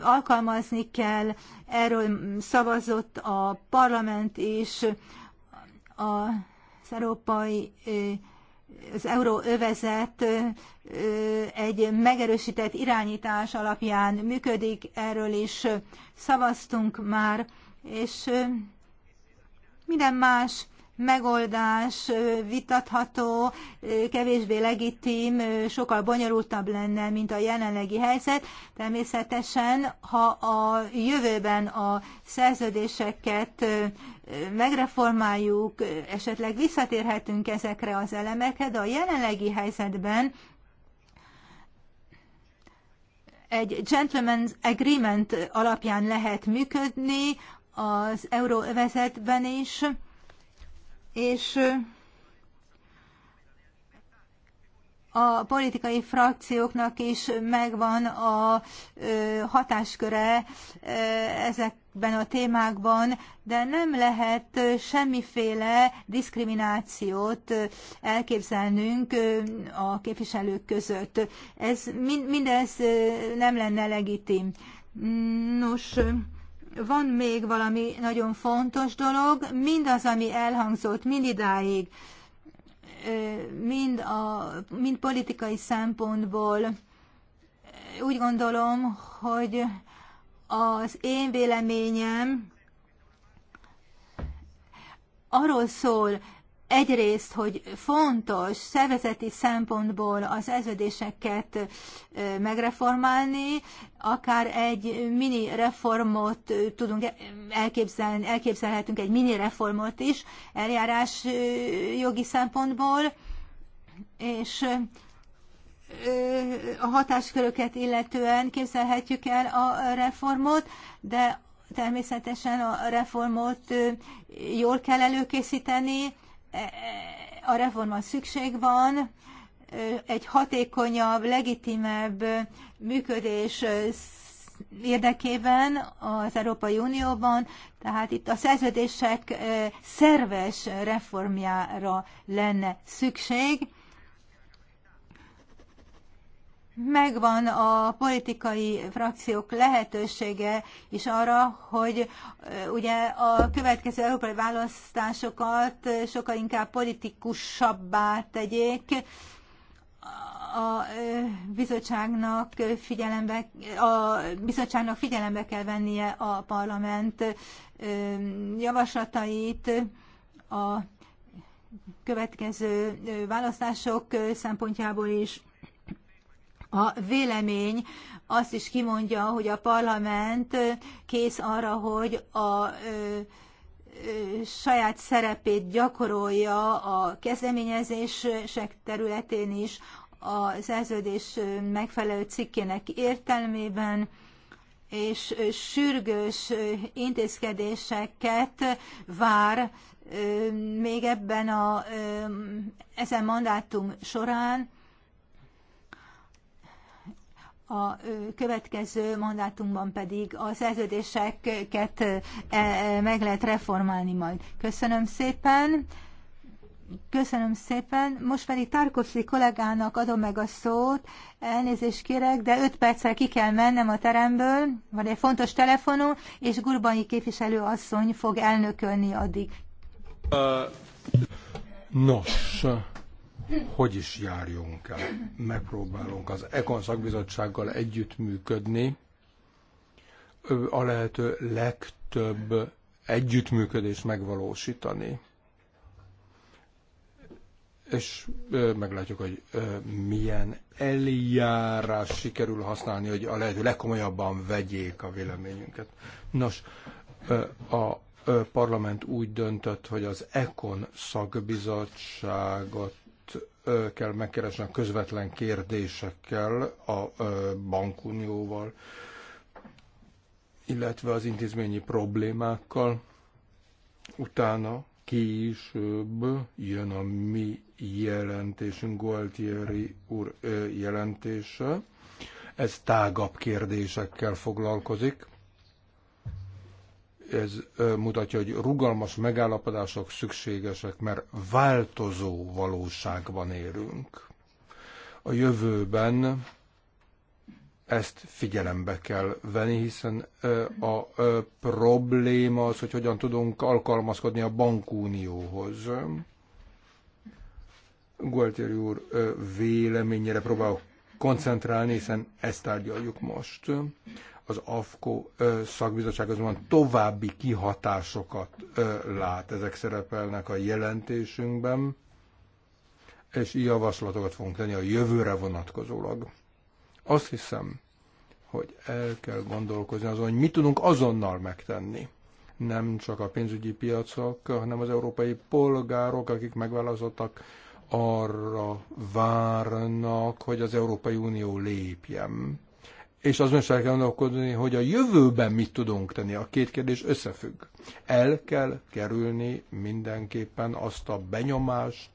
alkalmazni kell. Erről szavazott a parlament is, az európai az euróövezet egy megerősített irányítás alapján működik, erről is szavaztunk már, és minden más megoldás vitatható, kevésbé legitim, sokkal bonyolultabb lenne, mint a jelenlegi helyzet. Természetesen, ha a jövőben a szerződéseket megreformáljuk, esetleg visszatérhetünk ezekre az elemekre, de a jelenlegi helyzetben egy gentleman's agreement alapján lehet működni az euróvezetben is, és a politikai frakcióknak is megvan a hatásköre ezekben a témákban, de nem lehet semmiféle diszkriminációt elképzelnünk a képviselők között. Ez mindez nem lenne legitim. Nos, van még valami nagyon fontos dolog, mindaz, ami elhangzott mindidáig, mind, a, mind politikai szempontból, úgy gondolom, hogy az én véleményem arról szól, egyrészt, hogy fontos szervezeti szempontból az eződéseket megreformálni, akár egy mini reformot tudunk e, elképzelni, elképzelhetünk egy mini reformot is eljárás jogi szempontból, és a hatásköröket illetően képzelhetjük el a reformot, de természetesen a reformot jól kell előkészíteni, a reforma szükség van, egy hatékonyabb, legitimebb működés érdekében az Európai Unióban, tehát itt a szerződések szerves reformjára lenne szükség, megvan a politikai frakciók lehetősége is arra, hogy ugye a következő európai választásokat sokkal inkább politikusabbá tegyék, a bizottságnak figyelembe, a bizottságnak figyelembe kell vennie a parlament javaslatait a következő választások szempontjából is. A vélemény azt is kimondja, hogy a parlament kész arra, hogy a saját szerepét gyakorolja a kezdeményezések területén is, a szerződés megfelelő cikkének értelmében, és sürgős intézkedéseket vár még ebben a ezen mandátum során, a következő mandátumban pedig a szerződéseket e, e, meg lehet reformálni majd. Köszönöm szépen! Köszönöm szépen. Most pedig Tarkovszi kollégának adom meg a szót. Elnézést kérek, de 5 perccel ki kell mennem a teremből. Van egy fontos telefonom, és Gurbanyi képviselő asszony fog elnökölni addig. Uh, nos, hogy is járjunk el. Megpróbálunk az Ekon szakbizottsággal együttműködni, a lehető legtöbb együttműködést megvalósítani. És meglátjuk, hogy milyen eljárás sikerül használni, hogy a lehető legkomolyabban vegyék a véleményünket. Nos, a parlament úgy döntött, hogy az Ekon szakbizottságot kell megkeresni a közvetlen kérdésekkel, a bankunióval, illetve az intézményi problémákkal. Utána később jön a mi jelentésünk, Gualtieri úr jelentése. Ez tágabb kérdésekkel foglalkozik ez mutatja, hogy rugalmas megállapodások szükségesek, mert változó valóságban érünk. A jövőben ezt figyelembe kell venni, hiszen a probléma az, hogy hogyan tudunk alkalmazkodni a bankunióhoz. Gualtieri úr véleményére próbálok koncentrálni, hiszen ezt tárgyaljuk most. Az AFKO szakbizottság azonban további kihatásokat lát, ezek szerepelnek a jelentésünkben, és javaslatokat fogunk tenni a jövőre vonatkozólag. Azt hiszem, hogy el kell gondolkozni azon, hogy mit tudunk azonnal megtenni nem csak a pénzügyi piacok, hanem az európai polgárok, akik megválasztottak, arra várnak, hogy az Európai Unió lépjen és azon is el kell gondolkodni, hogy a jövőben mit tudunk tenni. A két kérdés összefügg. El kell kerülni mindenképpen azt a benyomást,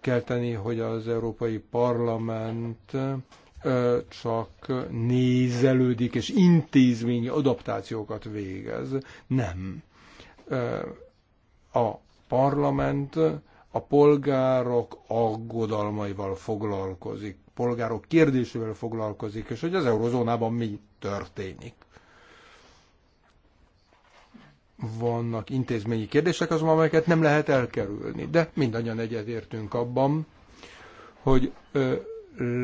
kell tenni, hogy az Európai Parlament csak nézelődik és intézményi adaptációkat végez. Nem. A parlament a polgárok aggodalmaival foglalkozik polgárok kérdésével foglalkozik, és hogy az eurozónában mi történik. Vannak intézményi kérdések azon amelyeket nem lehet elkerülni, de mindannyian egyetértünk abban, hogy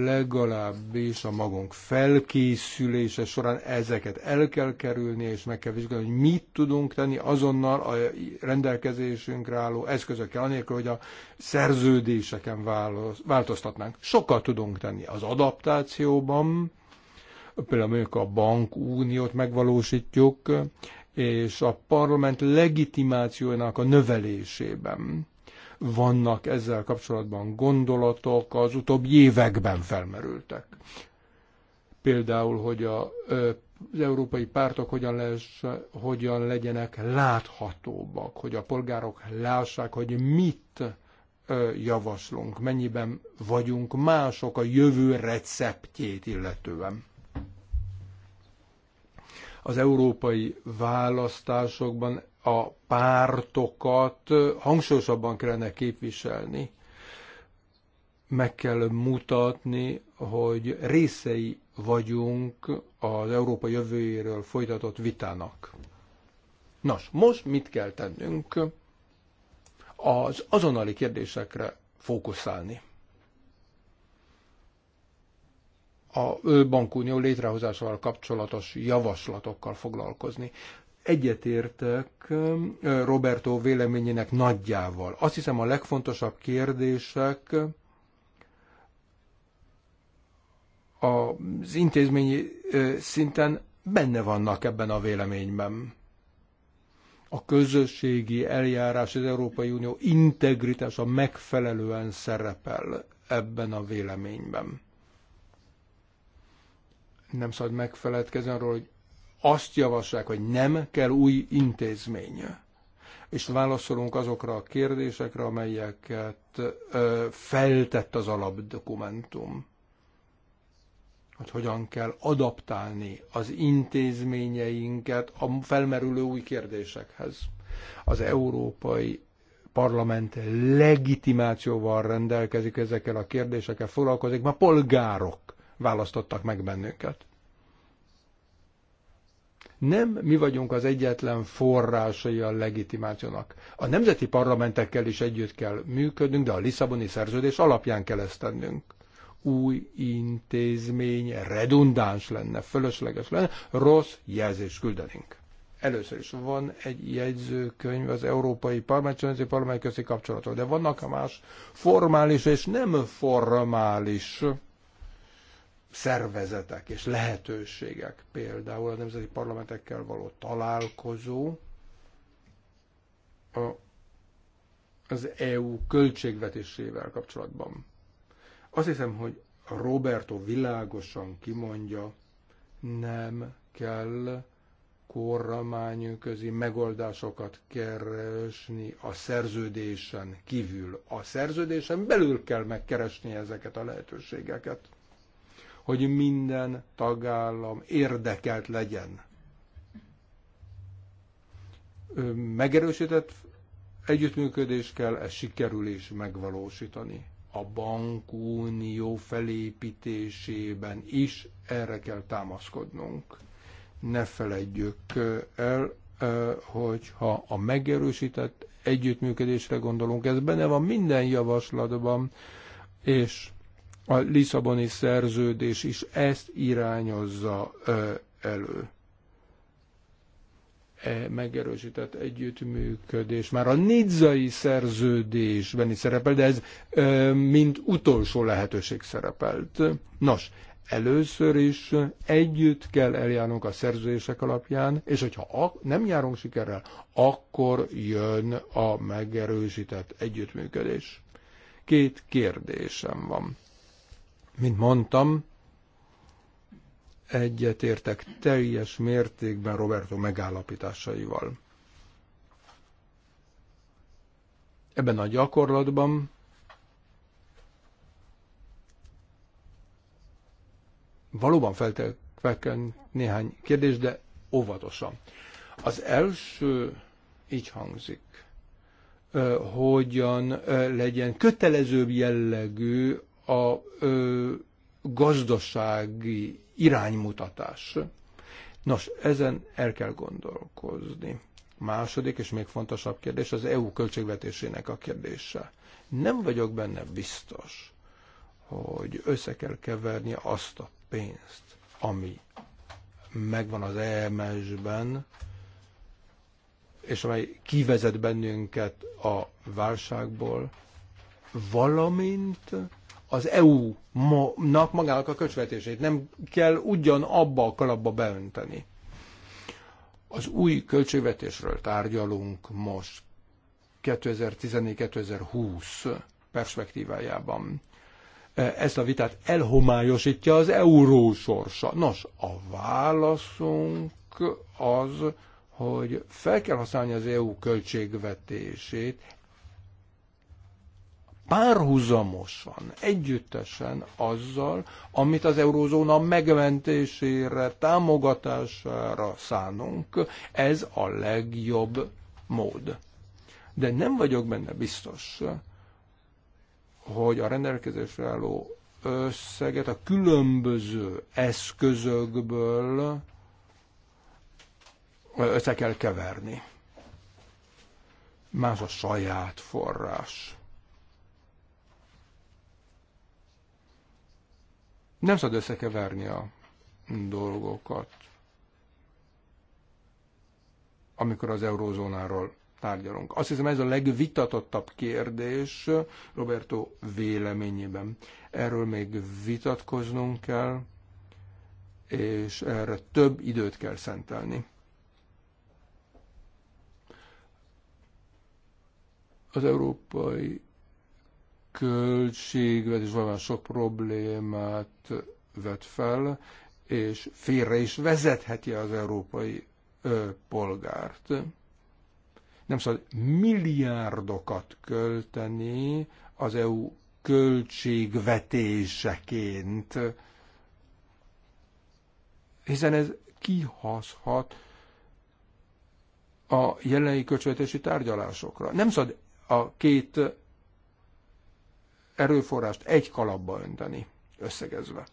legalábbis a magunk felkészülése során ezeket el kell kerülni, és meg kell vizsgálni, hogy mit tudunk tenni azonnal a rendelkezésünkre álló eszközökkel, anélkül, hogy a szerződéseken változtatnánk. Sokat tudunk tenni az adaptációban, például mondjuk a bankuniót megvalósítjuk, és a parlament legitimációjának a növelésében vannak ezzel kapcsolatban gondolatok, az utóbbi években felmerültek. Például, hogy a, az európai pártok hogyan, lesz, hogyan legyenek láthatóbbak, hogy a polgárok lássák, hogy mit javaslunk, mennyiben vagyunk mások a jövő receptjét illetően az európai választásokban a pártokat hangsúlyosabban kellene képviselni. Meg kell mutatni, hogy részei vagyunk az Európa jövőjéről folytatott vitának. Nos, most mit kell tennünk? Az azonnali kérdésekre fókuszálni. a bankunió létrehozásával kapcsolatos javaslatokkal foglalkozni egyetértek Roberto véleményének nagyjával. Azt hiszem a legfontosabb kérdések az intézményi szinten benne vannak ebben a véleményben. A közösségi eljárás, az Európai Unió integritása megfelelően szerepel ebben a véleményben. Nem szabad megfeledkezni arról, hogy azt javaslják, hogy nem kell új intézmény. És válaszolunk azokra a kérdésekre, amelyeket feltett az alapdokumentum. Hogy hogyan kell adaptálni az intézményeinket a felmerülő új kérdésekhez. Az európai parlament legitimációval rendelkezik ezekkel a kérdésekkel, foglalkozik, mert polgárok választottak meg bennünket. Nem mi vagyunk az egyetlen forrásai a legitimációnak. A nemzeti parlamentekkel is együtt kell működnünk, de a Lisszaboni szerződés alapján kell ezt tennünk. Új intézmény redundáns lenne, fölösleges lenne, rossz jelzést küldenünk. Először is van egy jegyzőkönyv az Európai Parlament, a Parlament közti kapcsolatról, de vannak a más formális és nem formális szervezetek és lehetőségek, például a nemzeti parlamentekkel való találkozó, a, az EU költségvetésével kapcsolatban. Azt hiszem, hogy Roberto világosan kimondja, nem kell kormányközi megoldásokat keresni a szerződésen kívül. A szerződésen belül kell megkeresni ezeket a lehetőségeket hogy minden tagállam érdekelt legyen. Megerősített együttműködés kell, ez sikerül is megvalósítani. A bankunió felépítésében is erre kell támaszkodnunk. Ne feledjük el, hogyha a megerősített együttműködésre gondolunk, ez benne van minden javaslatban, és a Lisszaboni szerződés is ezt irányozza elő e megerősített együttműködés. Már a nidzai szerződésben is szerepel, de ez mint utolsó lehetőség szerepelt. Nos, először is együtt kell eljárnunk a szerződések alapján, és hogyha nem járunk sikerrel, akkor jön a megerősített együttműködés. Két kérdésem van. Mint mondtam, egyetértek teljes mértékben Roberto megállapításaival. Ebben a gyakorlatban valóban feltekveken néhány kérdés, de óvatosan. Az első így hangzik, hogyan legyen kötelezőbb jellegű a ö, gazdasági iránymutatás. Nos, ezen el kell gondolkozni. Második és még fontosabb kérdés az EU költségvetésének a kérdése. Nem vagyok benne biztos, hogy össze kell keverni azt a pénzt, ami megvan az EMS-ben, és amely kivezet bennünket a válságból, valamint az EU-nak magának a költségvetését nem kell ugyanabba a kalapba beönteni. Az új költségvetésről tárgyalunk most 2014-2020 perspektívájában. E, ezt a vitát elhomályosítja az euró sorsa. Nos, a válaszunk az, hogy fel kell használni az EU költségvetését párhuzamosan, együttesen azzal, amit az eurózóna megmentésére, támogatására szánunk, ez a legjobb mód. De nem vagyok benne biztos, hogy a rendelkezésre álló összeget a különböző eszközökből össze kell keverni. Más a saját forrás Nem szabad összekeverni a dolgokat, amikor az eurózónáról tárgyalunk. Azt hiszem ez a legvitatottabb kérdés Roberto véleményében. Erről még vitatkoznunk kell, és erre több időt kell szentelni. Az európai és valóban sok problémát vet fel, és félre is vezetheti az európai ö, polgárt. Nem szabad milliárdokat költeni az EU költségvetéseként, hiszen ez kihaszhat a jelenlegi költségvetési tárgyalásokra. Nem szabad a két erőforrást egy kalapba önteni, összegezve.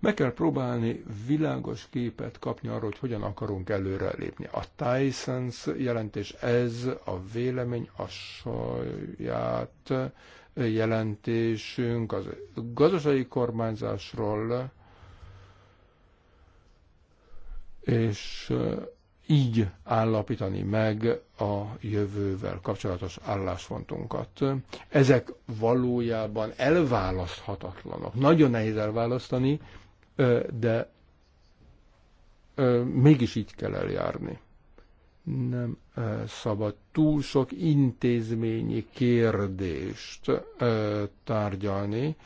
Meg kell próbálni világos képet kapni arról, hogy hogyan akarunk előre lépni. A Tysons jelentés ez, a vélemény a saját jelentésünk, az gazdasági kormányzásról, és így állapítani meg a jövővel kapcsolatos álláspontunkat. Ezek valójában elválaszthatatlanak. Nagyon nehéz elválasztani, de mégis így kell eljárni. Nem szabad túl sok intézményi kérdést tárgyalni,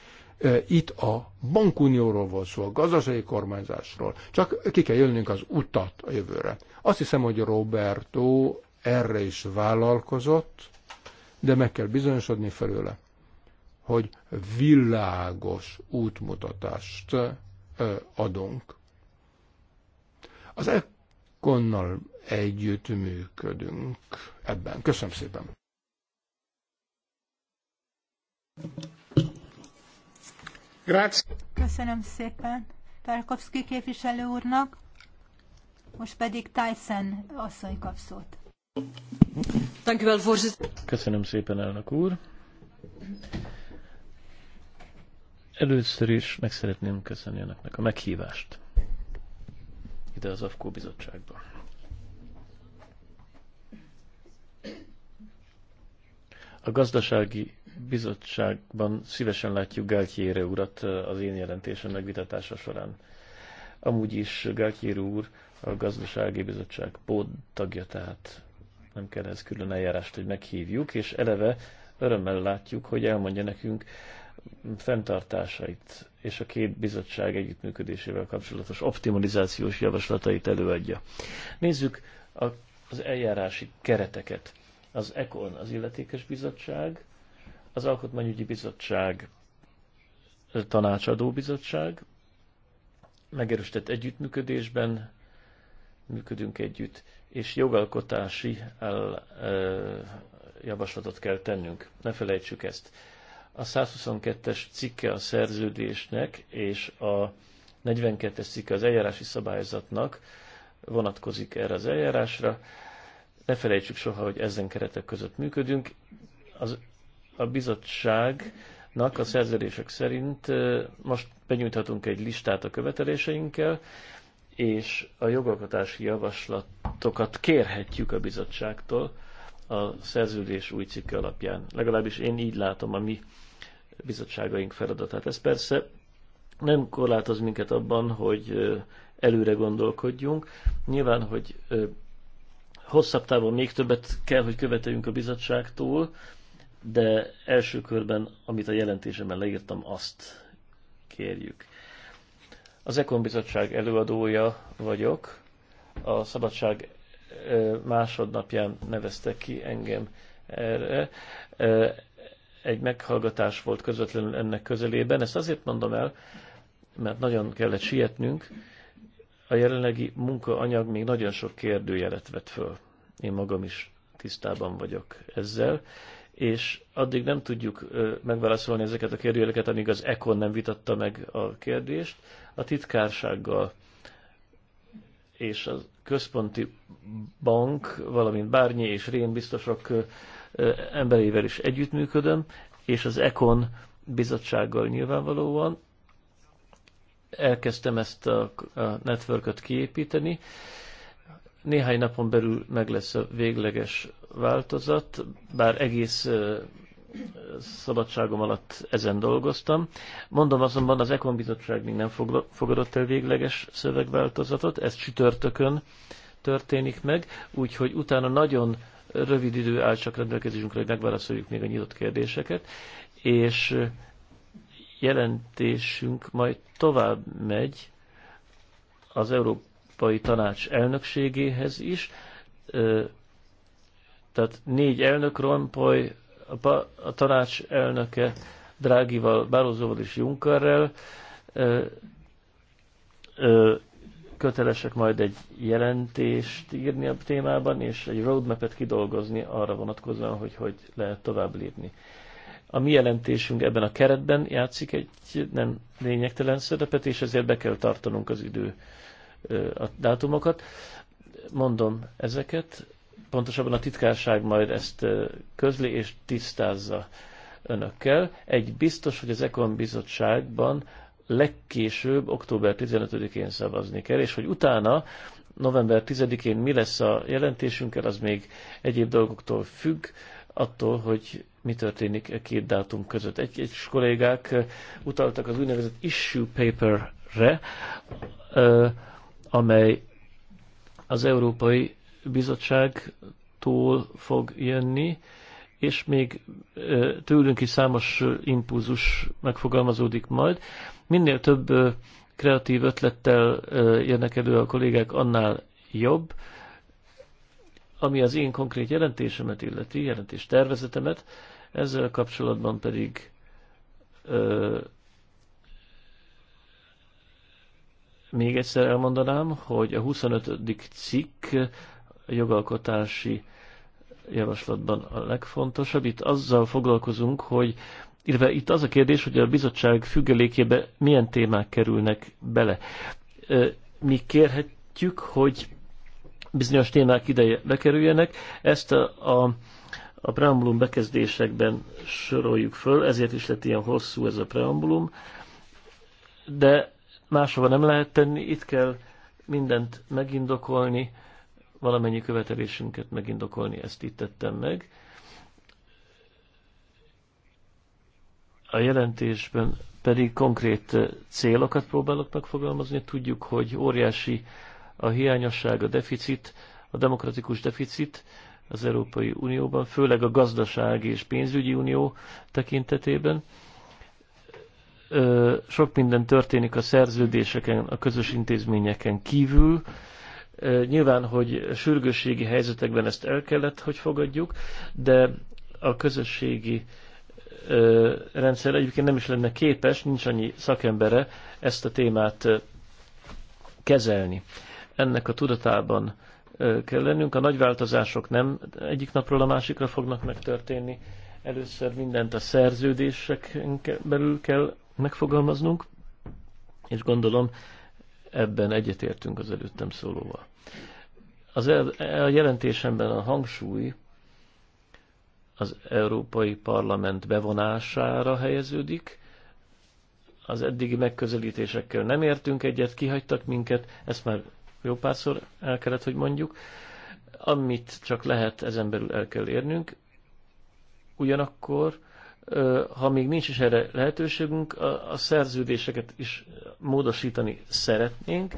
itt a bankunióról volt szó, a gazdasági kormányzásról. Csak ki kell jönnünk az utat a jövőre. Azt hiszem, hogy Roberto erre is vállalkozott, de meg kell bizonyosodni felőle, hogy világos útmutatást adunk. Az Ekkonnal együtt működünk ebben. Köszönöm szépen! Köszönöm szépen Tarkovsky képviselő úrnak. Most pedig Tyson asszony kap szót. Köszönöm szépen, elnök úr. Először is meg szeretném köszönni önöknek a meghívást ide az AFKO bizottságba. A gazdasági bizottságban szívesen látjuk Gáltyére urat az én jelentésem megvitatása során. Amúgy is Gáltyére úr a gazdasági bizottság tagja, tehát nem kell ez külön eljárást, hogy meghívjuk, és eleve örömmel látjuk, hogy elmondja nekünk fenntartásait és a két bizottság együttműködésével kapcsolatos optimalizációs javaslatait előadja. Nézzük az eljárási kereteket. Az ECON, az illetékes bizottság, az Alkotmányügyi Bizottság tanácsadó bizottság, megerősített együttműködésben működünk együtt, és jogalkotási el, ö, javaslatot kell tennünk. Ne felejtsük ezt. A 122-es cikke a szerződésnek, és a 42-es cikke az eljárási szabályzatnak vonatkozik erre az eljárásra. Ne felejtsük soha, hogy ezen keretek között működünk. Az a bizottságnak a szerződések szerint most benyújthatunk egy listát a követeléseinkkel, és a jogalkotási javaslatokat kérhetjük a bizottságtól a szerződés új cikke alapján. Legalábbis én így látom a mi bizottságaink feladatát. Ez persze nem korlátoz minket abban, hogy előre gondolkodjunk. Nyilván, hogy hosszabb távon még többet kell, hogy követeljünk a bizottságtól, de első körben, amit a jelentésemben leírtam, azt kérjük. Az Ekon Bizottság előadója vagyok. A szabadság másodnapján neveztek ki engem erre. Egy meghallgatás volt közvetlenül ennek közelében. Ezt azért mondom el, mert nagyon kellett sietnünk. A jelenlegi munkaanyag még nagyon sok kérdőjelet vett föl. Én magam is tisztában vagyok ezzel és addig nem tudjuk megválaszolni ezeket a kérdéseket, amíg az ECON nem vitatta meg a kérdést. A titkársággal és a központi bank, valamint Bárnyi és Rén biztosok emberével is együttműködöm, és az ECON bizottsággal nyilvánvalóan. Elkezdtem ezt a, a networköt kiépíteni. Néhány napon belül meg lesz a végleges változat, bár egész szabadságom alatt ezen dolgoztam. Mondom azonban, az Ekon Bizottság még nem fogadott el végleges szövegváltozatot, ez csütörtökön történik meg, úgyhogy utána nagyon rövid idő áll csak rendelkezésünkre, hogy megválaszoljuk még a nyitott kérdéseket, és jelentésünk majd tovább megy az Európai Tanács elnökségéhez is, tehát négy elnök Rompoy, a, a tanács elnöke Drágival, Bározóval és Junckerrel ö, ö, kötelesek majd egy jelentést írni a témában, és egy roadmap-et kidolgozni arra vonatkozóan, hogy hogy lehet tovább lépni. A mi jelentésünk ebben a keretben játszik egy nem lényegtelen szerepet, és ezért be kell tartanunk az idő a dátumokat. Mondom ezeket, pontosabban a titkárság majd ezt közli és tisztázza önökkel. Egy biztos, hogy az Ekon bizottságban legkésőbb október 15-én szavazni kell, és hogy utána november 10-én mi lesz a jelentésünkkel, az még egyéb dolgoktól függ, attól, hogy mi történik a e két dátum között. Egy, egy kollégák utaltak az úgynevezett issue paper-re, amely az európai bizottságtól fog jönni, és még tőlünk is számos impulzus megfogalmazódik majd. Minél több kreatív ötlettel jönnek elő a kollégák, annál jobb. Ami az én konkrét jelentésemet illeti, jelentés tervezetemet, ezzel kapcsolatban pedig ö, még egyszer elmondanám, hogy a 25. cikk jogalkotási javaslatban a legfontosabb. Itt azzal foglalkozunk, hogy illetve itt az a kérdés, hogy a bizottság függelékébe milyen témák kerülnek bele. Mi kérhetjük, hogy bizonyos témák ideje bekerüljenek. Ezt a, a, a preambulum bekezdésekben soroljuk föl, ezért is lett ilyen hosszú ez a preambulum, de máshova nem lehet tenni, itt kell mindent megindokolni, valamennyi követelésünket megindokolni, ezt itt tettem meg. A jelentésben pedig konkrét célokat próbálok megfogalmazni. Tudjuk, hogy óriási a hiányosság, a deficit, a demokratikus deficit az Európai Unióban, főleg a gazdasági és pénzügyi unió tekintetében. Sok minden történik a szerződéseken, a közös intézményeken kívül, Nyilván, hogy sürgősségi helyzetekben ezt el kellett, hogy fogadjuk, de a közösségi rendszer egyébként nem is lenne képes, nincs annyi szakembere ezt a témát kezelni. Ennek a tudatában kell lennünk. A nagy változások nem egyik napról a másikra fognak megtörténni. Először mindent a szerződések belül kell megfogalmaznunk, és gondolom ebben egyetértünk az előttem szólóval. Az el, a jelentésemben a hangsúly az Európai Parlament bevonására helyeződik. Az eddigi megközelítésekkel nem értünk egyet, kihagytak minket, ezt már jó párszor el kellett, hogy mondjuk. Amit csak lehet, ezen belül el kell érnünk. Ugyanakkor, ha még nincs is erre lehetőségünk, a szerződéseket is módosítani szeretnénk.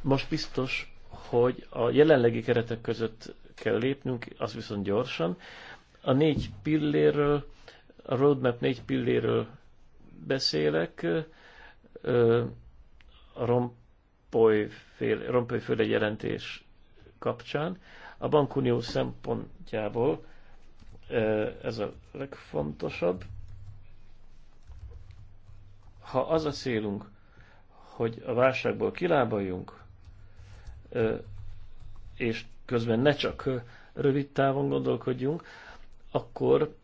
Most biztos hogy a jelenlegi keretek között kell lépnünk, az viszont gyorsan. A négy pilléről, a roadmap négy pilléről beszélek, a rompoly fél, rompoly jelentés kapcsán. A bankunió szempontjából ez a legfontosabb. Ha az a célunk, hogy a válságból kilábaljunk, és közben ne csak rövid távon gondolkodjunk, akkor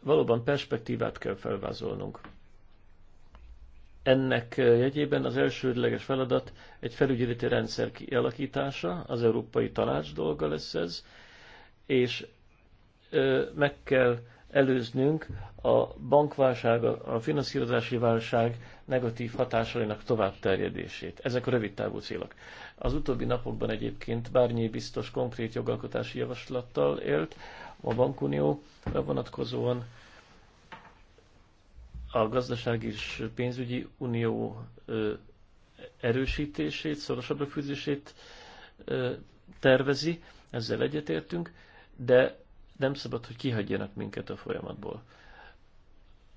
valóban perspektívát kell felvázolnunk. Ennek jegyében az elsődleges feladat egy felügyeleti rendszer kialakítása, az Európai Tanács dolga lesz ez, és meg kell előznünk a bankválság, a finanszírozási válság negatív hatásainak tovább terjedését. Ezek a rövid távú célok. Az utóbbi napokban egyébként Bárnyi biztos konkrét jogalkotási javaslattal élt a Bankunió, vonatkozóan a gazdaság és pénzügyi unió erősítését, szorosabb fűzését tervezi, ezzel egyetértünk, de nem szabad, hogy kihagyjanak minket a folyamatból.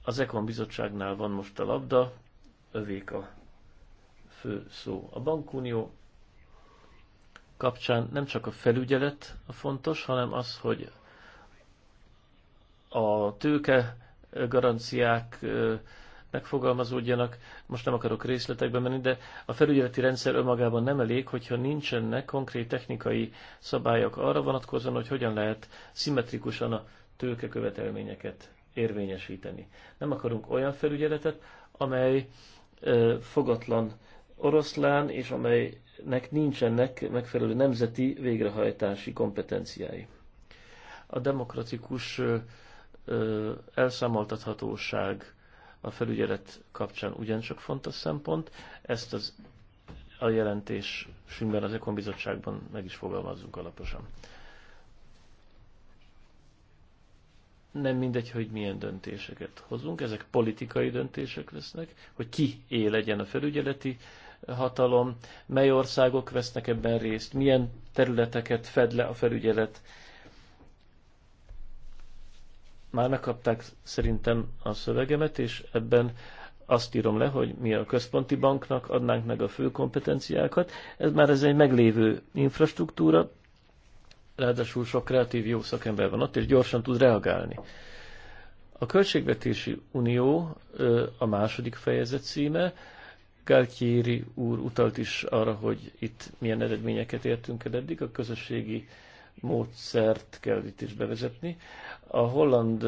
Az Ekon bizottságnál van most a labda, övék a fő szó. A bankunió kapcsán nem csak a felügyelet a fontos, hanem az, hogy a tőke garanciák megfogalmazódjanak. Most nem akarok részletekbe menni, de a felügyeleti rendszer önmagában nem elég, hogyha nincsenek konkrét technikai szabályok arra vonatkozóan, hogy hogyan lehet szimmetrikusan a követelményeket érvényesíteni. Nem akarunk olyan felügyeletet, amely fogatlan oroszlán, és amelynek nincsenek megfelelő nemzeti végrehajtási kompetenciái. A demokratikus elszámoltathatóság a felügyelet kapcsán ugyancsak fontos szempont. Ezt az, a jelentésünkben az Ekon Bizottságban meg is fogalmazzunk alaposan. Nem mindegy, hogy milyen döntéseket hozunk, ezek politikai döntések lesznek, hogy ki é legyen a felügyeleti hatalom, mely országok vesznek ebben részt, milyen területeket fed le a felügyelet, már megkapták szerintem a szövegemet, és ebben azt írom le, hogy mi a központi banknak adnánk meg a fő kompetenciákat. Ez már ez egy meglévő infrastruktúra, ráadásul sok kreatív jó szakember van ott, és gyorsan tud reagálni. A Költségvetési Unió a második fejezet címe. Galtieri úr utalt is arra, hogy itt milyen eredményeket értünk el eddig. A közösségi módszert kell itt is bevezetni. A holland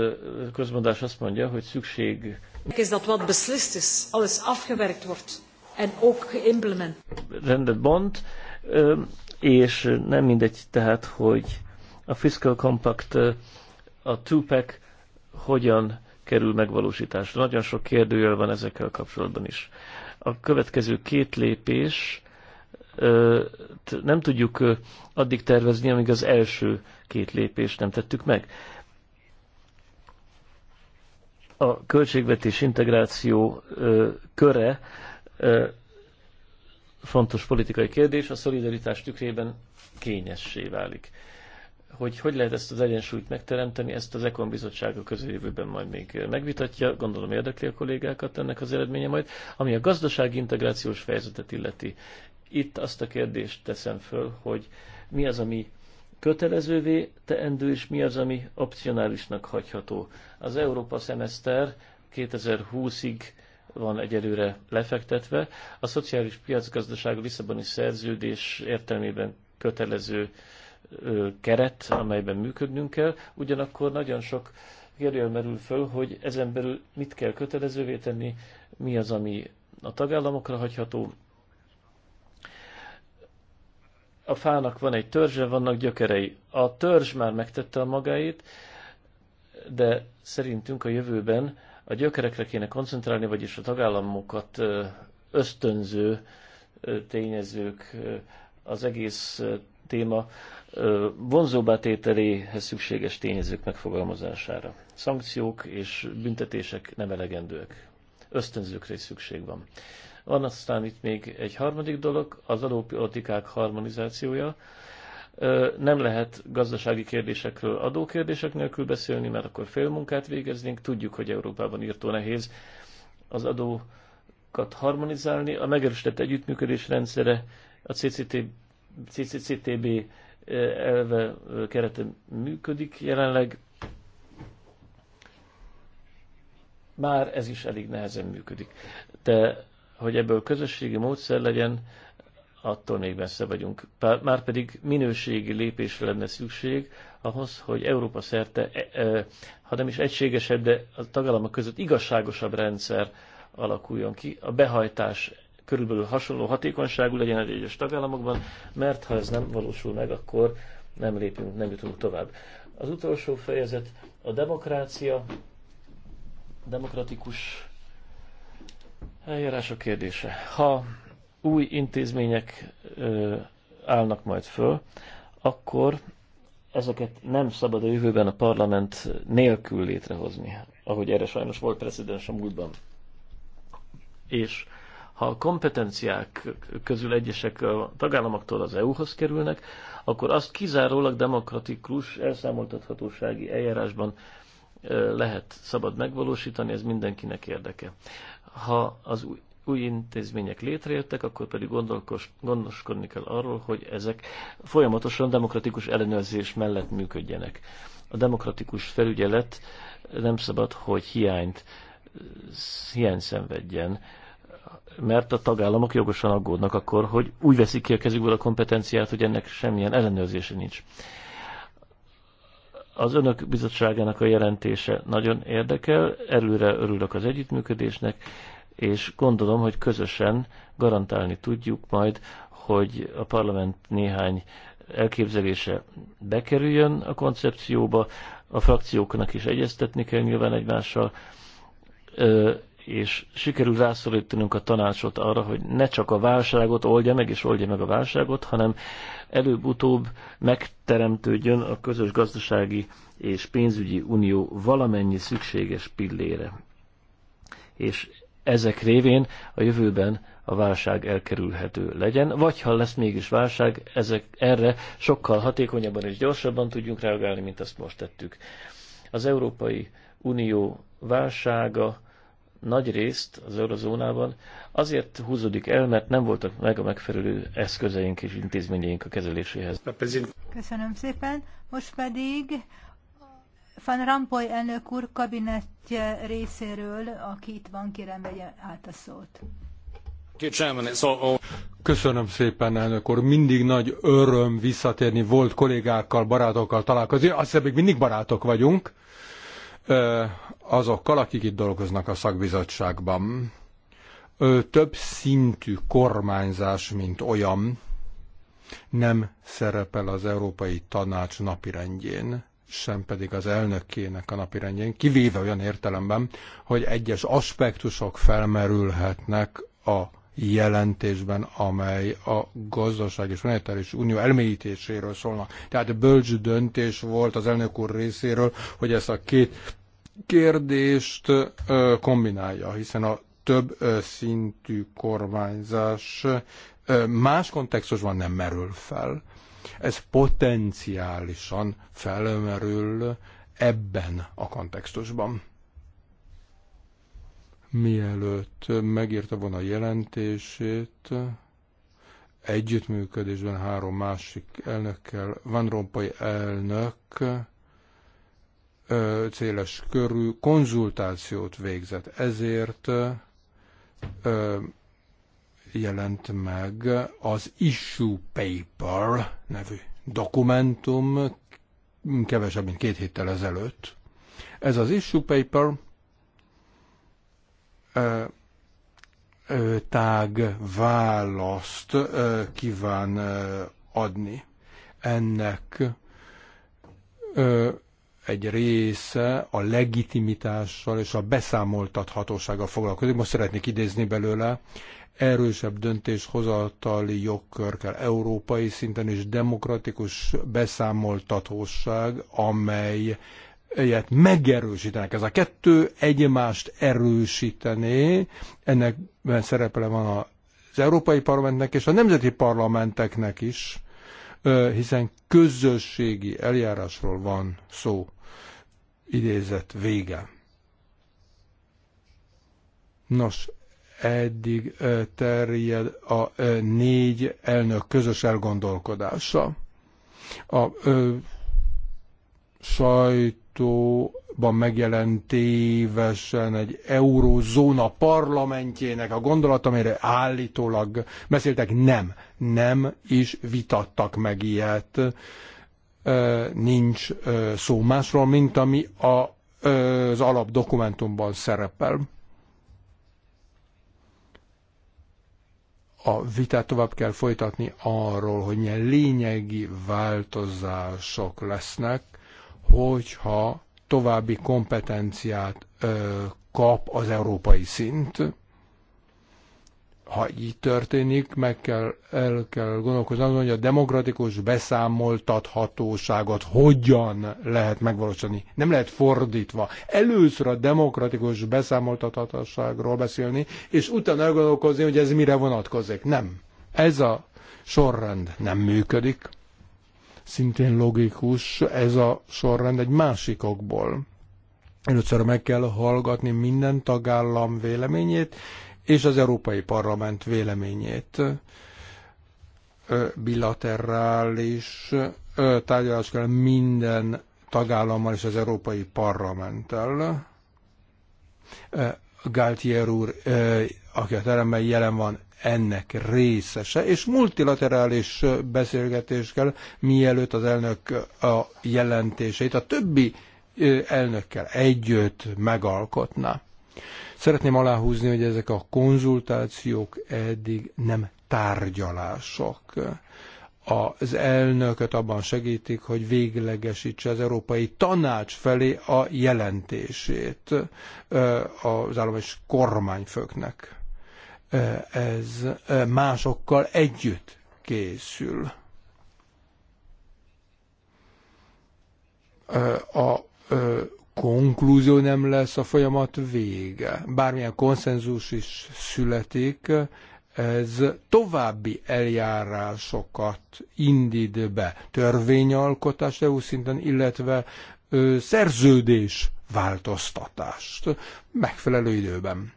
közmondás azt mondja, hogy szükség... Rendet bont, és nem mindegy tehát, hogy a Fiscal Compact, a TUPEC hogyan kerül megvalósításra. Nagyon sok kérdőjel van ezekkel kapcsolatban is. A következő két lépés nem tudjuk addig tervezni, amíg az első két lépést nem tettük meg. A költségvetés integráció köre fontos politikai kérdés, a szolidaritás tükrében kényessé válik. Hogy hogy lehet ezt az egyensúlyt megteremteni, ezt az Ekon Bizottság a közeljövőben majd még megvitatja, gondolom érdekli a kollégákat ennek az eredménye majd. Ami a gazdasági integrációs fejezetet illeti, itt azt a kérdést teszem föl, hogy mi az, ami kötelezővé teendő, és mi az, ami opcionálisnak hagyható. Az Európa szemeszter 2020-ig van egyelőre lefektetve. A szociális piacgazdaság Lisszaboni szerződés értelmében kötelező keret, amelyben működnünk kell. Ugyanakkor nagyon sok kérdőjel merül föl, hogy ezen belül mit kell kötelezővé tenni, mi az, ami a tagállamokra hagyható, a fának van egy törzse, vannak gyökerei. A törzs már megtette a magáit, de szerintünk a jövőben a gyökerekre kéne koncentrálni, vagyis a tagállamokat ösztönző tényezők az egész téma vonzóbbá tételéhez szükséges tényezők megfogalmazására. Szankciók és büntetések nem elegendőek. Ösztönzőkre is szükség van. Van aztán itt még egy harmadik dolog, az adópolitikák harmonizációja. Nem lehet gazdasági kérdésekről adókérdések nélkül beszélni, mert akkor félmunkát végeznénk. Tudjuk, hogy Európában írtó nehéz az adókat harmonizálni. A megerősített együttműködés rendszere a CCTB, CCCTB elve kerete működik jelenleg. Már ez is elég nehezen működik. De hogy ebből közösségi módszer legyen, attól még messze vagyunk. Már pedig minőségi lépésre lenne szükség ahhoz, hogy Európa szerte, e, e, ha nem is egységesebb, de a tagállamok között igazságosabb rendszer alakuljon ki. A behajtás körülbelül hasonló hatékonyságú legyen az egyes tagállamokban, mert ha ez nem valósul meg, akkor nem lépünk, nem jutunk tovább. Az utolsó fejezet a demokrácia, demokratikus Eljárások kérdése. Ha új intézmények ö, állnak majd föl, akkor ezeket nem szabad a jövőben a parlament nélkül létrehozni, ahogy erre sajnos volt precedens a múltban. És ha a kompetenciák közül egyesek a tagállamoktól az EU-hoz kerülnek, akkor azt kizárólag demokratikus elszámoltathatósági eljárásban lehet szabad megvalósítani, ez mindenkinek érdeke. Ha az új, új intézmények létrejöttek, akkor pedig gondoskodni kell arról, hogy ezek folyamatosan demokratikus ellenőrzés mellett működjenek. A demokratikus felügyelet nem szabad, hogy hiányt, hiány szenvedjen, mert a tagállamok jogosan aggódnak akkor, hogy úgy veszik ki a kezükből a kompetenciát, hogy ennek semmilyen ellenőrzése nincs. Az önök bizottságának a jelentése nagyon érdekel, előre örülök az együttműködésnek, és gondolom, hogy közösen garantálni tudjuk majd, hogy a parlament néhány elképzelése bekerüljön a koncepcióba, a frakcióknak is egyeztetni kell nyilván egymással, és sikerül rászorítanunk a tanácsot arra, hogy ne csak a válságot oldja meg, és oldja meg a válságot, hanem előbb-utóbb megteremtődjön a közös gazdasági és pénzügyi unió valamennyi szükséges pillére. És ezek révén a jövőben a válság elkerülhető legyen, vagy ha lesz mégis válság, ezek erre sokkal hatékonyabban és gyorsabban tudjunk reagálni, mint azt most tettük. Az Európai Unió válsága nagy részt az eurozónában azért húzódik el, mert nem voltak meg a megfelelő eszközeink és intézményeink a kezeléséhez. Köszönöm szépen. Most pedig Van Rampoy elnök úr kabinetje részéről, aki itt van, kérem vegye át a szót. Köszönöm szépen, elnök úr. Mindig nagy öröm visszatérni volt kollégákkal, barátokkal találkozni. Azt hiszem, még mindig barátok vagyunk azokkal, akik itt dolgoznak a szakbizottságban. Több szintű kormányzás, mint olyan, nem szerepel az Európai Tanács napirendjén, sem pedig az elnökének a napirendjén, kivéve olyan értelemben, hogy egyes aspektusok felmerülhetnek a jelentésben, amely a gazdaság és monetáris unió elmélyítéséről szólnak. Tehát bölcs döntés volt az elnök úr részéről, hogy ezt a két kérdést kombinálja, hiszen a több szintű kormányzás más kontextusban nem merül fel. Ez potenciálisan felmerül ebben a kontextusban. Mielőtt megírta volna a jelentését, együttműködésben három másik elnökkel, Van Rompuy elnök széles körű konzultációt végzett. Ezért jelent meg az Issue Paper nevű dokumentum kevesebb, mint két héttel ezelőtt. Ez az Issue Paper tág választ kíván adni. Ennek egy része a legitimitással és a beszámoltathatósággal foglalkozik. Most szeretnék idézni belőle, erősebb döntéshozatali jogkör kell európai szinten, és demokratikus beszámoltatóság, amely ilyet megerősítenek. Ez a kettő egymást erősítené, ennek szerepele van az Európai Parlamentnek és a nemzeti parlamenteknek is, hiszen közösségi eljárásról van szó. Idézet vége. Nos, eddig terjed a négy elnök közös elgondolkodása. A ö, sajtóban megjelent egy eurózóna parlamentjének a gondolat, amire állítólag beszéltek, nem, nem is vitattak meg ilyet nincs szó másról, mint ami a, az alapdokumentumban szerepel. A vitát tovább kell folytatni arról, hogy milyen lényegi változások lesznek, hogyha további kompetenciát kap az európai szint ha így történik, meg kell, el kell gondolkozni, azon, hogy a demokratikus beszámoltathatóságot hogyan lehet megvalósítani. Nem lehet fordítva. Először a demokratikus beszámoltathatóságról beszélni, és utána elgondolkozni, hogy ez mire vonatkozik. Nem. Ez a sorrend nem működik. Szintén logikus ez a sorrend egy másikokból. Először meg kell hallgatni minden tagállam véleményét, és az Európai Parlament véleményét bilaterális tárgyalás kell minden tagállammal és az Európai Parlamenttel. Galtier úr, aki a teremben jelen van, ennek részese, és multilaterális beszélgetés kell, mielőtt az elnök a jelentéseit a többi elnökkel együtt megalkotna. Szeretném aláhúzni, hogy ezek a konzultációk eddig nem tárgyalások. Az elnököt abban segítik, hogy véglegesítse az Európai Tanács felé a jelentését az állam és kormányfőknek. Ez másokkal együtt készül. A konklúzió nem lesz a folyamat vége. Bármilyen konszenzus is születik, ez további eljárásokat indít be, törvényalkotást EU szinten, illetve ö, szerződés változtatást megfelelő időben.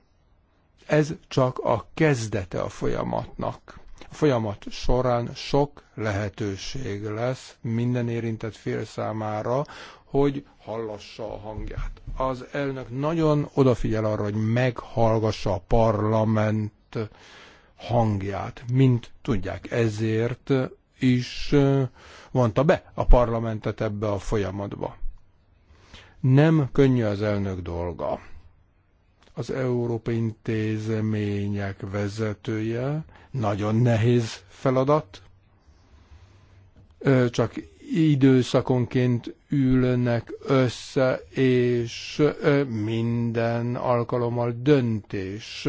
Ez csak a kezdete a folyamatnak. A folyamat során sok lehetőség lesz minden érintett fél számára, hogy hallassa a hangját. Az elnök nagyon odafigyel arra, hogy meghallgassa a parlament hangját, mint tudják. Ezért is vonta be a parlamentet ebbe a folyamatba. Nem könnyű az elnök dolga. Az Európai Intézmények vezetője nagyon nehéz feladat, csak időszakonként ülnek össze, és minden alkalommal döntés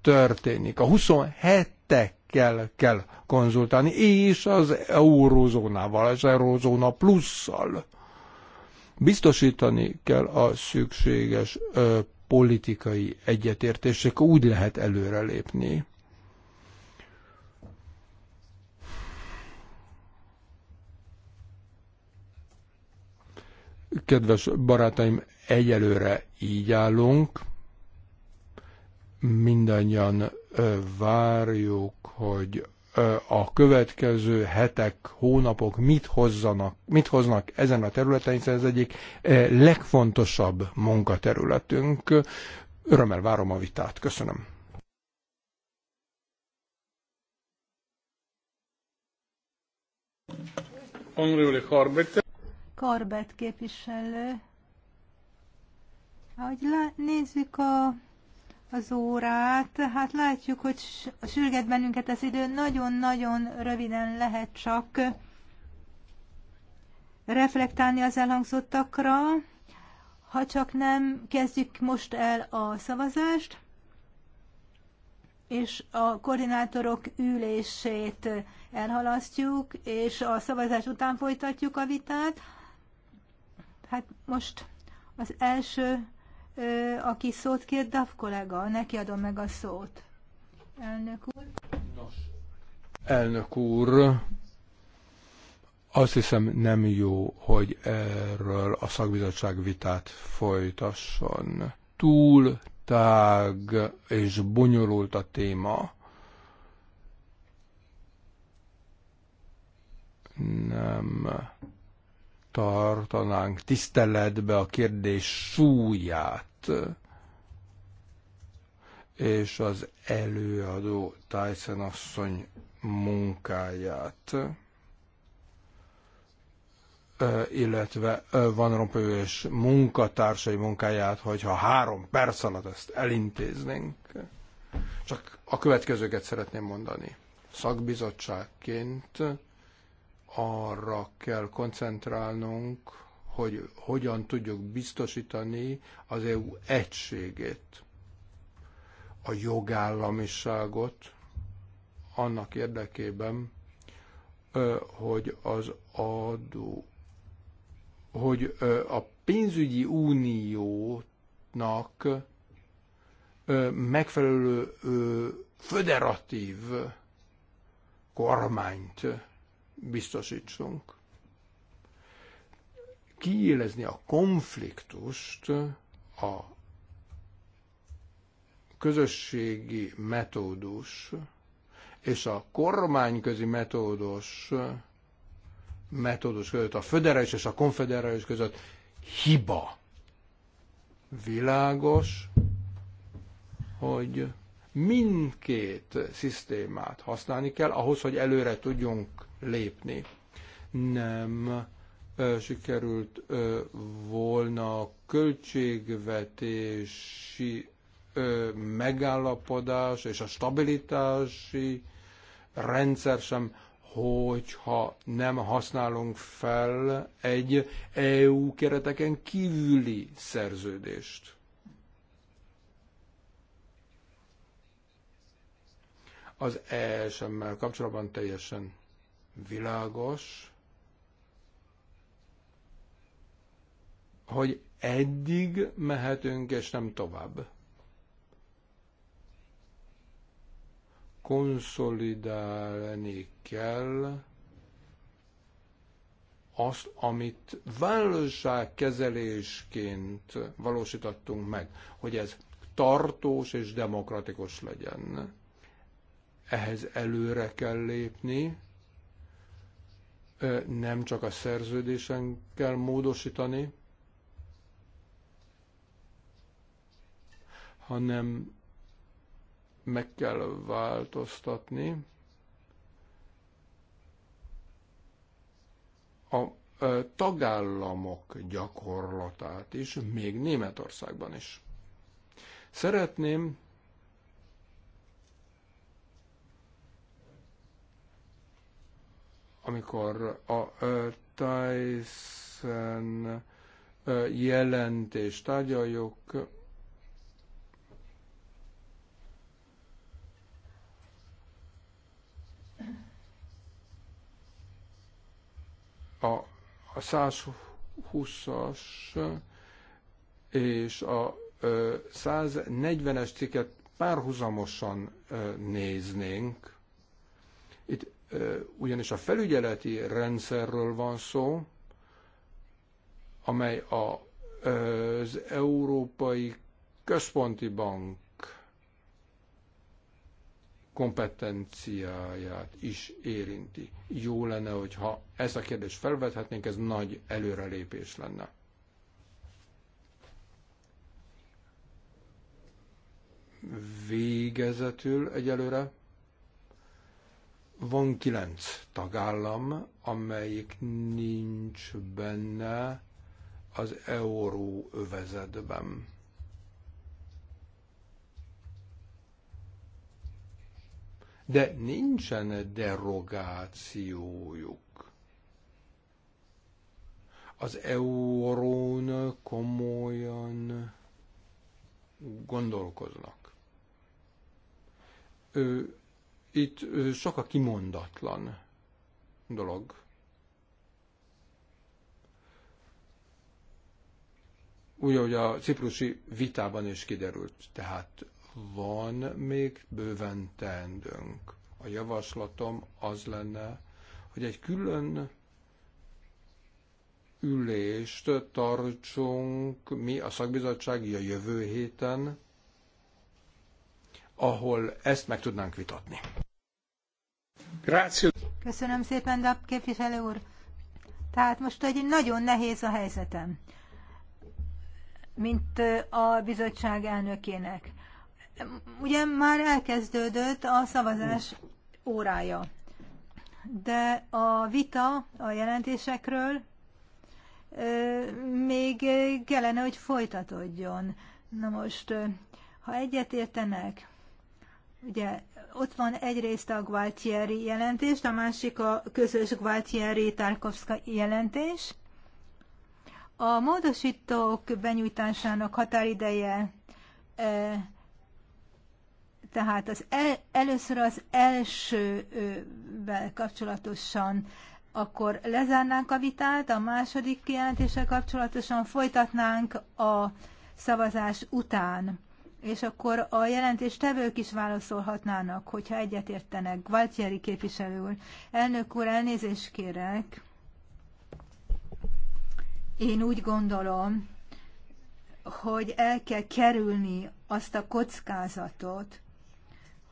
történik. A 27-ekkel kell konzultálni, és az eurózónával, az eurózóna plusszal. Biztosítani kell a szükséges politikai egyetértések, úgy lehet előrelépni. Kedves barátaim, egyelőre így állunk. Mindannyian várjuk, hogy a következő hetek, hónapok mit hozzanak, mit hoznak ezen a területen, hiszen ez egyik legfontosabb munkaterületünk. Örömmel várom a vitát. Köszönöm. Honorable Corbett. Karbet képviselő. Ahogy nézzük a, az órát, hát látjuk, hogy sürget bennünket az idő, nagyon-nagyon röviden lehet csak reflektálni az elhangzottakra, ha csak nem kezdjük most el a szavazást, és a koordinátorok ülését elhalasztjuk, és a szavazás után folytatjuk a vitát, Hát most az első, aki szót kér, Dav kollega, neki adom meg a szót. Elnök úr. Nos. Elnök úr, azt hiszem nem jó, hogy erről a szakbizottság vitát folytasson. Túl tág és bonyolult a téma. Nem tartanánk tiszteletbe a kérdés súlyát, és az előadó Tyson asszony munkáját, illetve Van Rompuy és munkatársai munkáját, hogyha három perc alatt ezt elintéznénk. Csak a következőket szeretném mondani. Szakbizottságként arra kell koncentrálnunk, hogy hogyan tudjuk biztosítani az EU egységét, a jogállamiságot annak érdekében, hogy az adó, hogy a pénzügyi uniónak megfelelő föderatív kormányt biztosítsunk. Kiélezni a konfliktust a közösségi metódus és a kormányközi metódus metódus között, a föderális és a konfederális között hiba. Világos, hogy mindkét szisztémát használni kell ahhoz, hogy előre tudjunk lépni. Nem sikerült volna a költségvetési megállapodás és a stabilitási rendszer sem, hogyha nem használunk fel egy EU kereteken kívüli szerződést. Az ESM-mel kapcsolatban teljesen Világos, hogy eddig mehetünk, és nem tovább. Konszolidálni kell azt, amit válságkezelésként valósítottunk meg, hogy ez tartós és demokratikus legyen. Ehhez előre kell lépni, nem csak a szerződésen kell módosítani, hanem meg kell változtatni a tagállamok gyakorlatát is, még Németországban is. Szeretném amikor a Tyson jelentést tárgyaljuk, a, a 120-as és a 140-es cikket párhuzamosan néznénk, ugyanis a felügyeleti rendszerről van szó, amely a, az Európai Központi Bank kompetenciáját is érinti. Jó lenne, hogyha ezt a kérdést felvethetnénk, ez nagy előrelépés lenne. Végezetül egyelőre van kilenc tagállam, amelyik nincs benne az euró övezetben. De nincsen derogációjuk. Az eurón komolyan gondolkoznak. Ő itt sok a kimondatlan dolog. Úgy, ahogy a ciprusi vitában is kiderült, tehát van még bőven teendőnk. A javaslatom az lenne, hogy egy külön ülést tartsunk mi a szakbizottsági a jövő héten, ahol ezt meg tudnánk vitatni. Grácius. Köszönöm szépen, Dab képviselő úr. Tehát most egy nagyon nehéz a helyzetem, mint a bizottság elnökének. Ugye már elkezdődött a szavazás órája, de a vita a jelentésekről még kellene, hogy folytatódjon. Na most, ha egyet értenek, Ugye ott van egyrészt a Gualtieri jelentést, a másik a közös Gualtieri-Tarkovska jelentés. A módosítók benyújtásának határideje e, tehát az el, először az elsővel kapcsolatosan akkor lezárnánk a vitát, a második kijelentéssel kapcsolatosan folytatnánk a szavazás után és akkor a jelentéstevők is válaszolhatnának, hogyha egyetértenek. Gualtieri képviselő úr. Elnök úr, elnézést kérek. Én úgy gondolom, hogy el kell kerülni azt a kockázatot,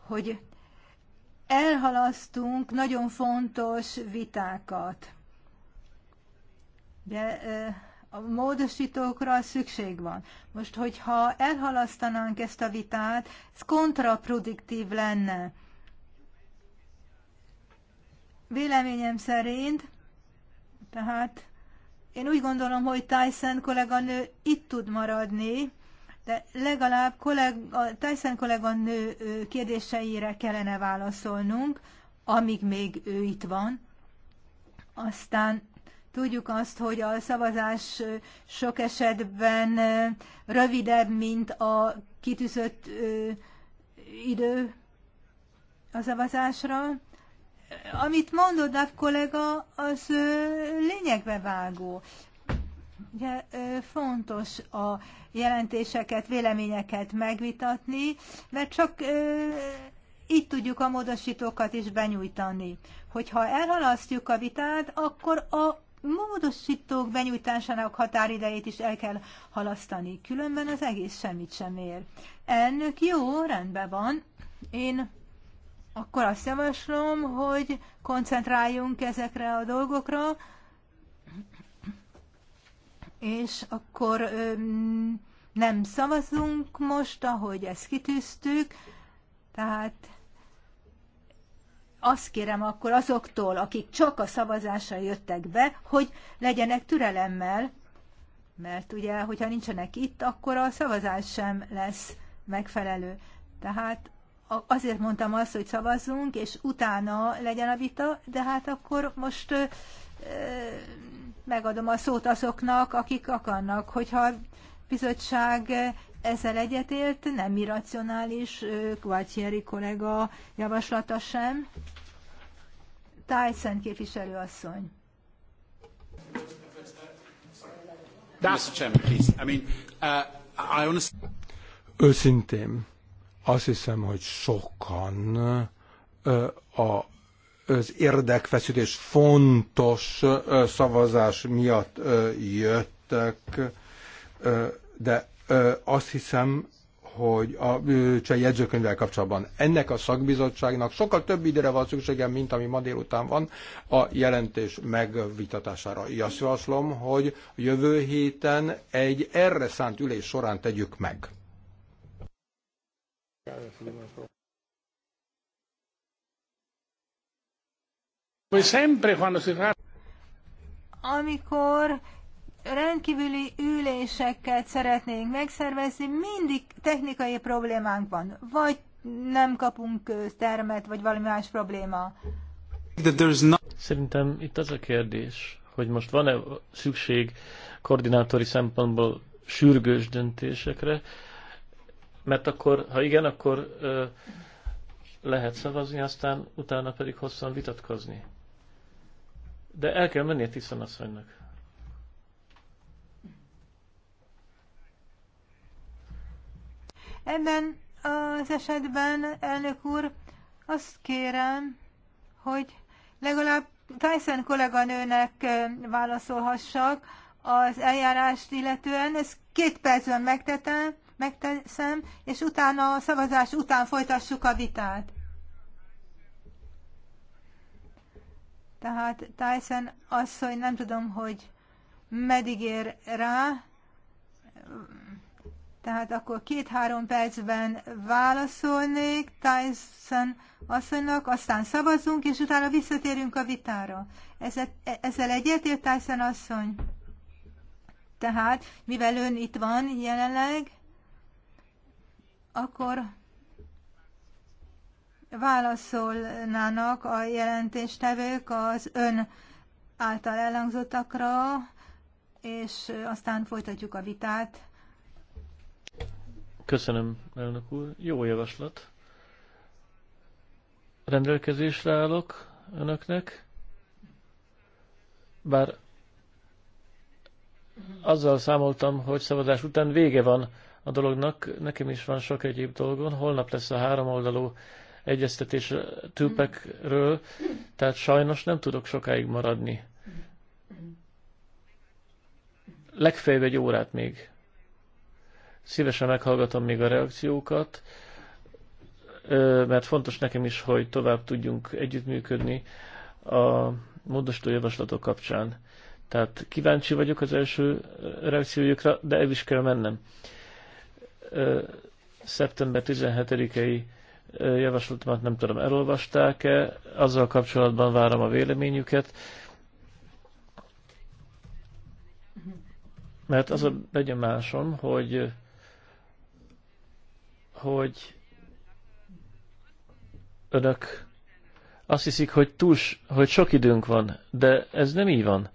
hogy elhalasztunk nagyon fontos vitákat. De a módosítókra szükség van. Most, hogyha elhalasztanánk ezt a vitát, ez kontraproduktív lenne. Véleményem szerint, tehát én úgy gondolom, hogy Tyson kolléganő itt tud maradni, de legalább kollega, Tyson kolléganő kérdéseire kellene válaszolnunk, amíg még ő itt van. Aztán Tudjuk azt, hogy a szavazás sok esetben rövidebb, mint a kitűzött idő a szavazásra. Amit mondod, a kollega, az lényegbe vágó. Ugye fontos a jelentéseket, véleményeket megvitatni, mert csak így tudjuk a módosítókat is benyújtani. Hogyha elhalasztjuk a vitát, akkor a módosítók benyújtásának határidejét is el kell halasztani, különben az egész semmit sem ér. Elnök, jó, rendben van. Én akkor azt javaslom, hogy koncentráljunk ezekre a dolgokra, és akkor öm, nem szavazunk most, ahogy ezt kitűztük, tehát azt kérem akkor azoktól, akik csak a szavazásra jöttek be, hogy legyenek türelemmel, mert ugye, hogyha nincsenek itt, akkor a szavazás sem lesz megfelelő. Tehát azért mondtam azt, hogy szavazzunk, és utána legyen a vita, de hát akkor most ö, megadom a szót azoknak, akik akarnak. Hogyha a bizottság ezzel egyetért, nem irracionális, Kvácsieri kollega javaslata sem. Tyson asszony. Uh, Őszintén azt hiszem, hogy sokan uh, a az érdekfeszítés fontos uh, szavazás miatt jöttek, de azt hiszem, hogy a csehi jegyzőkönyvvel kapcsolatban. Ennek a szakbizottságnak sokkal több időre van szükségem, mint ami ma délután van a jelentés megvitatására. Azt javaslom, hogy jövő héten egy erre szánt ülés során tegyük meg. Amikor rendkívüli üléseket szeretnénk megszervezni, mindig technikai problémánk van, vagy nem kapunk termet, vagy valami más probléma. Szerintem itt az a kérdés, hogy most van-e szükség koordinátori szempontból sürgős döntésekre, mert akkor, ha igen, akkor ö, lehet szavazni, aztán utána pedig hosszan vitatkozni. De el kell menni a tisztanasszonynak. Ebben az esetben, elnök úr, azt kérem, hogy legalább Tyson kolléganőnek válaszolhassak az eljárást illetően. Ezt két percben megtetem, megteszem, és utána a szavazás után folytassuk a vitát. Tehát Tyson asszony, nem tudom, hogy meddig ér rá, tehát akkor két-három percben válaszolnék Tyson asszonynak, aztán szavazunk, és utána visszatérünk a vitára. Ezzel, ezzel egyetért Tyson asszony? Tehát, mivel ön itt van jelenleg, akkor válaszolnának a jelentéstevők az ön által elhangzottakra, és aztán folytatjuk a vitát Köszönöm, elnök úr. Jó javaslat. Rendelkezésre állok önöknek, bár azzal számoltam, hogy szavazás után vége van a dolognak, nekem is van sok egyéb dolgon. Holnap lesz a három oldalú egyeztetés tűpekről, tehát sajnos nem tudok sokáig maradni. Legfeljebb egy órát még Szívesen meghallgatom még a reakciókat, mert fontos nekem is, hogy tovább tudjunk együttműködni a módosító javaslatok kapcsán. Tehát kíváncsi vagyok az első reakciójukra, de el is kell mennem. Szeptember 17-i javaslatomat nem tudom, elolvasták-e, azzal kapcsolatban várom a véleményüket, mert az a benyomásom, hogy hogy önök azt hiszik, hogy, túl, hogy sok időnk van, de ez nem így van,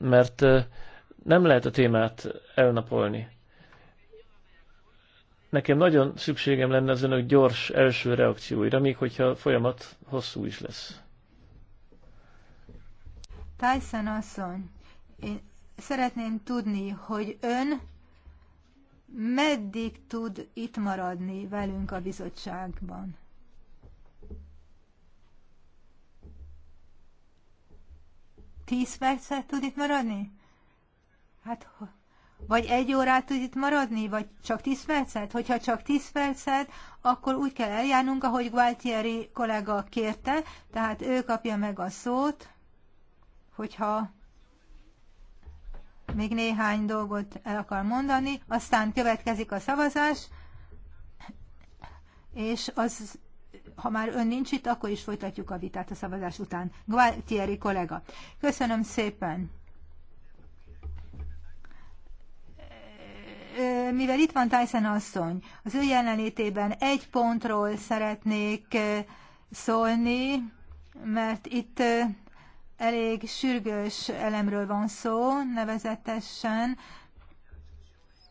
mert nem lehet a témát elnapolni. Nekem nagyon szükségem lenne az önök gyors első reakcióira, még hogyha a folyamat hosszú is lesz. Tyson asszony, én szeretném tudni, hogy ön meddig tud itt maradni velünk a bizottságban? Tíz percet tud itt maradni? Hát, vagy egy órát tud itt maradni, vagy csak tíz percet? Hogyha csak tíz percet, akkor úgy kell eljárnunk, ahogy Gualtieri kollega kérte, tehát ő kapja meg a szót, hogyha még néhány dolgot el akar mondani, aztán következik a szavazás, és az, ha már ön nincs itt, akkor is folytatjuk a vitát a szavazás után. Gualtieri kollega. Köszönöm szépen. Mivel itt van Tyson asszony, az ő jelenlétében egy pontról szeretnék szólni, mert itt elég sürgős elemről van szó, nevezetesen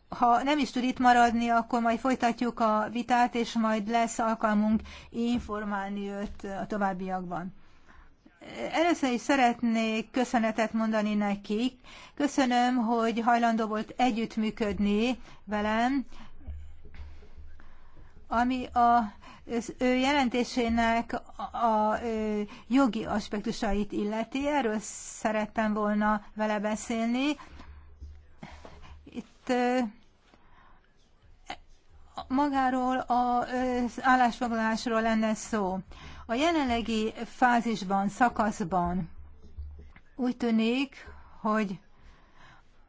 ha nem is tud itt maradni, akkor majd folytatjuk a vitát, és majd lesz alkalmunk informálni őt a továbbiakban. Először is szeretnék köszönetet mondani nekik. Köszönöm, hogy hajlandó volt együttműködni velem, ami a ő jelentésének a jogi aspektusait illeti. Erről szerettem volna vele beszélni. Itt magáról az állásfoglalásról lenne szó. A jelenlegi fázisban, szakaszban úgy tűnik, hogy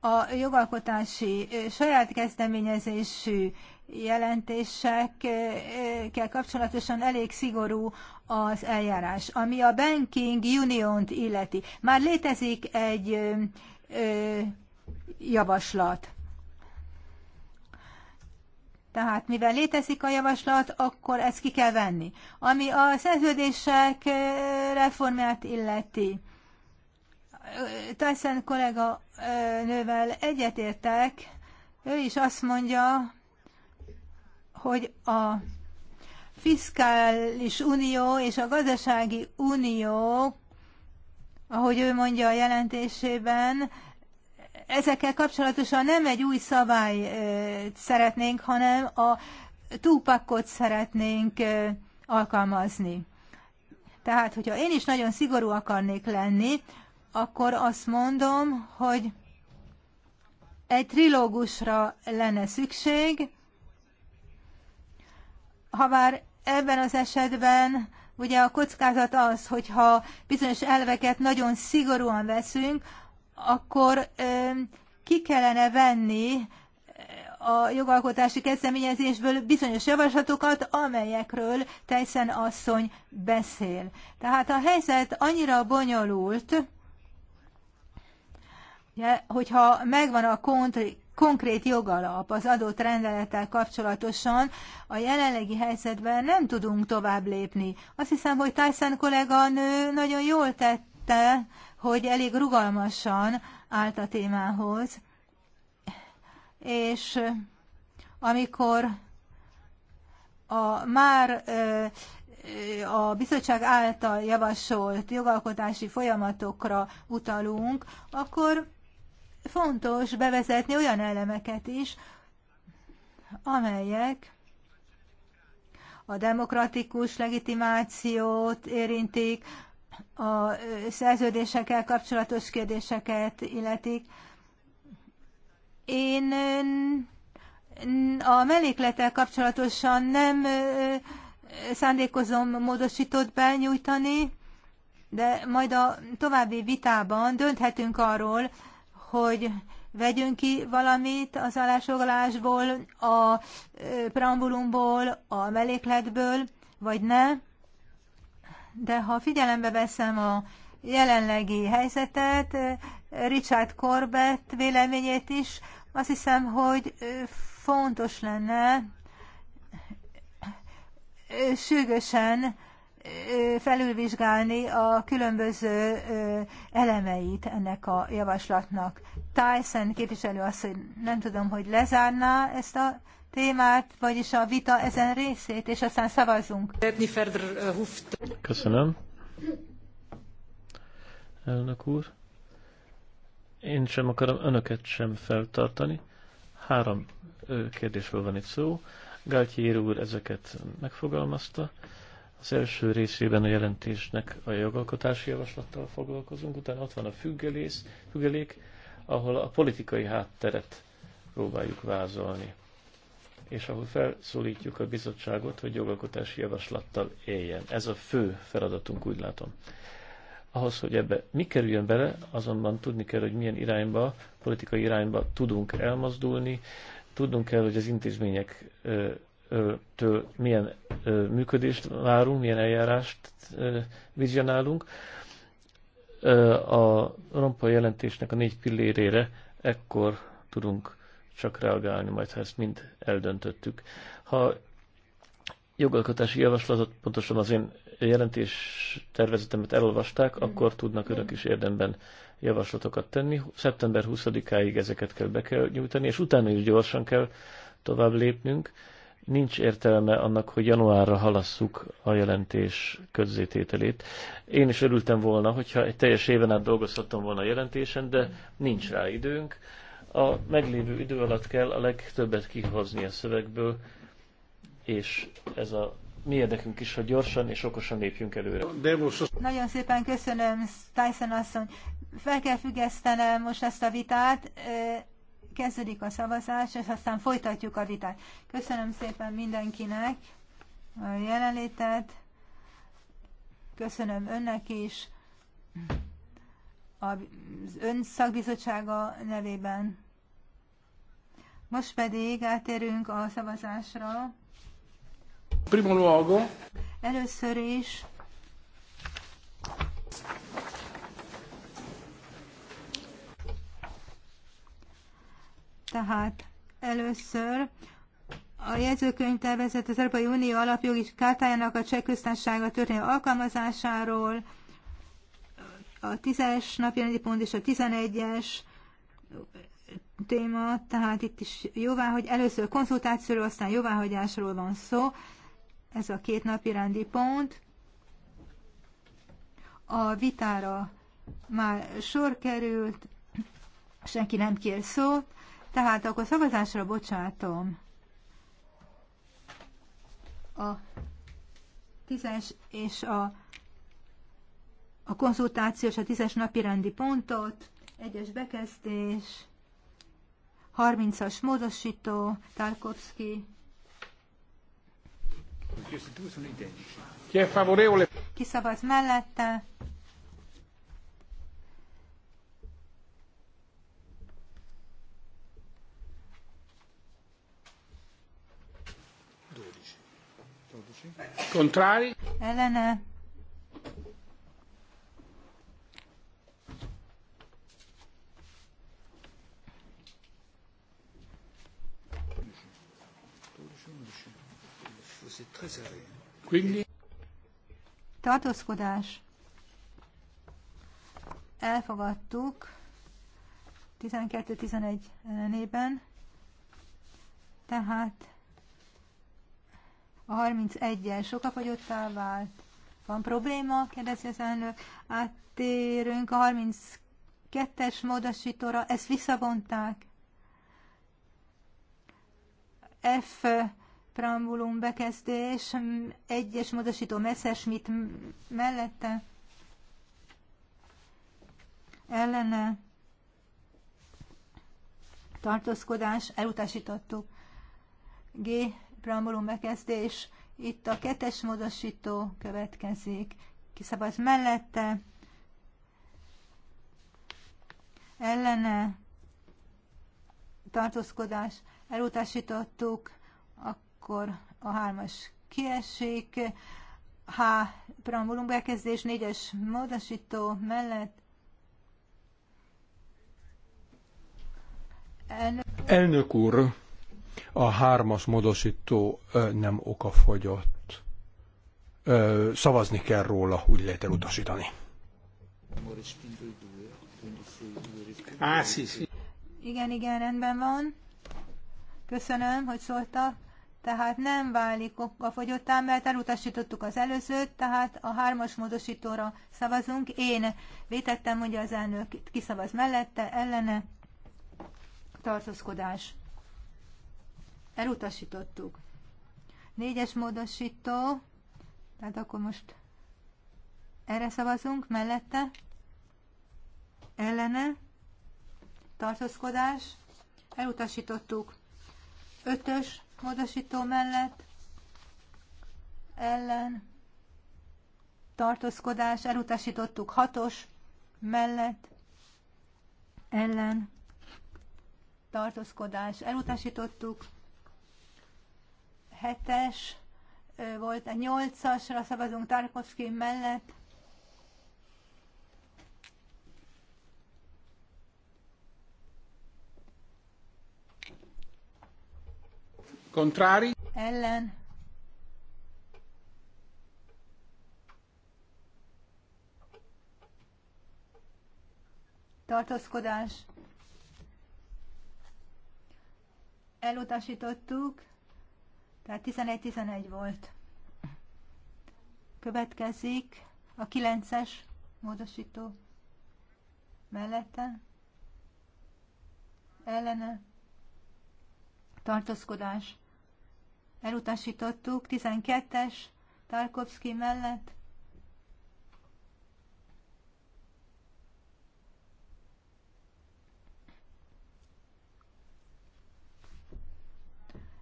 a jogalkotási saját kezdeményezésű jelentésekkel eh, eh, kapcsolatosan elég szigorú az eljárás. Ami a Banking Union-t illeti, már létezik egy eh, javaslat. Tehát mivel létezik a javaslat, akkor ezt ki kell venni. Ami a szerződések reformját illeti. Tyson kollega nővel egyetértek, ő is azt mondja, hogy a fiskális unió és a gazdasági unió, ahogy ő mondja a jelentésében, ezekkel kapcsolatosan nem egy új szabály szeretnénk, hanem a túpakot szeretnénk alkalmazni. Tehát, hogyha én is nagyon szigorú akarnék lenni, akkor azt mondom, hogy egy trilógusra lenne szükség, ha már ebben az esetben ugye a kockázat az, hogyha bizonyos elveket nagyon szigorúan veszünk, akkor ki kellene venni a jogalkotási kezdeményezésből bizonyos javaslatokat, amelyekről Tejszen asszony beszél. Tehát a helyzet annyira bonyolult, hogyha megvan a konkrét jogalap az adott rendelettel kapcsolatosan, a jelenlegi helyzetben nem tudunk tovább lépni. Azt hiszem, hogy Tyson kolléganő nagyon jól tette, hogy elég rugalmasan állt a témához, és amikor a már a bizottság által javasolt jogalkotási folyamatokra utalunk, akkor fontos bevezetni olyan elemeket is, amelyek a demokratikus legitimációt érintik, a szerződésekkel kapcsolatos kérdéseket illetik. Én a melléklettel kapcsolatosan nem szándékozom módosítót benyújtani, de majd a további vitában dönthetünk arról, hogy vegyünk ki valamit az alásoglásból, a preambulumból, a melékletből, vagy ne. De ha figyelembe veszem a jelenlegi helyzetet, Richard Corbett véleményét is, azt hiszem, hogy fontos lenne sűgösen felülvizsgálni a különböző elemeit ennek a javaslatnak. Tyson képviselő azt, hogy nem tudom, hogy lezárná ezt a témát, vagyis a vita ezen részét, és aztán szavazunk. Köszönöm. Elnök úr. Én sem akarom önöket sem feltartani. Három kérdésről van itt szó. Gáltyér úr ezeket megfogalmazta az első részében a jelentésnek a jogalkotási javaslattal foglalkozunk, utána ott van a függelész, függelék, ahol a politikai hátteret próbáljuk vázolni, és ahol felszólítjuk a bizottságot, hogy jogalkotási javaslattal éljen. Ez a fő feladatunk, úgy látom. Ahhoz, hogy ebbe mi kerüljön bele, azonban tudni kell, hogy milyen irányba, politikai irányba tudunk elmozdulni, tudnunk kell, hogy az intézmények től milyen működést várunk, milyen eljárást vizionálunk. A rompa jelentésnek a négy pillérére ekkor tudunk csak reagálni, majd ha ezt mind eldöntöttük. Ha jogalkotási javaslatot, pontosan az én jelentés tervezetemet elolvasták, akkor tudnak önök is érdemben javaslatokat tenni. Szeptember 20-áig ezeket kell be kell nyújtani, és utána is gyorsan kell tovább lépnünk nincs értelme annak, hogy januárra halasszuk a jelentés közzétételét. Én is örültem volna, hogyha egy teljes éven át dolgozhattam volna a jelentésen, de nincs rá időnk. A meglévő idő alatt kell a legtöbbet kihozni a szövegből, és ez a mi érdekünk is, hogy gyorsan és okosan lépjünk előre. Nagyon szépen köszönöm, Tyson asszony. Fel kell függesztenem most ezt a vitát kezdődik a szavazás, és aztán folytatjuk a vitát. Köszönöm szépen mindenkinek a jelenlétet, köszönöm önnek is, az ön szakbizottsága nevében. Most pedig átérünk a szavazásra. Primo luogo. Először is Tehát először a jegyzőkönyvtervezet az Európai Unió alapjogi kártájának a cseh köztársasága történő alkalmazásáról, a 10-es napjelenti pont és a 11-es téma, tehát itt is jóvá, hogy először konzultációról, aztán jóváhagyásról van szó. Ez a két napi rendi pont. A vitára már sor került, senki nem kér szót. Tehát akkor szavazásra bocsátom a tízes és a, a konzultációs, a tízes napi rendi pontot, egyes bekezdés, 30-as módosító, Tarkovsky. Ki szavaz mellette? Contrari. Ellene. Quindi... Tartózkodás. Elfogadtuk 12-11 ellenében, tehát a 31-en sokafogyottá vált. Van probléma? kérdezi az elnök. Áttérünk a 32-es módosítóra. Ezt visszavonták. F preambulum bekezdés, egyes módosító mit mellette ellene tartózkodás, elutasítottuk. G preambulum bekezdés, itt a kettes módosító következik, kiszabad mellette, ellene tartózkodás elutasítottuk, akkor a hármas kiesik, H. preambulum bekezdés, négyes módosító mellett, Elnök úr, a hármas módosító nem okafogyott. Szavazni kell róla, úgy lehet elutasítani. Ah, igen, igen, rendben van. Köszönöm, hogy szólta. Tehát nem válik a mert elutasítottuk az előzőt, tehát a hármas módosítóra szavazunk. Én vétettem, hogy az elnök, kiszavaz mellette, ellene, tartózkodás elutasítottuk. Négyes módosító, tehát akkor most erre szavazunk, mellette, ellene, tartózkodás, elutasítottuk. Ötös módosító mellett, ellen, tartózkodás, elutasítottuk. Hatos mellett, ellen, tartózkodás, elutasítottuk hetes volt, a nyolcasra szavazunk Tarkovsky mellett. Contrari. Ellen. Tartózkodás. Elutasítottuk. Tehát 11-11 volt. Következik a 9-es módosító mellette. Ellene. Tartózkodás. Elutasítottuk. 12-es Tarkovsky mellett.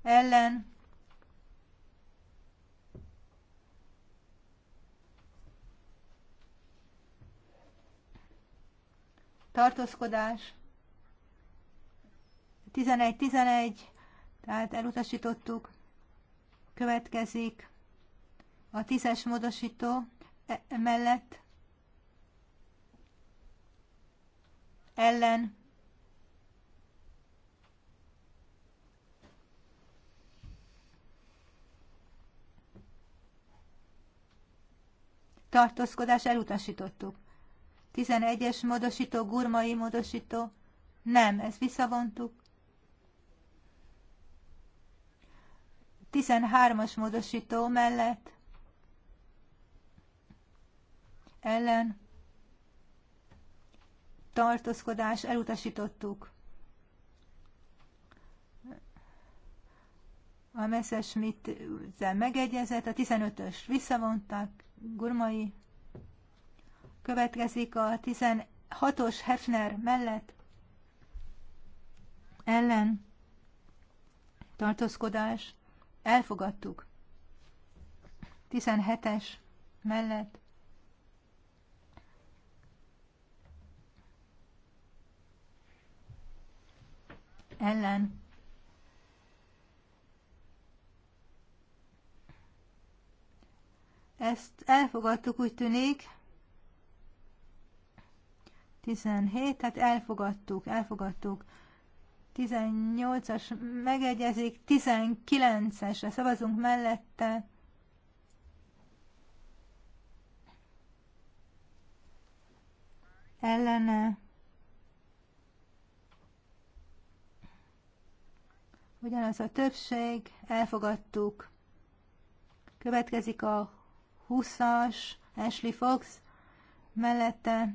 ellen tartózkodás, 11-11, tehát elutasítottuk, következik a tízes módosító e, mellett ellen tartózkodás elutasítottuk. 11-es módosító, gurmai módosító. Nem, ezt visszavontuk. 13-as módosító mellett ellen tartózkodás elutasítottuk. A mit megegyezett, a 15-ös visszavonták, Gurmai Következik a 16-os Hefner mellett ellen tartózkodás. Elfogadtuk. 17-es mellett ellen Ezt elfogadtuk, úgy tűnik. 17, tehát elfogadtuk, elfogadtuk. 18-as megegyezik, 19-esre szavazunk mellette. Ellene. Ugyanaz a többség, elfogadtuk. Következik a 20-as, Ashley Fox mellette.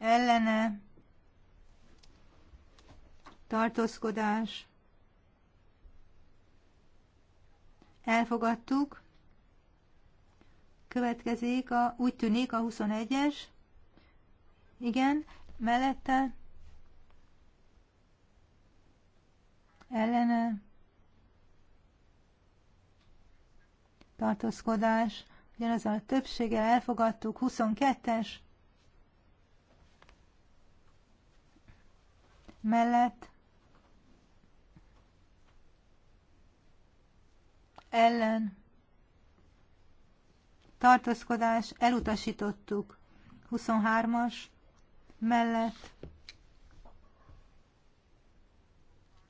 ellene tartózkodás elfogadtuk. Következik a, úgy tűnik, a 21-es. Igen, mellette ellene tartózkodás, ugyanaz a többséggel elfogadtuk, 22-es mellett ellen tartózkodás elutasítottuk 23-as mellett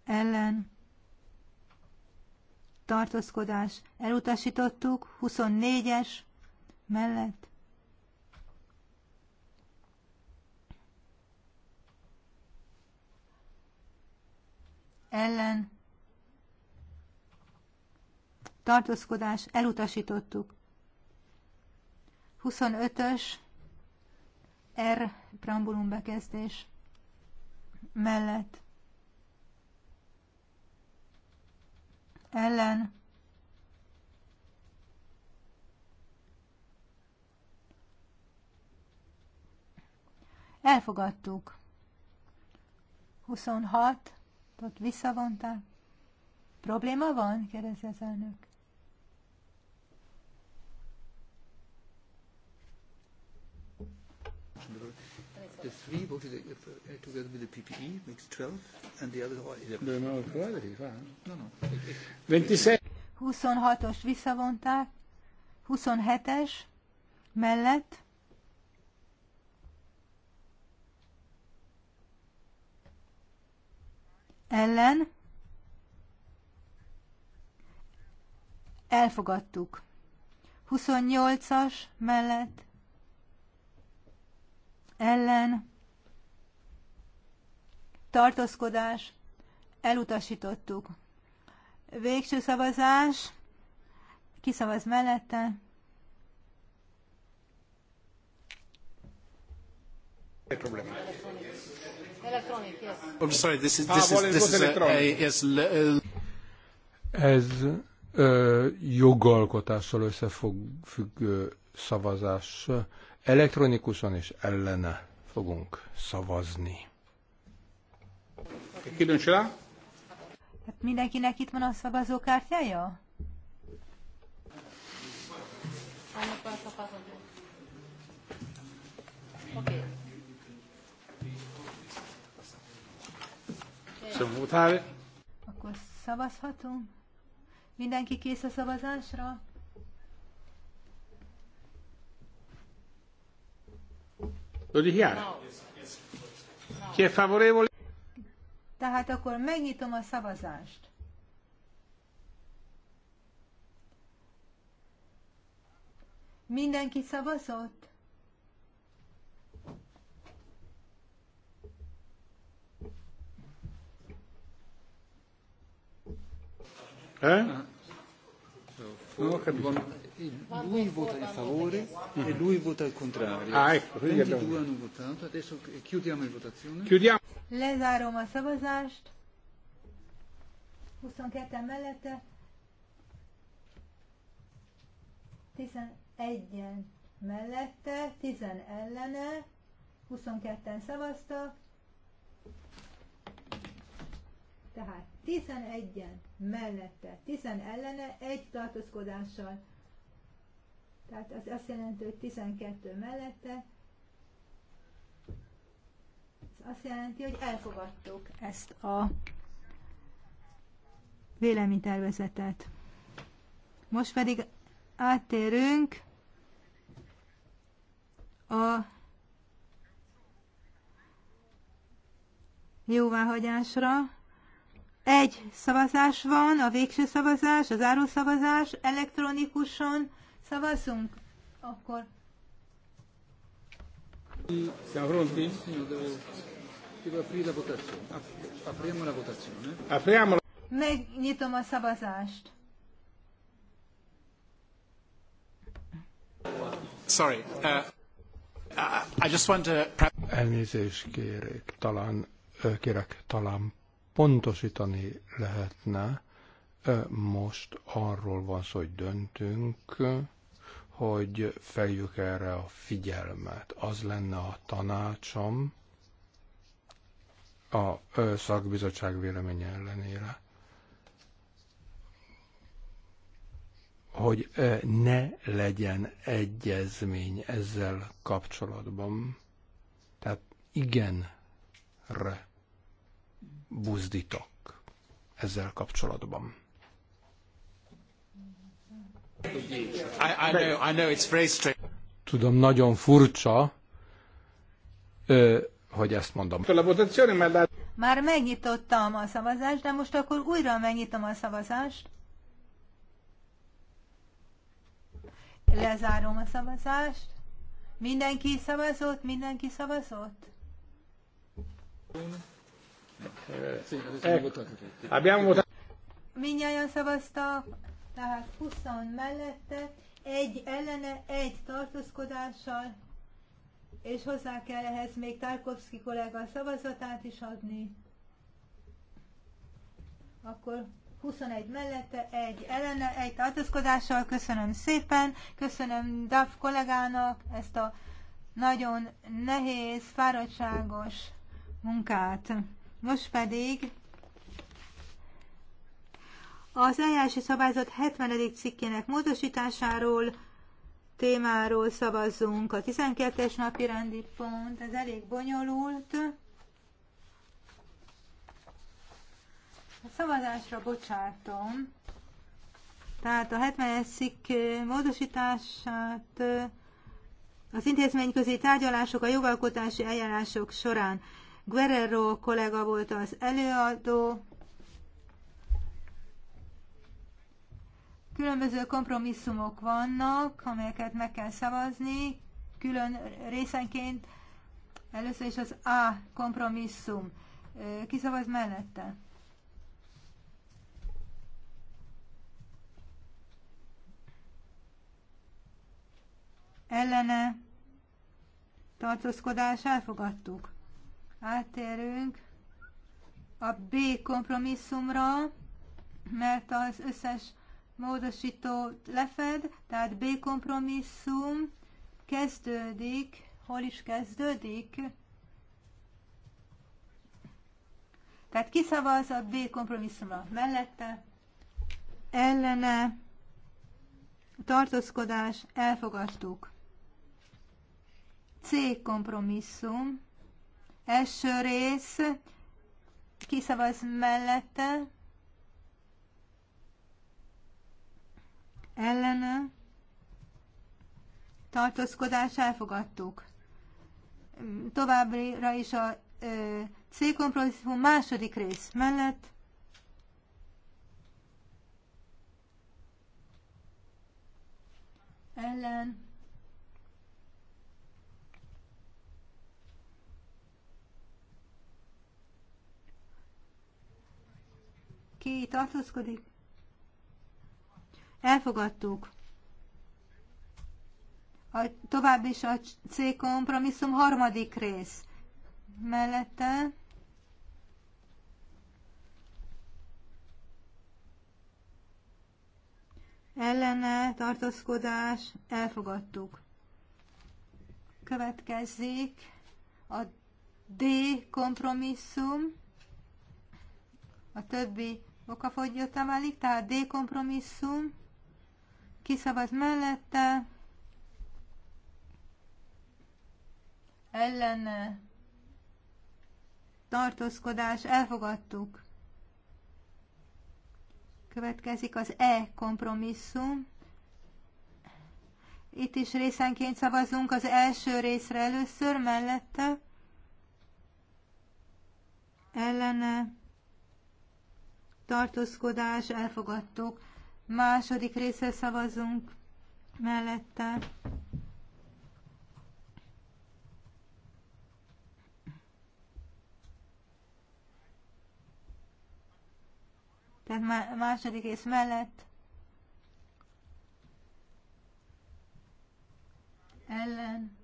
ellen tartózkodás elutasítottuk 24-es mellett ellen tartózkodás elutasítottuk. 25-ös R prambulum bekezdés mellett ellen elfogadtuk. 26 ott visszavonták. Probléma van? kérdezi az elnök. The three voted uh, together with the PPE makes 12, and the other is No, no, no. 26. 26 os visszavonták, 27-es mellett ellen elfogadtuk. 28-as mellett ellen tartózkodás elutasítottuk. Végső szavazás kiszavaz mellette. Problema. Electronic, yes. I'm oh, sorry, this is, this ah, is, this is a, a, yes, le, uh, Ez ö, jogalkotással összefüggő szavazás. Elektronikusan és ellene fogunk szavazni. Különcsön? Hát mindenkinek itt van a szavazókártyája? Okay. Akkor szavazhatunk? Mindenki kész a szavazásra? Lo dichiaro. ki è Tehát akkor megnyitom a szavazást. Mindenki szavazott? Eh? No, lui vota in favore mm. e lui vota il contrario. Ah, ecco, 22 abbiamo... hanno votato, adesso chiudiamo la votazione. Chiudiamo. Lezárom a szavazást. 22 mellette. 11 mellette, 10 ellene, 22-en szavaztak. Tehát 11-en mellette, 10 ellene, egy tartózkodással. Tehát ez azt jelenti, hogy 12 mellette. Ez azt jelenti, hogy elfogadtuk ezt a véleménytervezetet. Most pedig áttérünk a jóváhagyásra. Egy szavazás van, a végső szavazás, az szavazás elektronikusan szavazunk, akkor... Megnyitom a szavazást. Sorry. Uh, uh I just want to... Elnézést kérek, talán kérek, talán pontosítani lehetne. Most arról van szó, hogy döntünk, hogy feljük erre a figyelmet. Az lenne a tanácsom a szakbizottság véleménye ellenére. hogy ne legyen egyezmény ezzel kapcsolatban. Tehát igenre buzdítok ezzel kapcsolatban. I, I know, I know it's very strange. Tudom, nagyon furcsa, hogy ezt mondom. Már megnyitottam a szavazást, de most akkor újra megnyitom a szavazást. Lezárom a szavazást. Mindenki szavazott? Mindenki szavazott? Eh, Minnyáján szavaztak, tehát 20 mellette, egy ellene, egy tartózkodással, és hozzá kell ehhez még Tarkovszki kollega szavazatát is adni. Akkor 21 mellette, egy ellene, egy tartózkodással. Köszönöm szépen, köszönöm DAF kollégának ezt a nagyon nehéz, fáradtságos munkát. Most pedig az eljárási szabályzat 70. cikkének módosításáról témáról szavazzunk. A 12-es napi rendi pont, ez elég bonyolult. A szavazásra bocsátom. Tehát a 70 cikk módosítását az intézményközi tárgyalások a jogalkotási eljárások során Guerrero kollega volt az előadó. Különböző kompromisszumok vannak, amelyeket meg kell szavazni, külön részenként. Először is az A kompromisszum. Ki szavaz mellette? Ellene tartózkodás elfogadtuk. Átérünk a B kompromisszumra, mert az összes módosító lefed, tehát B kompromisszum kezdődik, hol is kezdődik? Tehát kiszavaz a B kompromisszumra mellette, ellene, tartózkodás, elfogadtuk. C kompromisszum Első rész, kiszavaz mellette, ellene, tartózkodás elfogadtuk. Továbbra is a C kompromisszum második rész mellett, ellen, Ki tartózkodik? Elfogadtuk. A, tovább is a C kompromisszum harmadik rész. Mellette ellene tartózkodás elfogadtuk. Következik a D kompromisszum, a többi okafogyottá válik, tehát D kompromisszum, kiszavaz mellette, ellene, tartózkodás, elfogadtuk. Következik az E kompromisszum. Itt is részenként szavazunk az első részre először, mellette, ellene, tartózkodás, elfogadtuk. Második része szavazunk mellette. Tehát második rész mellett ellen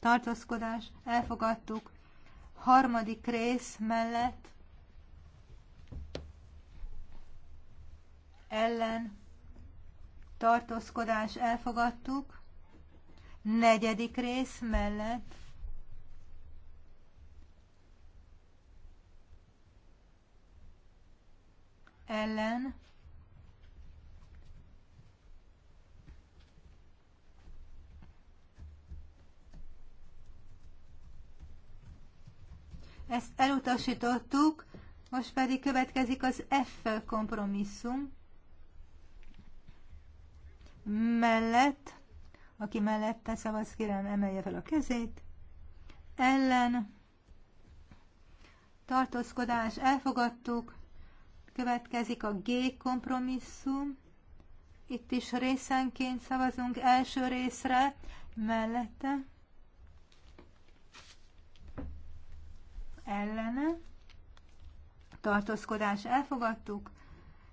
tartózkodás, elfogadtuk harmadik rész mellett ellen tartózkodás elfogadtuk, negyedik rész mellett ellen Ezt elutasítottuk, most pedig következik az F kompromisszum. Mellett, aki mellette szavaz, kérem emelje fel a kezét. Ellen, tartózkodás, elfogadtuk. Következik a G kompromisszum. Itt is részenként szavazunk első részre, mellette ellene, tartózkodás elfogadtuk,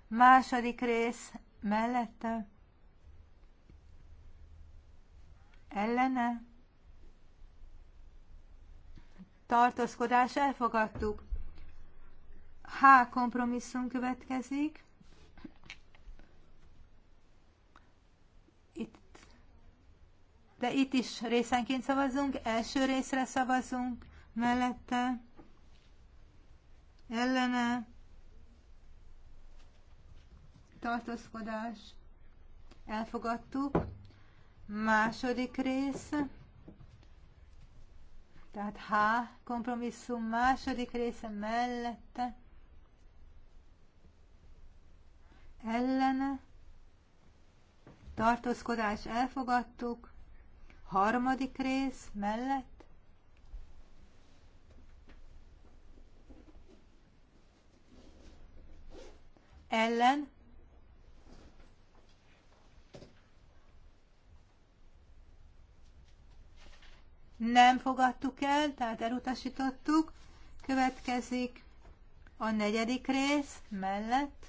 második rész mellette, ellene, tartózkodás elfogadtuk. H kompromisszum következik. Itt. De itt is részenként szavazunk, első részre szavazunk, mellette ellene tartózkodás elfogadtuk. Második rész, tehát H kompromisszum második része mellette ellene tartózkodás elfogadtuk. Harmadik rész mellett ellen nem fogadtuk el, tehát elutasítottuk. Következik a negyedik rész mellett.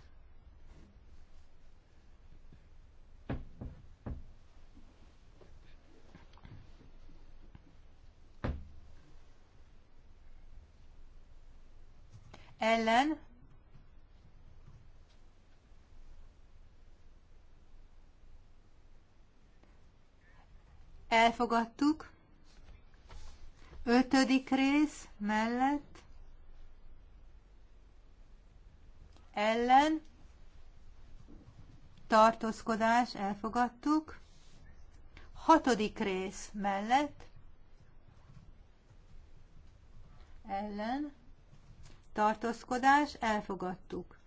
Ellen elfogadtuk. Ötödik rész mellett ellen tartózkodás elfogadtuk. Hatodik rész mellett ellen tartózkodás elfogadtuk.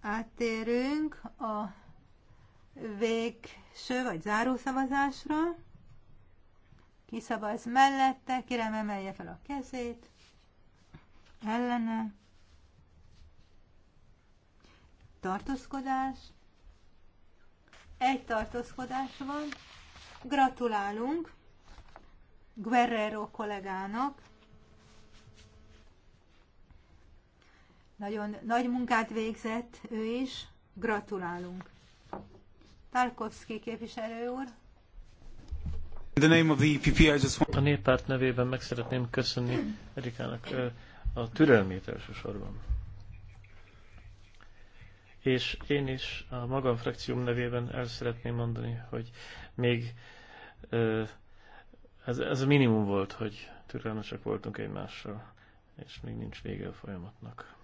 Áttérünk a végső vagy záró szavazásra. Ki szavaz mellette, kérem emelje fel a kezét. Ellene. Tartózkodás. Egy tartózkodás van. Gratulálunk Guerrero kollégának. Nagyon nagy munkát végzett ő is. Gratulálunk! Tarkovsky képviselő úr. A néppárt nevében meg szeretném köszönni Erikának a türelmét elsősorban. És én is a magam frakcióm nevében el szeretném mondani, hogy még ez, ez a minimum volt, hogy türelmesek voltunk egymással, és még nincs vége a folyamatnak.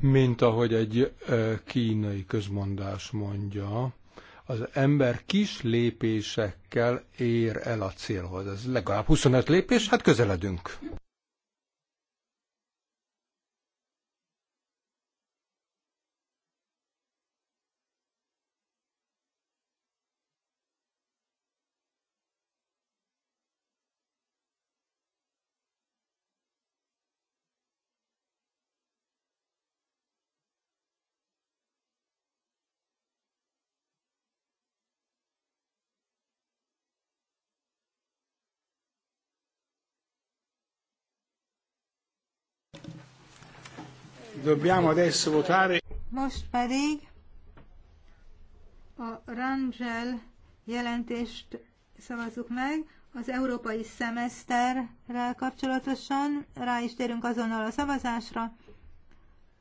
Mint ahogy egy kínai közmondás mondja, az ember kis lépésekkel ér el a célhoz. Ez legalább 25 lépés, hát közeledünk. Most pedig a Rangel jelentést szavazzuk meg az európai szemeszterrel kapcsolatosan. Rá is térünk azonnal a szavazásra.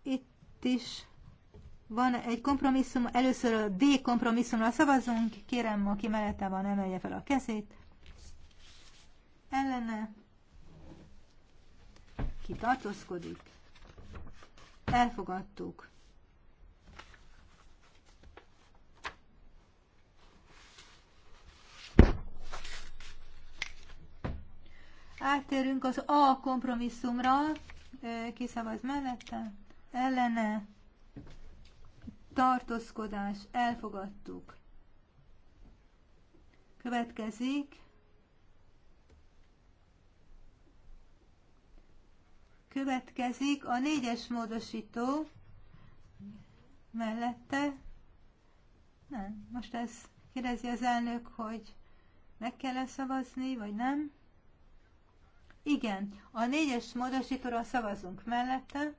Itt is van egy kompromisszum. Először a D kompromisszumra szavazunk. Kérem, aki mellette van, emelje fel a kezét. Ellene. Ki tartózkodik? Elfogadtuk. Áttérünk az A kompromisszumra. Kiszavaz mellette. Ellene. Tartózkodás. Elfogadtuk. Következik Következik a négyes módosító mellette. Nem, most ez kérdezi az elnök, hogy meg kell -e szavazni, vagy nem. Igen, a négyes módosítóra szavazunk mellette.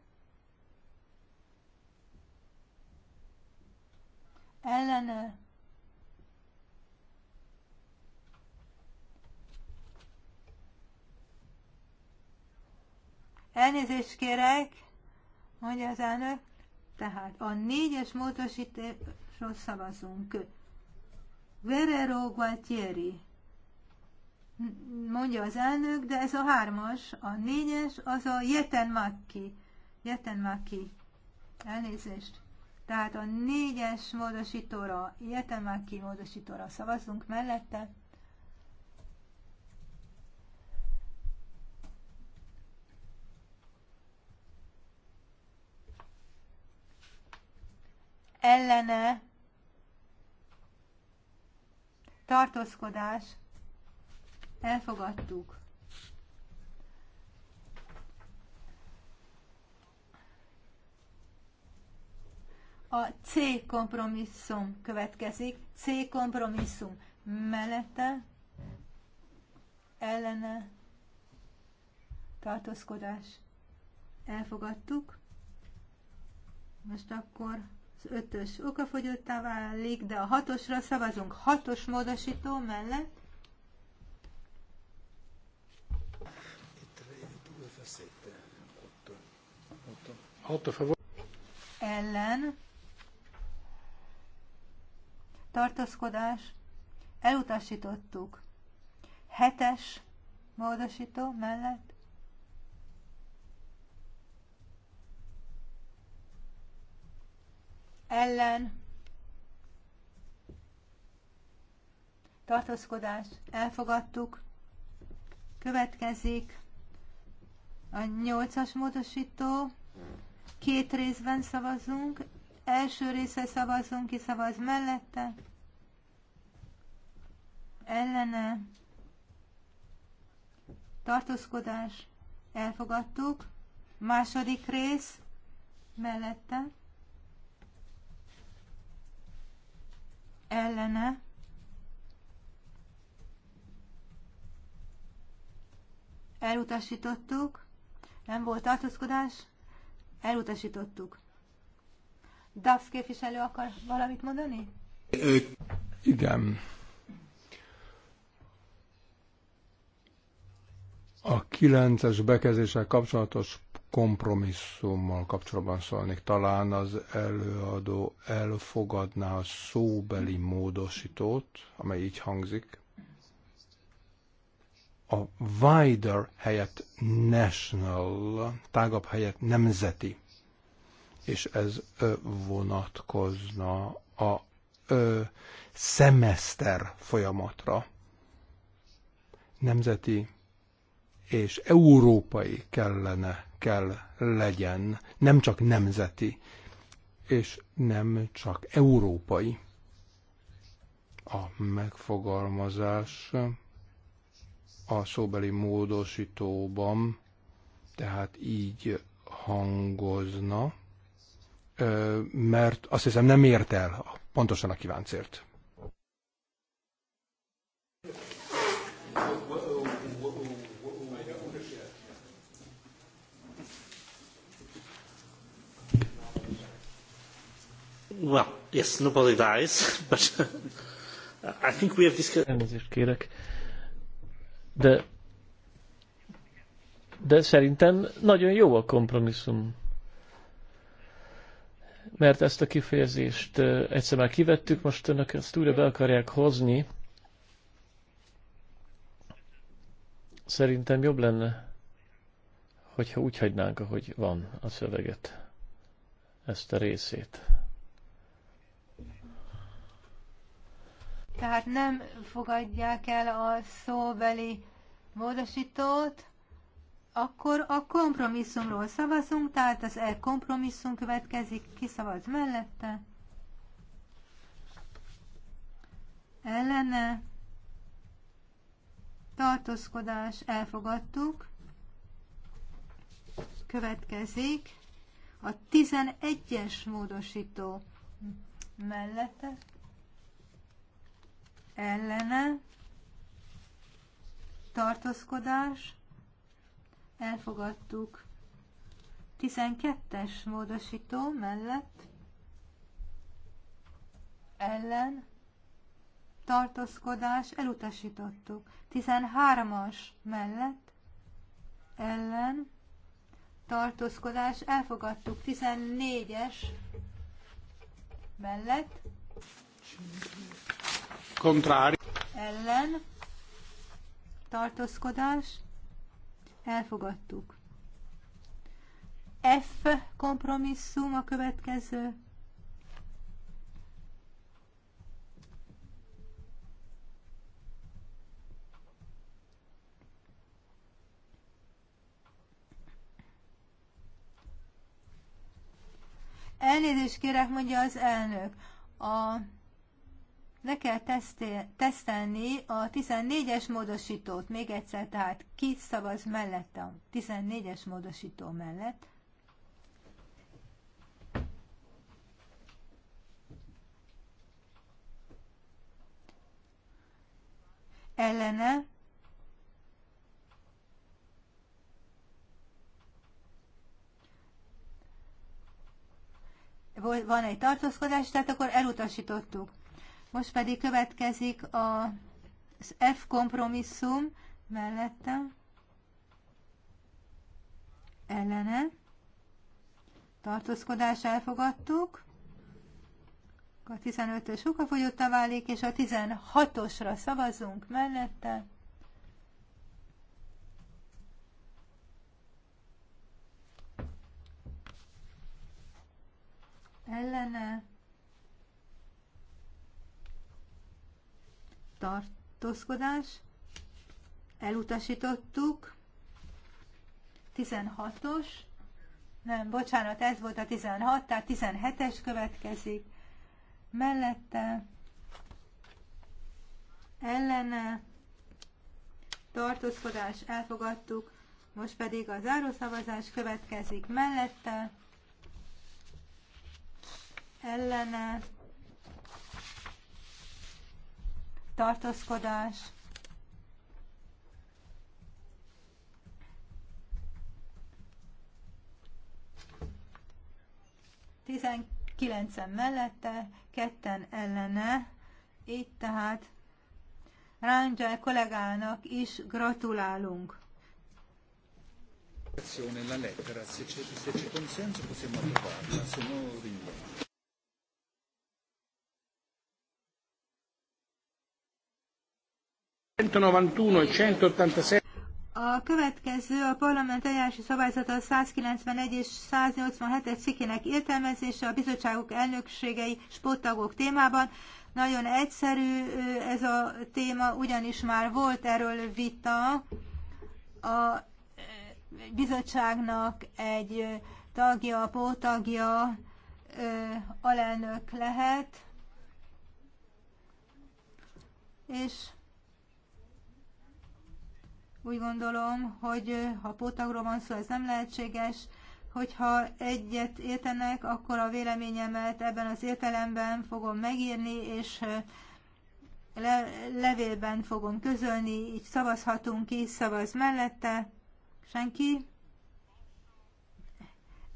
Ellene Elnézést kérek, mondja az elnök. Tehát a négyes módosításról szavazunk. Verero Gualtieri. Mondja az elnök, de ez a hármas, a négyes, az a Jeten Maki. Jeten Maki. Elnézést. Tehát a négyes módosítóra, Jeten Maki módosítóra szavazunk mellette. ellene tartózkodás elfogadtuk. A C kompromisszum következik. C kompromisszum mellette ellene tartózkodás elfogadtuk. Most akkor az ötös okafogyottá válik, de a hatosra szavazunk hatos módosító mellett. Ellen tartózkodás elutasítottuk. Hetes módosító mellett ellen tartózkodás elfogadtuk. Következik a nyolcas módosító. Két részben szavazunk. Első része szavazunk, ki szavaz mellette. Ellene. Tartózkodás. Elfogadtuk. Második rész mellette ellene, elutasítottuk, nem volt tartózkodás, elutasítottuk. DAX képviselő akar valamit mondani? Ö, igen. A kilences bekezéssel kapcsolatos kompromisszummal kapcsolatban szólnék. Talán az előadó elfogadná a szóbeli módosítót, amely így hangzik. A wider helyett national, tágabb helyett nemzeti. És ez vonatkozna a ö, szemeszter folyamatra. Nemzeti és európai kellene, kell legyen, nem csak nemzeti, és nem csak európai. A megfogalmazás a szóbeli módosítóban, tehát így hangozna, mert azt hiszem nem ért el pontosan a kíváncért. Well, yes, nobody dies, (laughs) but uh, I think we have discussed... Elnézést kérek. De, de szerintem nagyon jó a kompromisszum. Mert ezt a kifejezést egyszer már kivettük, most önök ezt újra be akarják hozni. Szerintem jobb lenne, hogyha úgy hagynánk, ahogy van a szöveget, ezt a részét. tehát nem fogadják el a szóbeli módosítót, akkor a kompromisszumról szavazunk, tehát az E kompromisszum következik, ki szavaz mellette, ellene, tartózkodás, elfogadtuk, következik a 11-es módosító mellette, ellene tartózkodás elfogadtuk. 12-es módosító mellett ellen tartózkodás elutasítottuk. 13-as mellett ellen tartózkodás elfogadtuk. 14-es mellett ellen. Tartózkodás. Elfogadtuk. F kompromisszum a következő. Elnézést kérek, mondja az elnök. A le kell tesztelni a 14-es módosítót. Még egyszer, tehát ki szavaz mellett a 14-es módosító mellett. Ellene van egy tartózkodás, tehát akkor elutasítottuk. Most pedig következik a, az F kompromisszum mellette ellene tartózkodás elfogadtuk, a 15-ös okafogyottá válik, és a 16-osra szavazunk mellette. Ellene tartózkodás, elutasítottuk, 16-os, nem, bocsánat, ez volt a 16, tehát 17-es következik, mellette, ellene, tartózkodás, elfogadtuk, most pedig a zárószavazás következik mellette, ellene, tartózkodás, tizenkilencen mellette, ketten ellene, így tehát Rangel kollégának is gratulálunk. se c'è consenso possiamo se no rinviamo. 191 e 187. A következő a parlament eljárási szabályzata 191 és 187-es cikkének értelmezése a bizottságok elnökségei sporttagok témában. Nagyon egyszerű ez a téma, ugyanis már volt erről vita. A bizottságnak egy tagja, pótagja, alelnök lehet, és úgy gondolom, hogy ha pótagról van szó, ez nem lehetséges. Hogyha egyet értenek, akkor a véleményemet ebben az értelemben fogom megírni, és le, levélben fogom közölni, így szavazhatunk ki, szavaz mellette. Senki?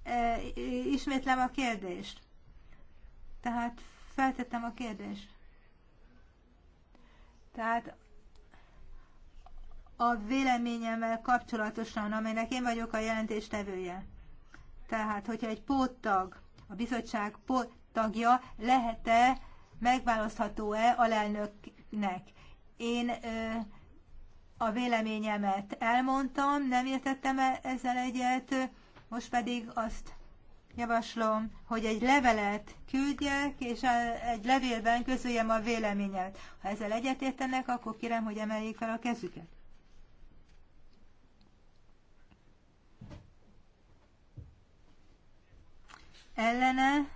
E, ismétlem a kérdést. Tehát feltettem a kérdést. Tehát a véleményemmel kapcsolatosan, amelynek én vagyok a jelentéstevője. Tehát, hogyha egy póttag, a bizottság póttagja lehet-e, megválasztható-e alelnöknek. Én ö, a véleményemet elmondtam, nem értettem -e ezzel egyet, most pedig azt javaslom, hogy egy levelet küldjek, és egy levélben közöljem a véleményet. Ha ezzel egyetértenek, akkor kérem, hogy emeljék fel a kezüket. ellene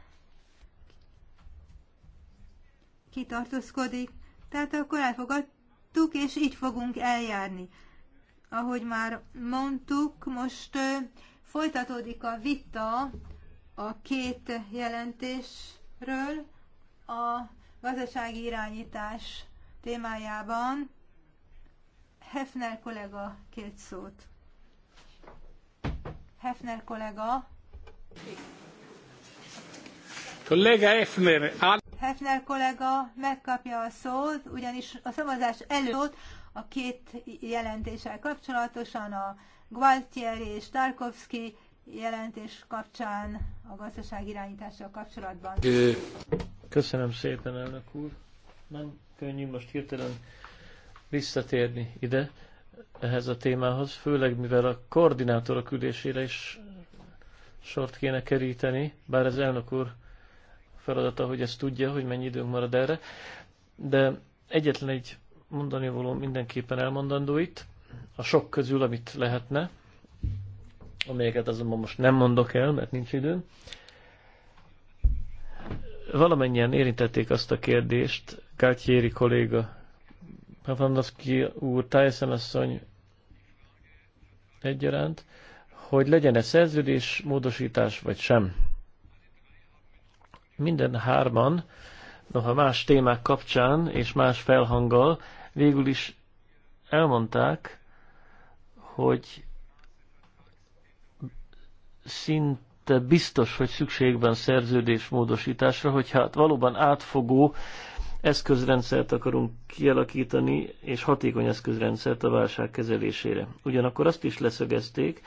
kitartózkodik. Tehát akkor elfogadtuk, és így fogunk eljárni. Ahogy már mondtuk, most folytatódik a vita a két jelentésről a gazdasági irányítás témájában. Hefner kollega két szót. Hefner kollega. Kollega Hefner. Hefner kollega megkapja a szót, ugyanis a szavazás előtt a két jelentéssel kapcsolatosan, a Gualtieri és Tarkovsky jelentés kapcsán, a gazdaság irányítással kapcsolatban. Köszönöm szépen, elnök úr. Nem könnyű most hirtelen visszatérni ide, ehhez a témához, főleg mivel a koordinátorok ülésére is sort kéne keríteni, bár az elnök úr feladata, hogy ezt tudja, hogy mennyi időnk marad erre, de egyetlen egy mondani való mindenképpen elmondandó itt, a sok közül, amit lehetne, amelyeket azonban most nem mondok el, mert nincs időm. Valamennyien érintették azt a kérdést, Kátyéri kolléga, Pavandovszki úr, Tyson asszony egyaránt, hogy legyen-e szerződés, módosítás vagy sem minden hárman, noha más témák kapcsán és más felhanggal, végül is elmondták, hogy szinte biztos, hogy szükségben szerződésmódosításra, hogy hát valóban átfogó eszközrendszert akarunk kialakítani, és hatékony eszközrendszert a válság kezelésére. Ugyanakkor azt is leszögezték,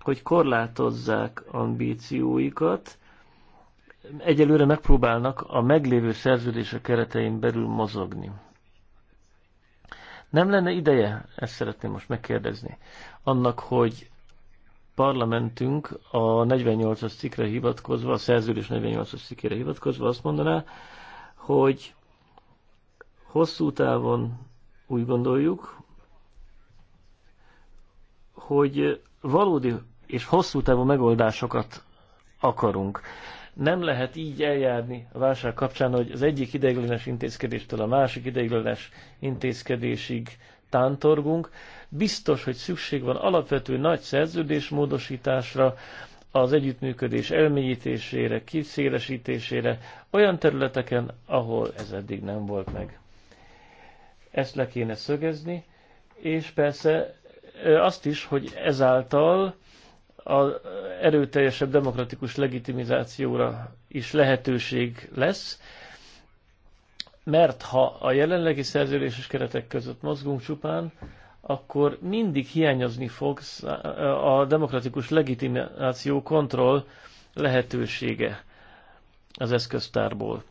hogy korlátozzák ambícióikat, egyelőre megpróbálnak a meglévő szerződések keretein belül mozogni. Nem lenne ideje, ezt szeretném most megkérdezni, annak, hogy parlamentünk a 48-as cikkre hivatkozva, a szerződés 48-as cikkére hivatkozva azt mondaná, hogy hosszú távon úgy gondoljuk, hogy valódi és hosszú távú megoldásokat akarunk. Nem lehet így eljárni a válság kapcsán, hogy az egyik ideiglenes intézkedéstől a másik ideiglenes intézkedésig tántorgunk. Biztos, hogy szükség van alapvető nagy szerződésmódosításra, az együttműködés elmélyítésére, kiszélesítésére olyan területeken, ahol ez eddig nem volt meg. Ezt le kéne szögezni, és persze azt is, hogy ezáltal az erőteljesebb demokratikus legitimizációra is lehetőség lesz, mert ha a jelenlegi szerződéses keretek között mozgunk csupán, akkor mindig hiányozni fog a demokratikus legitimáció kontroll lehetősége az eszköztárból.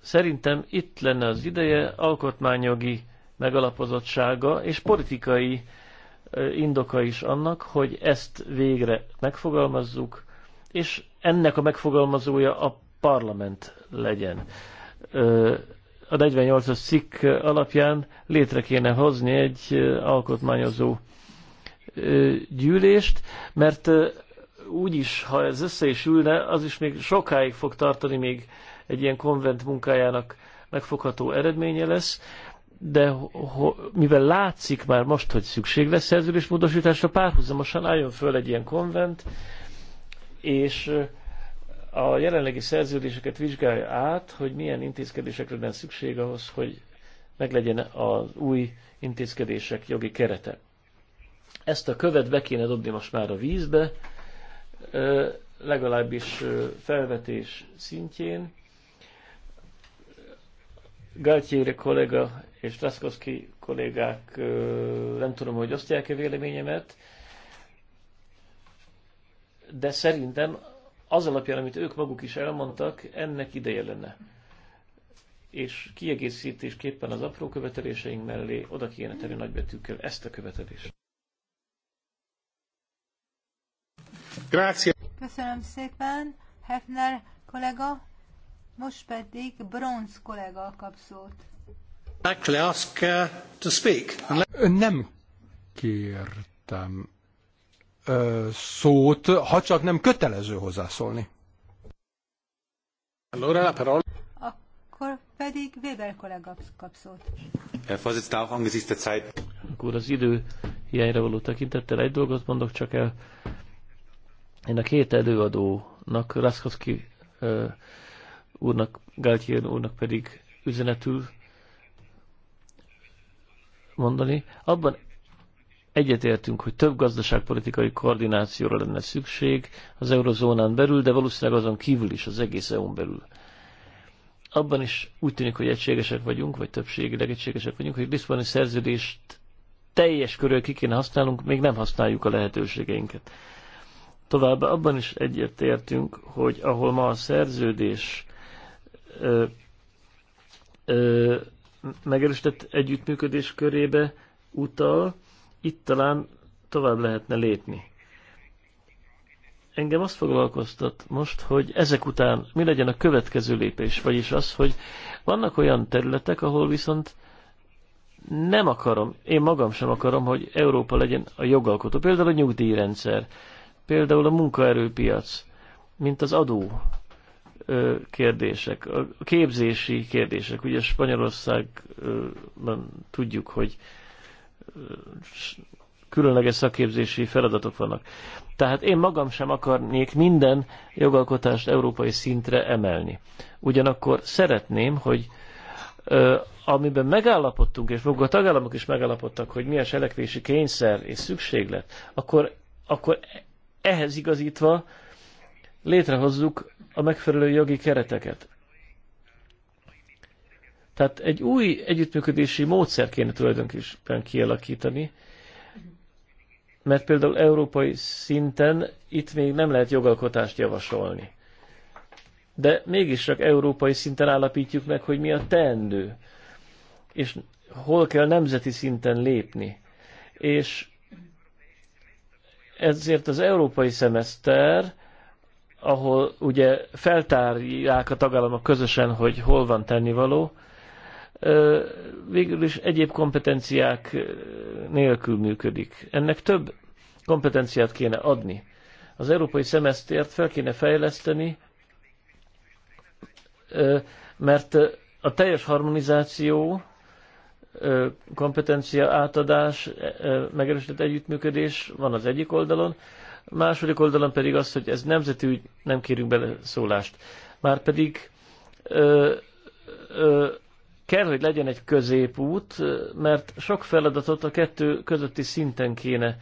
Szerintem itt lenne az ideje alkotmányjogi megalapozottsága és politikai indoka is annak, hogy ezt végre megfogalmazzuk, és ennek a megfogalmazója a parlament legyen. A 48-as cikk alapján létre kéne hozni egy alkotmányozó gyűlést, mert úgyis, ha ez össze is ülne, az is még sokáig fog tartani, még egy ilyen konvent munkájának megfogható eredménye lesz de mivel látszik már most, hogy szükség lesz szerződésmódosításra, párhuzamosan álljon föl egy ilyen konvent, és a jelenlegi szerződéseket vizsgálja át, hogy milyen intézkedésekre lenne szükség ahhoz, hogy meglegyen az új intézkedések jogi kerete. Ezt a követ be kéne dobni most már a vízbe, legalábbis felvetés szintjén, Galtieri kollega és Traskowski kollégák, nem tudom, hogy osztják-e véleményemet, de szerintem az alapján, amit ők maguk is elmondtak, ennek ideje lenne. És kiegészítésképpen az apró követeléseink mellé oda kéne tenni nagybetűkkel ezt a követelést. Köszönöm szépen, Hefner kollega. Most pedig Bronz kollega kap szót. Ask, uh, to speak. Nem kértem ö, szót, ha csak nem kötelező hozzászólni. Allora la parola. Akkor pedig Weber kollega kap szót. Herr Vorsitzender, auch angesichts der Zeit. Akkor az idő hiányra való tekintettel egy dolgot mondok csak el. Én a két előadónak, Raskowski ö, úrnak, Galtier úrnak pedig üzenetül mondani. Abban egyetértünk, hogy több gazdaságpolitikai koordinációra lenne szükség az eurozónán belül, de valószínűleg azon kívül is, az egész EU-n belül. Abban is úgy tűnik, hogy egységesek vagyunk, vagy többségileg egységesek vagyunk, hogy Lisszaboni szerződést teljes körül ki kéne használnunk, még nem használjuk a lehetőségeinket. Továbbá abban is egyetértünk, hogy ahol ma a szerződés megerősített együttműködés körébe utal, itt talán tovább lehetne lépni. Engem azt foglalkoztat most, hogy ezek után mi legyen a következő lépés, vagyis az, hogy vannak olyan területek, ahol viszont nem akarom, én magam sem akarom, hogy Európa legyen a jogalkotó. Például a nyugdíjrendszer, például a munkaerőpiac, mint az adó kérdések, a képzési kérdések. Ugye Spanyolországban tudjuk, hogy különleges szakképzési feladatok vannak. Tehát én magam sem akarnék minden jogalkotást európai szintre emelni. Ugyanakkor szeretném, hogy amiben megállapodtunk, és maga a tagállamok is megállapodtak, hogy milyen selekvési kényszer és szükséglet, akkor, akkor e-, ehhez igazítva létrehozzuk a megfelelő jogi kereteket. Tehát egy új együttműködési módszer kéne tulajdonképpen kialakítani, mert például európai szinten itt még nem lehet jogalkotást javasolni. De mégis csak európai szinten állapítjuk meg, hogy mi a teendő, és hol kell nemzeti szinten lépni. És ezért az európai szemeszter ahol ugye feltárják a tagállamok közösen, hogy hol van tennivaló, végül is egyéb kompetenciák nélkül működik. Ennek több kompetenciát kéne adni. Az európai szemesztért fel kéne fejleszteni, mert a teljes harmonizáció, kompetencia átadás, megerősített együttműködés van az egyik oldalon, második oldalon pedig az, hogy ez nemzeti ügy, nem kérünk bele szólást. Márpedig ö, ö, kell, hogy legyen egy középút, mert sok feladatot a kettő közötti szinten kéne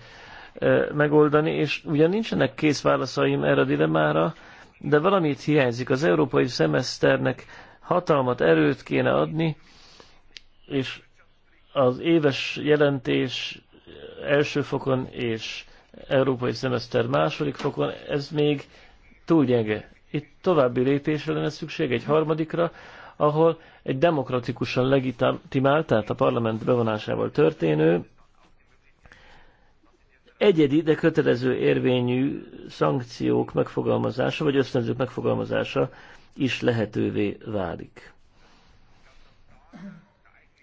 ö, megoldani, és ugyan nincsenek kész válaszaim erre a dilemára, de valamit hiányzik. Az európai szemeszternek hatalmat, erőt kéne adni, és az éves jelentés első fokon és európai szemeszter második fokon, ez még túl gyenge. Itt további lépésre lenne szükség, egy harmadikra, ahol egy demokratikusan legitimált, tehát a parlament bevonásával történő, egyedi, de kötelező érvényű szankciók megfogalmazása, vagy ösztönzők megfogalmazása is lehetővé válik.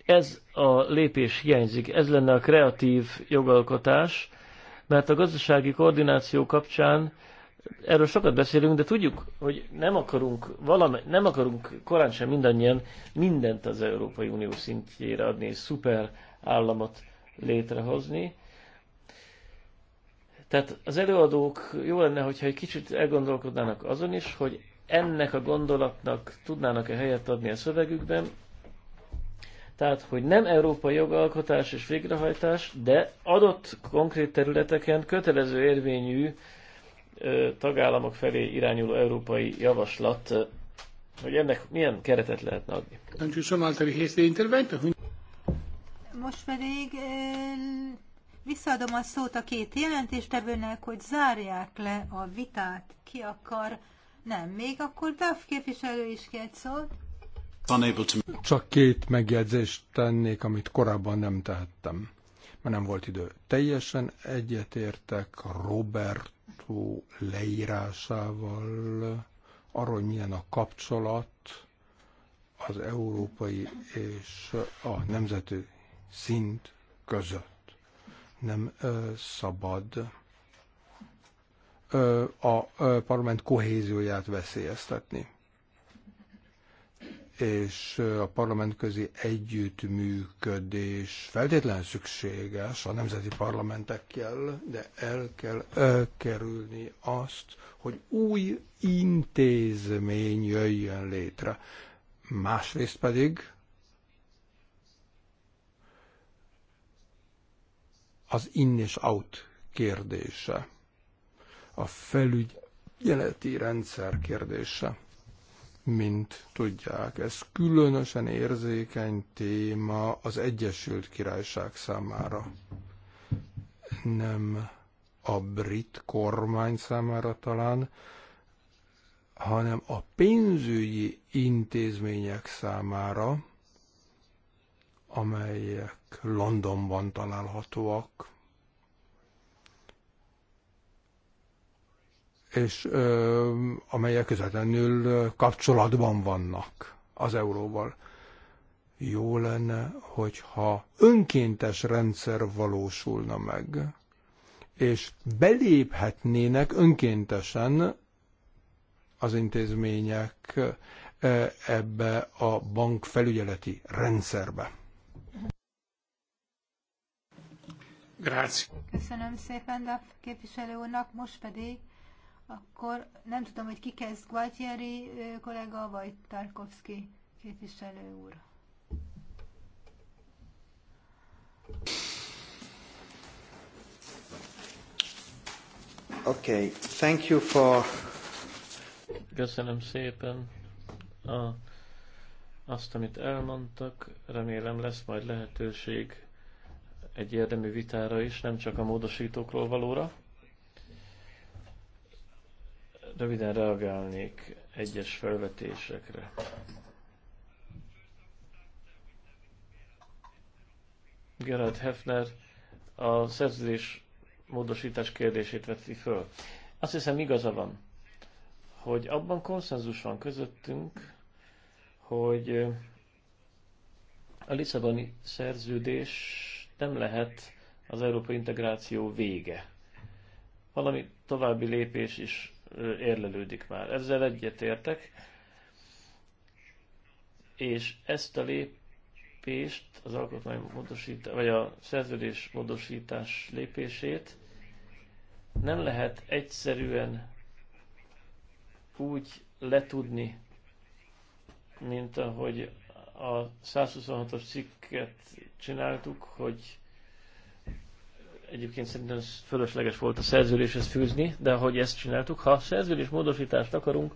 Ez a lépés hiányzik, ez lenne a kreatív jogalkotás, mert a gazdasági koordináció kapcsán erről sokat beszélünk, de tudjuk, hogy nem akarunk, valami, nem akarunk korán sem mindannyian mindent az Európai Unió szintjére adni, szuper államot létrehozni. Tehát az előadók jó lenne, hogyha egy kicsit elgondolkodnának azon is, hogy ennek a gondolatnak tudnának-e helyet adni a szövegükben, tehát, hogy nem európai jogalkotás és végrehajtás, de adott konkrét területeken kötelező érvényű tagállamok felé irányuló európai javaslat, hogy ennek milyen keretet lehetne adni. Most pedig visszaadom a szót a két jelentéstevőnek, hogy zárják le a vitát. Ki akar? Nem, még akkor DAF képviselő is két szót. Csak két megjegyzést tennék, amit korábban nem tehettem, mert nem volt idő. Teljesen egyetértek Roberto leírásával arról, hogy milyen a kapcsolat az európai és a nemzeti szint között. Nem ö, szabad ö, a ö, parlament kohézióját veszélyeztetni és a parlamentközi együttműködés feltétlen szükséges a nemzeti parlamentekkel, de el kell elkerülni azt, hogy új intézmény jöjjön létre. Másrészt pedig az in és out kérdése, a felügyeleti rendszer kérdése mint tudják, ez különösen érzékeny téma az Egyesült Királyság számára. Nem a brit kormány számára talán, hanem a pénzügyi intézmények számára, amelyek Londonban találhatóak. és amelyek közvetlenül kapcsolatban vannak az euróval. Jó lenne, hogyha önkéntes rendszer valósulna meg, és beléphetnének önkéntesen az intézmények ebbe a bankfelügyeleti rendszerbe. Grazie. Köszönöm szépen, DAP képviselő úrnak, most pedig akkor nem tudom, hogy ki kezd, Gualtieri kollega, vagy Tarkovsky képviselő úr. Okay, thank you for... Köszönöm szépen a, azt, amit elmondtak. Remélem lesz majd lehetőség egy érdemi vitára is, nem csak a módosítókról valóra röviden reagálnék egyes felvetésekre. Gerard Hefner a szerződés módosítás kérdését veti föl. Azt hiszem igaza van, hogy abban konszenzus van közöttünk, hogy a Lisszaboni szerződés nem lehet az európai integráció vége. Valami további lépés is érlelődik már. Ezzel egyetértek, és ezt a lépést, az alkotmány módosítás, vagy a szerződés módosítás lépését nem lehet egyszerűen úgy letudni, mint ahogy a 126-os cikket csináltuk, hogy Egyébként szerintem fölösleges volt a szerződéshez fűzni, de hogy ezt csináltuk, ha szerződés módosítást akarunk,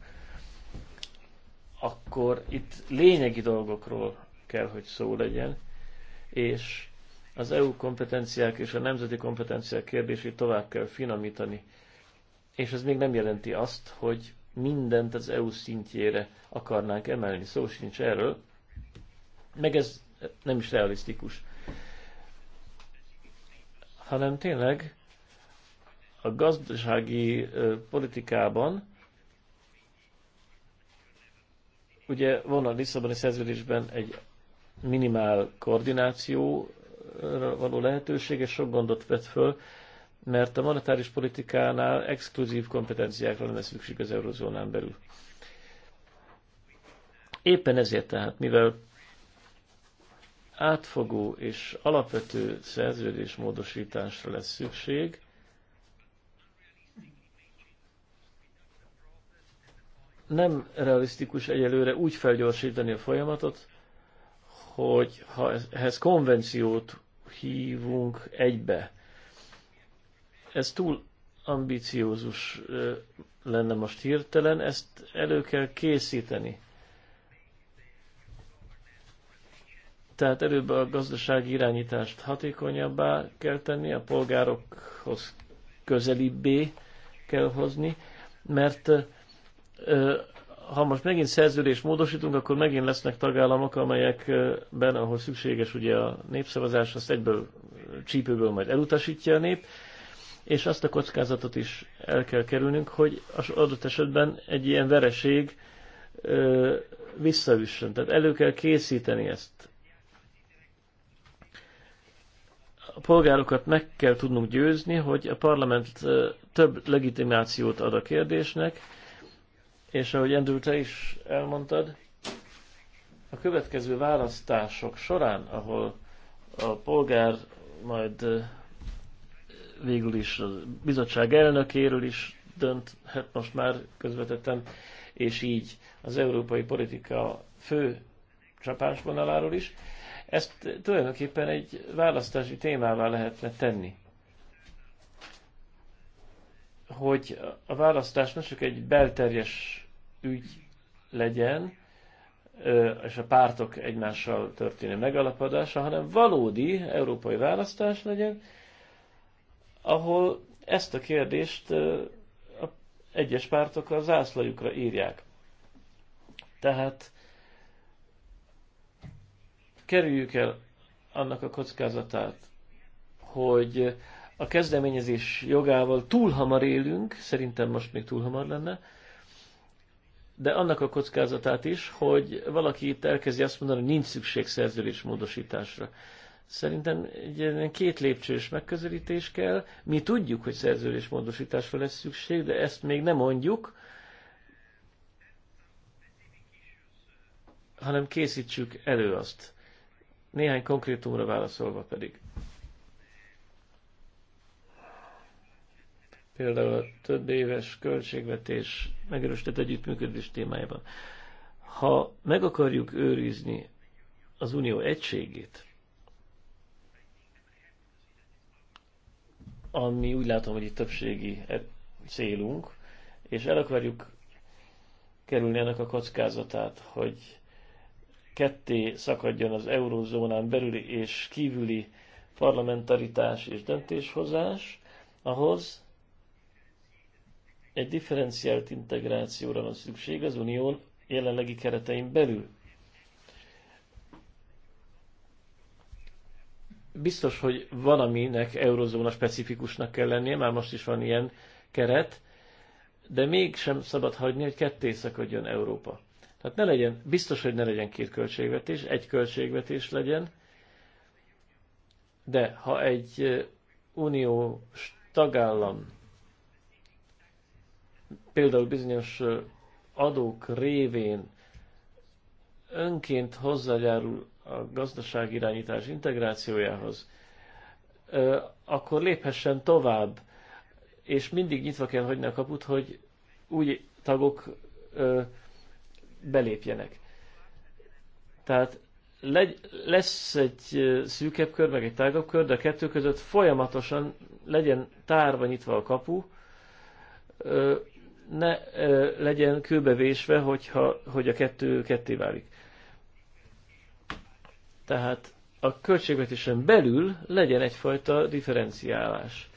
akkor itt lényegi dolgokról kell, hogy szó legyen, és az EU kompetenciák és a nemzeti kompetenciák kérdését tovább kell finomítani. És ez még nem jelenti azt, hogy mindent az EU szintjére akarnánk emelni, szó sincs erről, meg ez nem is realisztikus hanem tényleg a gazdasági politikában ugye van a Lisszaboni szerződésben egy minimál koordináció való lehetőség, és sok gondot vett föl, mert a monetáris politikánál exkluzív kompetenciákra lenne szükség az eurozónán belül. Éppen ezért tehát, mivel átfogó és alapvető szerződésmódosításra lesz szükség, nem realisztikus egyelőre úgy felgyorsítani a folyamatot, hogy ha ehhez konvenciót hívunk egybe, ez túl ambiciózus lenne most hirtelen, ezt elő kell készíteni. Tehát előbb a gazdasági irányítást hatékonyabbá kell tenni, a polgárokhoz közelibbé kell hozni, mert ha most megint szerződést módosítunk, akkor megint lesznek tagállamok, amelyekben, ahol szükséges ugye a népszavazás, azt egyből csípőből majd elutasítja a nép, és azt a kockázatot is el kell kerülnünk, hogy az adott esetben egy ilyen vereség ö, visszaüssön. Tehát elő kell készíteni ezt a polgárokat meg kell tudnunk győzni, hogy a parlament több legitimációt ad a kérdésnek, és ahogy Andrew, te is elmondtad, a következő választások során, ahol a polgár majd végül is a bizottság elnökéről is dönthet most már közvetetten, és így az európai politika fő csapásvonaláról is, ezt tulajdonképpen egy választási témává lehetne tenni. Hogy a választás nem csak egy belterjes ügy legyen, és a pártok egymással történő megalapodása, hanem valódi európai választás legyen, ahol ezt a kérdést egyes pártok a zászlajukra írják. Tehát kerüljük el annak a kockázatát, hogy a kezdeményezés jogával túl hamar élünk, szerintem most még túl hamar lenne, de annak a kockázatát is, hogy valaki itt elkezdi azt mondani, hogy nincs szükség módosításra. Szerintem egy két lépcsős megközelítés kell. Mi tudjuk, hogy módosításra lesz szükség, de ezt még nem mondjuk, hanem készítsük elő azt. Néhány konkrétumra válaszolva pedig. Például a több éves költségvetés megerősített együttműködés témájában. Ha meg akarjuk őrizni az unió egységét, ami úgy látom, hogy itt többségi e- célunk, és el akarjuk kerülni ennek a kockázatát, hogy ketté szakadjon az eurózónán belüli és kívüli parlamentaritás és döntéshozás, ahhoz egy differenciált integrációra van szükség az unión jelenlegi keretein belül. Biztos, hogy van, aminek eurozóna specifikusnak kell lennie, már most is van ilyen keret, de mégsem szabad hagyni, hogy ketté szakadjon Európa. Hát ne legyen, biztos, hogy ne legyen két költségvetés, egy költségvetés legyen, de ha egy uniós tagállam például bizonyos adók révén önként hozzájárul a gazdaság irányítás integrációjához, akkor léphessen tovább, és mindig nyitva kell hagyni a kaput, hogy új tagok belépjenek. Tehát legy, lesz egy szűkebb kör, meg egy tágabb kör, de a kettő között folyamatosan legyen tárva nyitva a kapu, ne legyen kőbevésve, hogyha, hogy a kettő ketté válik. Tehát a költségvetésen belül legyen egyfajta differenciálás,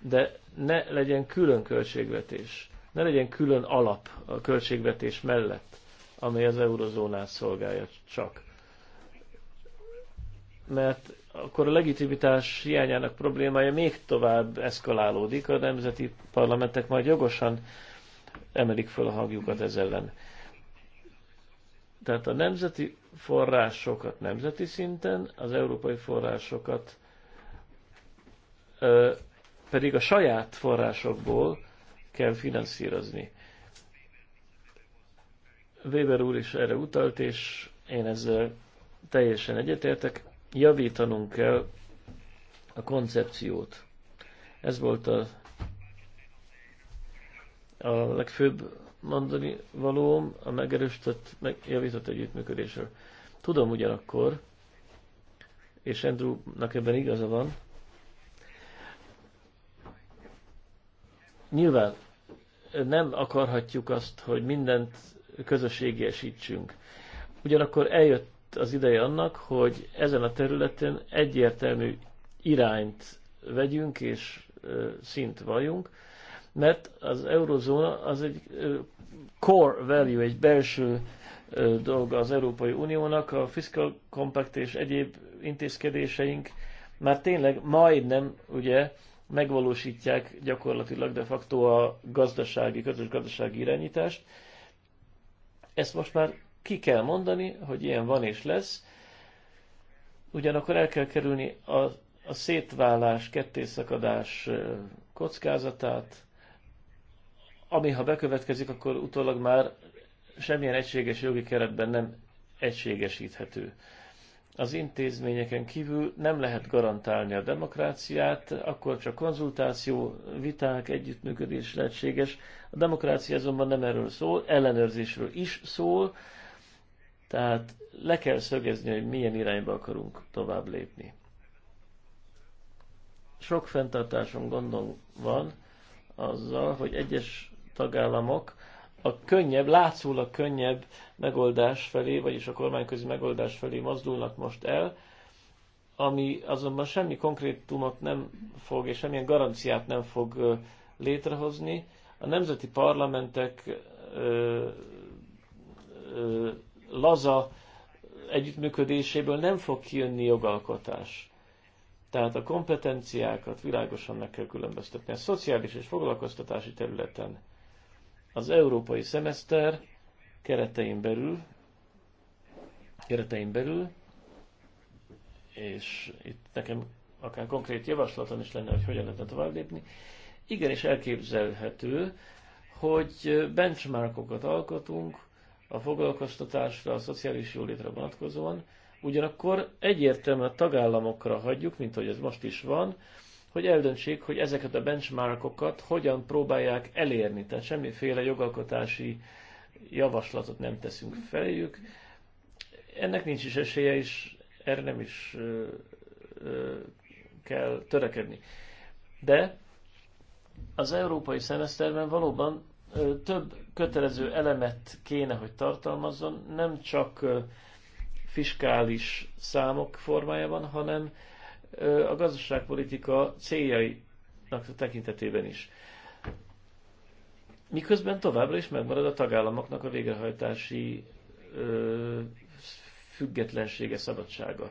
de ne legyen külön költségvetés, ne legyen külön alap a költségvetés mellett amely az eurozónát szolgálja csak. Mert akkor a legitimitás hiányának problémája még tovább eszkalálódik, a nemzeti parlamentek majd jogosan emelik föl a hangjukat ez ellen. Tehát a nemzeti forrásokat nemzeti szinten, az európai forrásokat pedig a saját forrásokból kell finanszírozni. Weber úr is erre utalt, és én ezzel teljesen egyetértek. Javítanunk kell a koncepciót. Ez volt a, a legfőbb mondani valóm a megerősített, megjavított együttműködésről. Tudom ugyanakkor, és Andrewnak ebben igaza van, nyilván nem akarhatjuk azt, hogy mindent közösségiesítsünk. Ugyanakkor eljött az ideje annak, hogy ezen a területen egyértelmű irányt vegyünk és szint valljunk, mert az eurozóna az egy core value, egy belső dolga az Európai Uniónak, a fiscal compact és egyéb intézkedéseink már tényleg majdnem ugye megvalósítják gyakorlatilag de facto a gazdasági, közös gazdasági irányítást, ezt most már ki kell mondani, hogy ilyen van és lesz. Ugyanakkor el kell kerülni a, a szétválás, kettészakadás kockázatát, ami ha bekövetkezik, akkor utólag már semmilyen egységes jogi keretben nem egységesíthető az intézményeken kívül nem lehet garantálni a demokráciát, akkor csak konzultáció, viták, együttműködés lehetséges. A demokrácia azonban nem erről szól, ellenőrzésről is szól, tehát le kell szögezni, hogy milyen irányba akarunk tovább lépni. Sok fenntartáson gondom van azzal, hogy egyes tagállamok a könnyebb, látszólag könnyebb megoldás felé, vagyis a kormányközi megoldás felé mozdulnak most el, ami azonban semmi konkrétumot nem fog, és semmilyen garanciát nem fog létrehozni. A nemzeti parlamentek ö, ö, laza együttműködéséből nem fog kijönni jogalkotás. Tehát a kompetenciákat világosan meg kell különböztetni. A szociális és foglalkoztatási területen az európai szemeszter keretein belül, keretein belül, és itt nekem akár konkrét javaslatom is lenne, hogy hogyan lehetne tovább lépni, igenis elképzelhető, hogy benchmarkokat alkotunk a foglalkoztatásra, a szociális jólétre vonatkozóan, ugyanakkor egyértelműen a tagállamokra hagyjuk, mint hogy ez most is van, hogy eldöntsék, hogy ezeket a benchmarkokat hogyan próbálják elérni. Tehát semmiféle jogalkotási javaslatot nem teszünk feléjük. Ennek nincs is esélye, és erre nem is ö, ö, kell törekedni. De az európai szemeszterben valóban ö, több kötelező elemet kéne, hogy tartalmazzon, nem csak ö, fiskális számok formájában, hanem a gazdaságpolitika céljainak tekintetében is. Miközben továbbra is megmarad a tagállamoknak a végrehajtási függetlensége, szabadsága.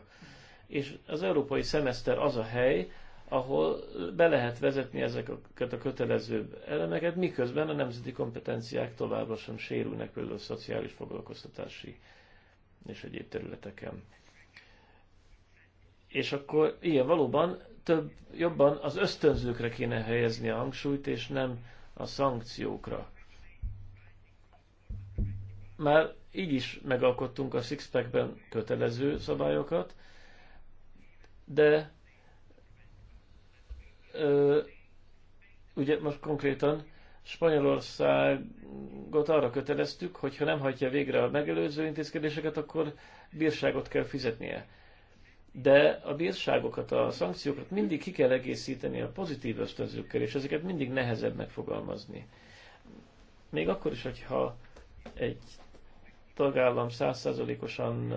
És az európai szemeszter az a hely, ahol be lehet vezetni ezeket a kötelező elemeket, miközben a nemzeti kompetenciák továbbra sem sérülnek, például a szociális foglalkoztatási és egyéb területeken. És akkor ilyen valóban több, jobban az ösztönzőkre kéne helyezni a hangsúlyt, és nem a szankciókra. Már így is megalkottunk a Sixpackben kötelező szabályokat, de ö, ugye most konkrétan Spanyolországot arra köteleztük, hogy ha nem hagyja végre a megelőző intézkedéseket, akkor bírságot kell fizetnie de a bírságokat, a szankciókat mindig ki kell egészíteni a pozitív ösztönzőkkel, és ezeket mindig nehezebb megfogalmazni. Még akkor is, hogyha egy tagállam százszázalékosan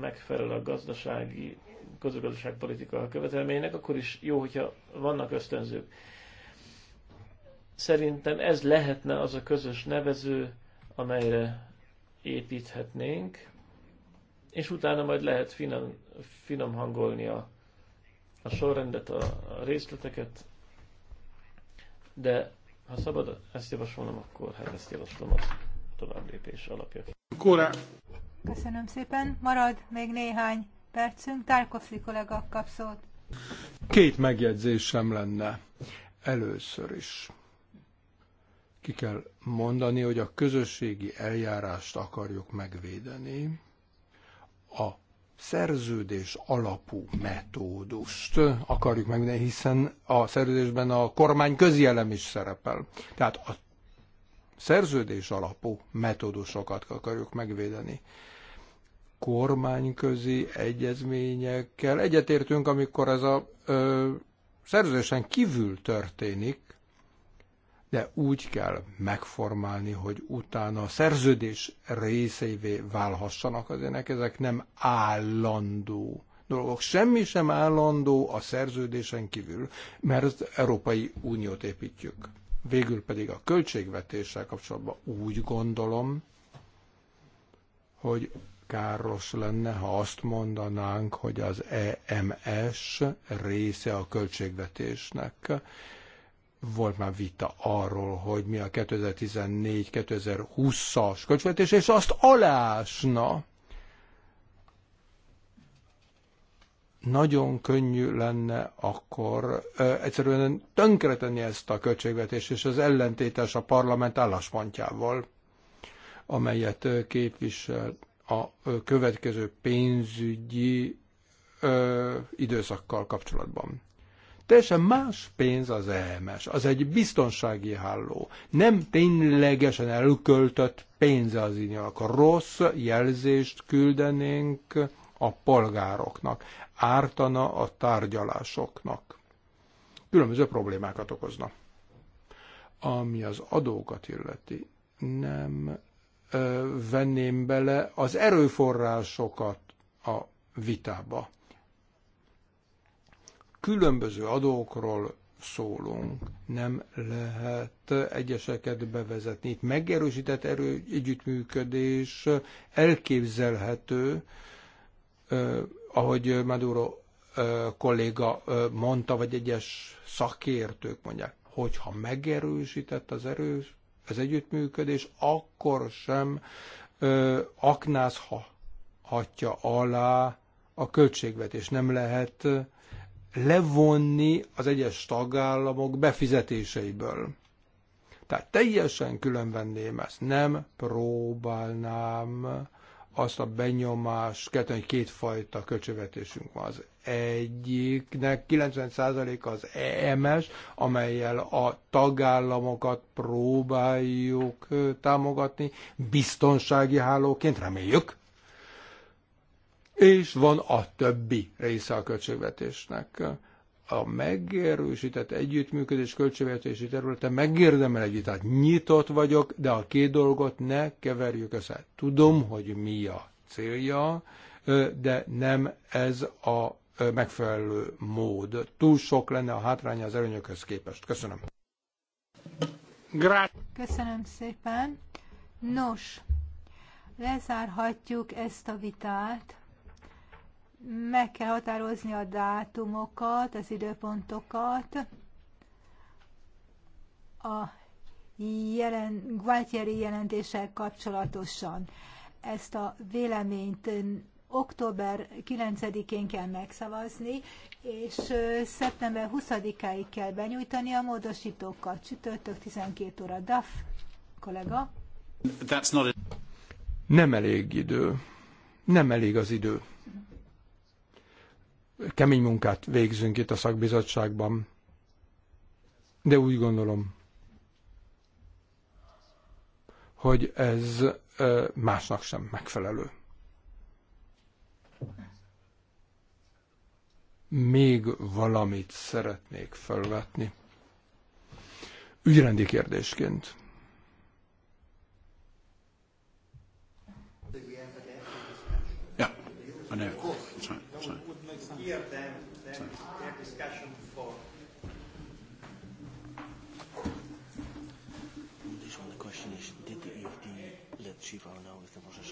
megfelel a gazdasági, közgazdaságpolitika követelménynek, akkor is jó, hogyha vannak ösztönzők. Szerintem ez lehetne az a közös nevező, amelyre építhetnénk, és utána majd lehet finan finom hangolni a, a sorrendet, a, a részleteket, de ha szabad ezt javasolnom, akkor hát ezt javaslom az tovább lépés alapja. Kóra! Köszönöm szépen. Marad még néhány percünk. Tárkovszi kollega kap szót. Két megjegyzésem lenne. Először is ki kell mondani, hogy a közösségi eljárást akarjuk megvédeni, a szerződés alapú metódust akarjuk megnézni, hiszen a szerződésben a kormány közjelem is szerepel. Tehát a szerződés alapú metódusokat akarjuk megvédeni. Kormányközi egyezményekkel egyetértünk, amikor ez a ö, szerződésen kívül történik, de úgy kell megformálni, hogy utána a szerződés részeivé válhassanak az ének. Ezek nem állandó dolgok. Semmi sem állandó a szerződésen kívül, mert az Európai Uniót építjük. Végül pedig a költségvetéssel kapcsolatban úgy gondolom, hogy káros lenne, ha azt mondanánk, hogy az EMS része a költségvetésnek volt már vita arról, hogy mi a 2014-2020-as költségvetés, és azt alásna. Nagyon könnyű lenne akkor ö, egyszerűen tönkretenni ezt a költségvetést, és az ellentétes a parlament álláspontjával, amelyet képvisel a következő pénzügyi ö, időszakkal kapcsolatban. Teljesen más pénz az EMS, az egy biztonsági háló. Nem ténylegesen elköltött pénze az inyalak. Rossz jelzést küldenénk a polgároknak, ártana a tárgyalásoknak. Különböző problémákat okozna. Ami az adókat illeti, nem ö, venném bele az erőforrásokat a vitába különböző adókról szólunk, nem lehet egyeseket bevezetni. Itt megerősített erő, együttműködés elképzelhető, ahogy Maduro kolléga mondta, vagy egyes szakértők mondják, hogyha megerősített az erő, az együttműködés, akkor sem aknázhatja alá a költségvetés. Nem lehet levonni az egyes tagállamok befizetéseiből. Tehát teljesen különvenném ezt, nem próbálnám azt a benyomást kettő, hogy kétfajta költségvetésünk van. Az egyiknek 90% az EMS, amelyel a tagállamokat próbáljuk támogatni biztonsági hálóként, reméljük, és van a többi része a költségvetésnek. A megerősített együttműködés költségvetési területen megérdemel egy tehát Nyitott vagyok, de a két dolgot ne keverjük össze. Tudom, hogy mi a célja, de nem ez a megfelelő mód. Túl sok lenne a hátránya az előnyökhöz képest. Köszönöm. Köszönöm szépen. Nos, lezárhatjuk ezt a vitát meg kell határozni a dátumokat, az időpontokat. A jelen, Gualtieri jelentéssel kapcsolatosan. Ezt a véleményt október 9-én kell megszavazni, és szeptember 20-áig kell benyújtani a módosítókat. Csütörtök 12 óra. DAF, kollega. That's not a... Nem elég idő. Nem elég az idő kemény munkát végzünk itt a szakbizottságban, de úgy gondolom, hogy ez másnak sem megfelelő. Még valamit szeretnék felvetni. Ügyrendi kérdésként. Ja, a know hear them, them their discussion before.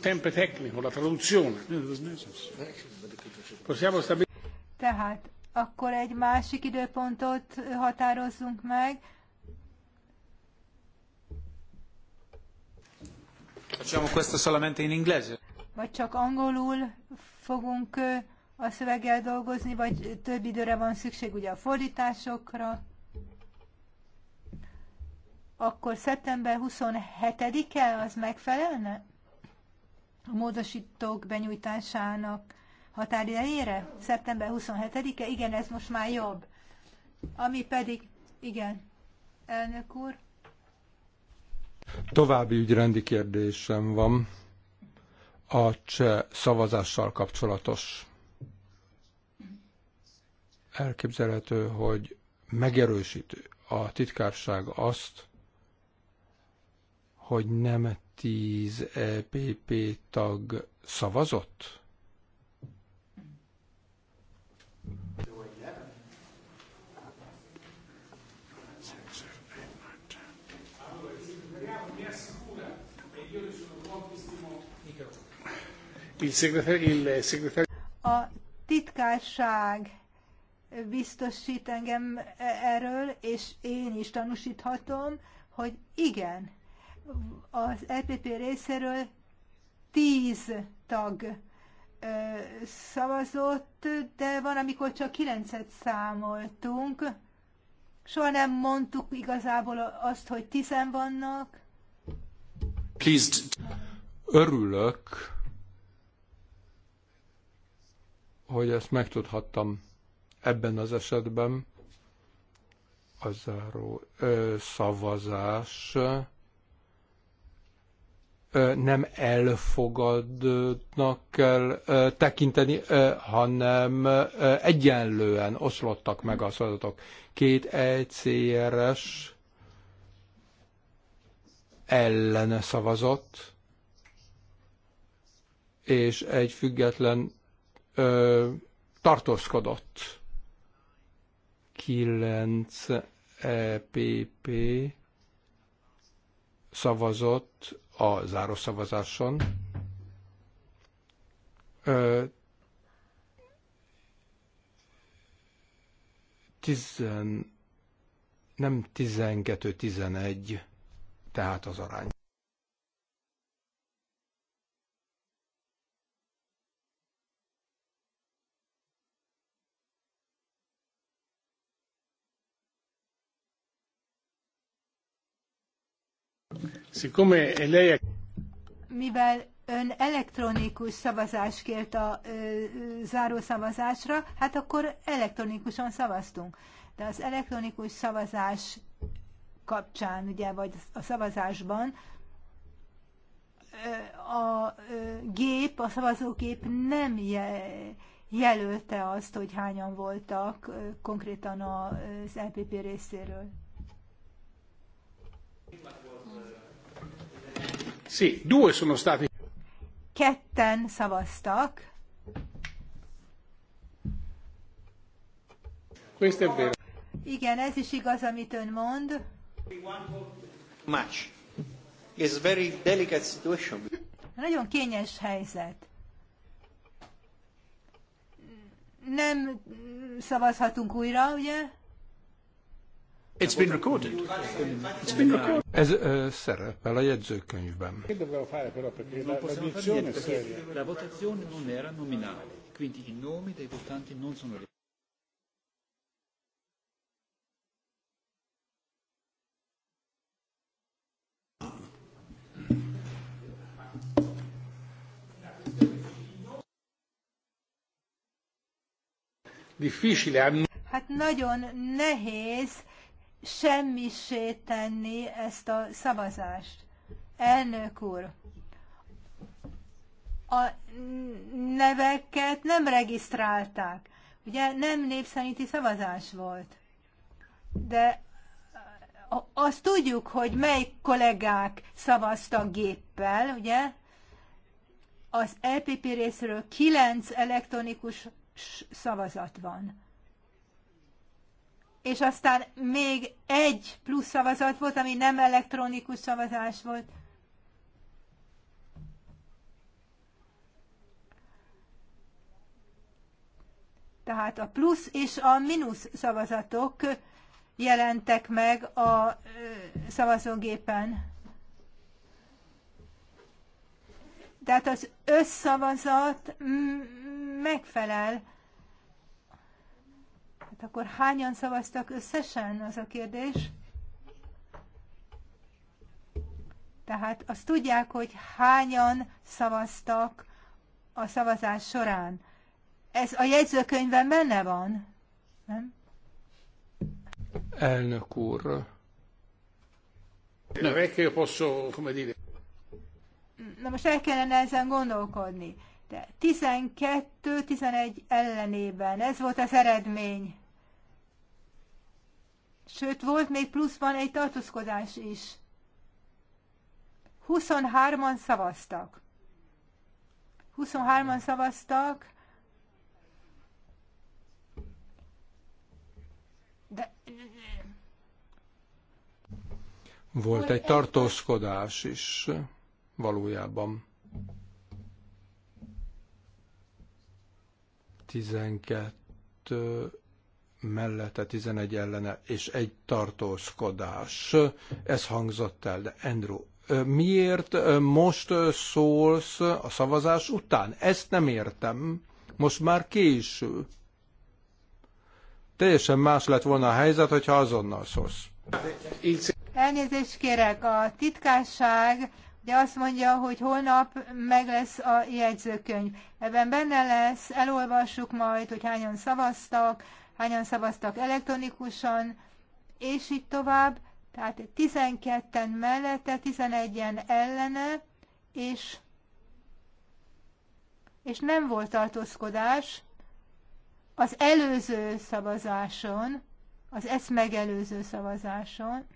Tempo tecnico, la traduzione. Possiamo stabilire. Tehát akkor egy másik időpontot határozzunk meg. Facciamo questo solamente in inglese. Vagy csak angolul fogunk a szöveggel dolgozni, vagy több időre van szükség ugye a fordításokra. Akkor szeptember 27-e az megfelelne a módosítók benyújtásának határidejére? Szeptember 27-e? Igen, ez most már jobb. Ami pedig, igen, elnök úr. További ügyrendi kérdésem van a cseh szavazással kapcsolatos. Elképzelhető, hogy megerősítő a titkárság azt, hogy nem 10 EPP tag szavazott? A titkárság biztosít engem e- erről, és én is tanúsíthatom, hogy igen, az EPP részéről tíz tag szavazott, de van, amikor csak kilencet számoltunk. Soha nem mondtuk igazából azt, hogy tizen vannak. Please. Örülök, hogy ezt megtudhattam Ebben az esetben a záró ö, szavazás ö, nem elfogadnak kell ö, tekinteni, ö, hanem ö, egyenlően oszlottak meg a szavazatok. Két ECRS ellene szavazott, és egy független ö, tartózkodott 9 EPP szavazott a zárószavazáson. Ö, 10, nem 12-11, tehát az arány. Mivel ön elektronikus szavazást kért a záró szavazásra, hát akkor elektronikusan szavaztunk. De az elektronikus szavazás kapcsán, ugye, vagy a szavazásban a gép, a szavazógép nem jelölte azt, hogy hányan voltak konkrétan az LPP részéről. Sì, due sono stati. Ketten szavaztak. Questo è vero. Igen, ez is igaz, amit ön mond. Much. It's very delicate situation. Nagyon kényes helyzet. Nem szavazhatunk újra, ugye? It's been recorded. It's been recorded. Ez ö, szerepel a jegyzőkönyvben. Difficile. Hát nagyon nehéz semmisé tenni ezt a szavazást. Elnök úr, a neveket nem regisztrálták. Ugye nem népszerinti szavazás volt. De azt tudjuk, hogy mely kollégák szavaztak géppel, ugye? Az LPP e részéről kilenc elektronikus szavazat van és aztán még egy plusz szavazat volt, ami nem elektronikus szavazás volt. Tehát a plusz és a mínusz szavazatok jelentek meg a szavazógépen. Tehát az összszavazat megfelel Hát akkor hányan szavaztak összesen, az a kérdés? Tehát azt tudják, hogy hányan szavaztak a szavazás során. Ez a jegyzőkönyvben benne van, nem? Elnök úr. Nem, posso, come dire. Na most el kellene ezen gondolkodni. De 12-11 ellenében ez volt az eredmény. Sőt, volt még pluszban egy tartózkodás is. 23-an szavaztak. 23-an szavaztak, de... Volt egy tartózkodás is valójában. 12 mellette 11 ellene, és egy tartózkodás. Ez hangzott el, de Andrew, miért most szólsz a szavazás után? Ezt nem értem. Most már késő. Teljesen más lett volna a helyzet, hogyha azonnal szólsz. Elnézést kérek, a titkásság de azt mondja, hogy holnap meg lesz a jegyzőkönyv. Ebben benne lesz, elolvassuk majd, hogy hányan szavaztak, hányan szavaztak elektronikusan, és így tovább. Tehát 12-en mellette, 11-en ellene, és, és nem volt tartózkodás az előző szavazáson, az ezt megelőző szavazáson.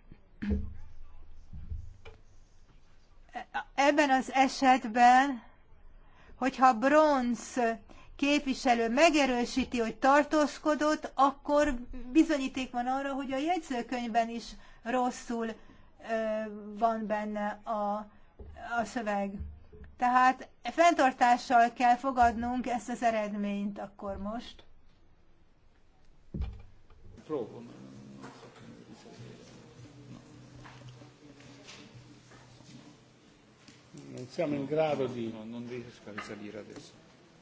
Ebben az esetben, hogyha bronz képviselő megerősíti, hogy tartózkodott, akkor bizonyíték van arra, hogy a jegyzőkönyvben is rosszul van benne a, a szöveg. Tehát fenntartással kell fogadnunk ezt az eredményt akkor most. Non siamo in grado di... No, non riesco a risalire adesso.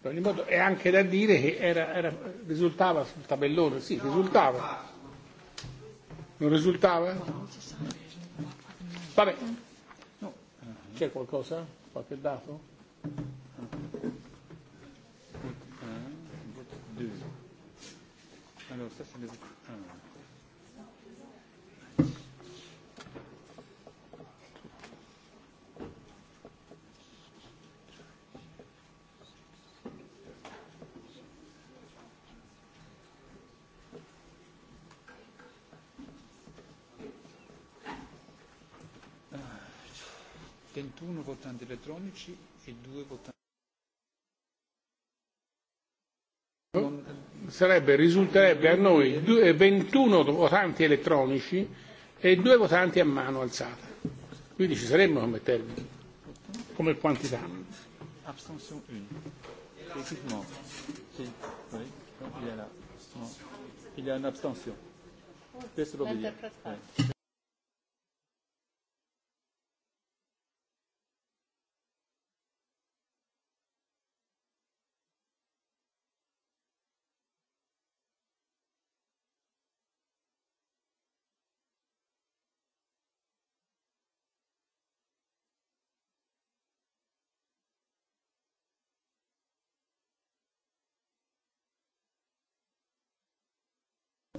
In ogni modo è anche da dire che era, era, risultava sul tabellone, sì, risultava. Non risultava? Vabbè. C'è qualcosa? Qualche dato? Allora, ça uno votanti elettronici e due votanti. Sarebbe, risulterebbe a noi 21 eh, votanti elettronici e due votanti a mano alzata. Quindi ci saremmo come termine, come quantità. Abstention 1. Effectivement. Sì. Oui. Il y a là. a Questo lo vediamo.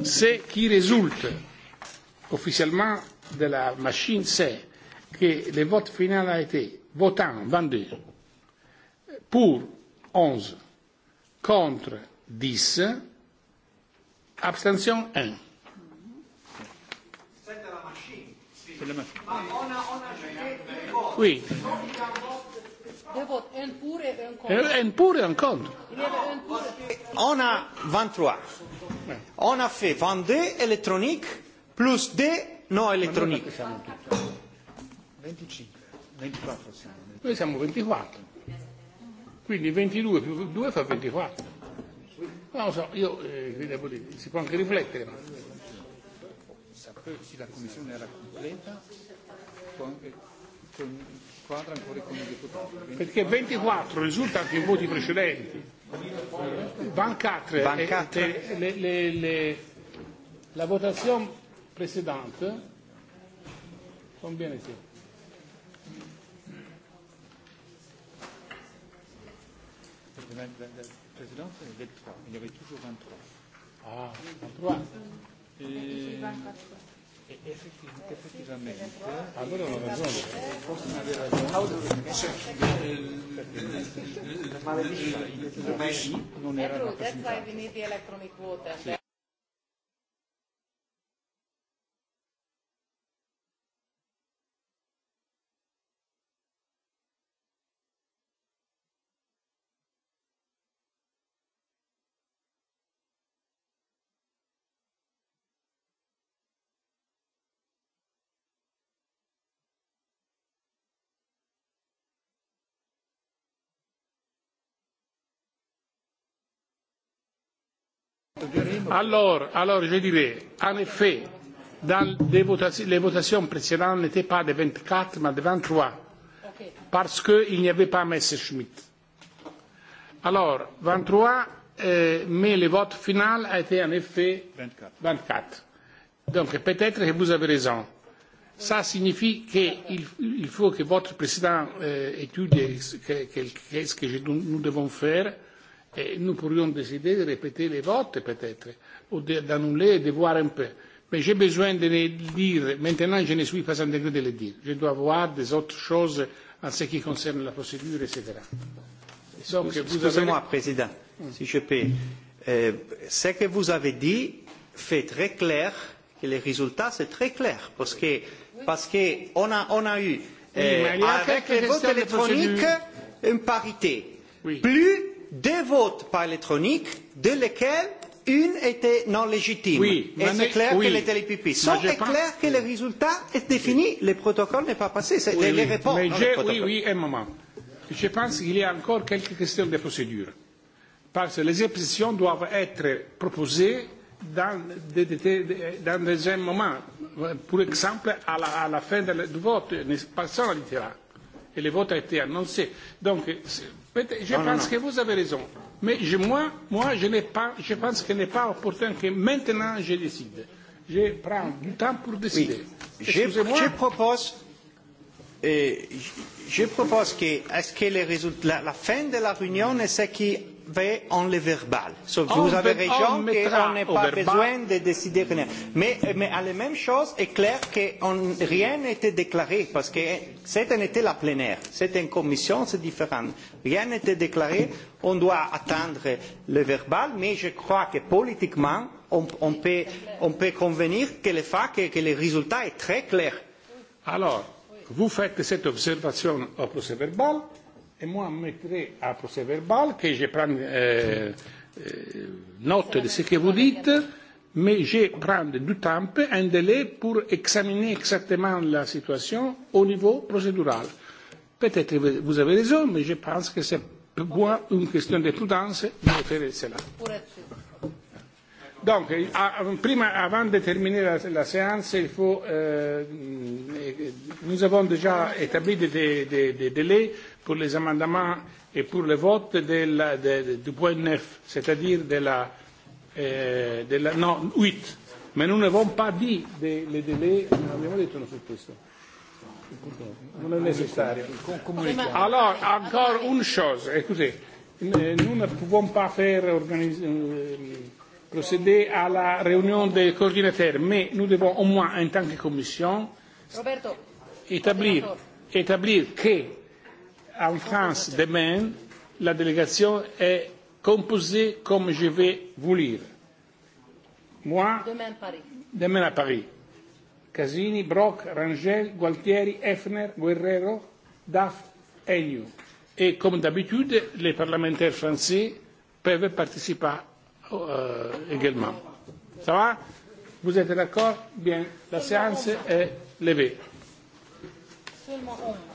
Se chi résulte officiellement de la machine sait que le vote final a été votant 22 pour 11 contre 10 abstention 1 a oui un pour et un contre on a 23 On a fait vendre électronique plus de non électroniques. Siamo 25, 24 Noi siamo 24. Quindi 22 più 2 fa 24. Non lo so, io eh, devo dire, si può anche riflettere. Ma... Sapersi la commissione era completa, con, con, quadra ancora con i deputati. Perché 24 risulta anche in voti precedenti. 24. 24. Eh, eh, le, le, le, la votazione precedente conviene sì. La 23. il y avait toujours 23. Ah, 23. Et... Effettivamente, allora non aveva ragione. La era rappresentata. Alors, alors je dirais, en effet, dans les votations, les votations précédentes n'étaient pas de 24, mais de 23, okay. parce qu'il n'y avait pas Messerschmitt. Alors, 23, euh, mais le vote final a été en effet 24. 24. Donc peut-être que vous avez raison. Ça signifie qu'il il faut que votre président euh, étudie qu'est-ce que, que, que, que nous devons faire Et nous pourrions décider de répéter les votes peut-être, ou d'annuler, de voir un peu. Mais j'ai besoin de les dire. Maintenant, je ne suis pas en degré de les dire. Je dois voir des autres choses en ce qui concerne la procédure, etc. Donc, Excusez-moi, avez... Président, mm. si je peux. Euh, ce que vous avez dit fait très clair que les résultats, c'est très clair. Parce qu'on parce que a, on a eu, euh, oui, avec les votes électroniques, une parité. Oui. Plus deux votes par électronique, de lesquels une était non légitime. Oui, et c'est clair oui. qu'elle était les pipis. Sans est clair que le résultat est défini, oui. le protocole n'est pas passé. C'est oui, les oui. réponses. Mais non, oui, oui, un moment. Je pense qu'il y a encore quelques questions de procédure. Parce que les expressions doivent être proposées dans, de, de, de, dans des un moment. Par exemple, à la, à la fin du vote, personne ne le Et le vote a été annoncé. Donc, Je pense non, non. que vous avez raison. Mais je, moi, moi je, pas, je pense qu'il n'est pas opportun que maintenant je décide. Je prends du temps pour décider. Oui. Je, propose, euh, je propose que, est-ce que les résultats, la, la fin de la réunion est ce qui fait en le verbal. So, on vous avez raison qu'on n'a pas besoin de décider rien. Mais, mais à la même chose, est clair que on, rien n'était déclaré parce que c'était n'était la plénière, c'était une commission, c'est différent. Rien n'était déclaré. On doit attendre le verbal, mais je crois que politiquement, on, on, peut, on peut convenir que le fait que, que le résultat est très clair. Alors, vous faites cette observation au procès verbal et moi mettrai à procès verbal que je prends euh, euh, note de ce que vous dites, mais je prends du temps, un délai pour examiner exactement la situation au niveau procédural. Peut-être que vous avez raison, mais je pense que c'est pour moi une question de prudence de faire cela. Donc, à, euh, prima, avant de terminer la, la séance, il faut, euh, nous avons déjà établi des, des, des, des délais pour les amendements et pour le vote de la, de, de, du point 9, c'est-à-dire de la, euh, de la... Non, 8. Mais nous n'avons pas dit de, le délai, non abbiamo detto su questo. Non è necessario. Alors, encore une chose, eh, écoutez, eh, nous ne pouvons pas faire organiser, eh, procéder à la réunion des coordinateurs, mais nous devons au moins, en tant que commission, établir, établir que en France demain, la délégation est composée comme je vais vous lire. Moi, demain, à Paris. Casini, Brock, Rangel, Gualtieri, Effner, Guerrero, Duff, Agnew. Et comme d'habitude, les parlementaires français peuvent participer euh, également. Ça va Vous êtes d'accord Bien. La séance est levée. Seulement 11.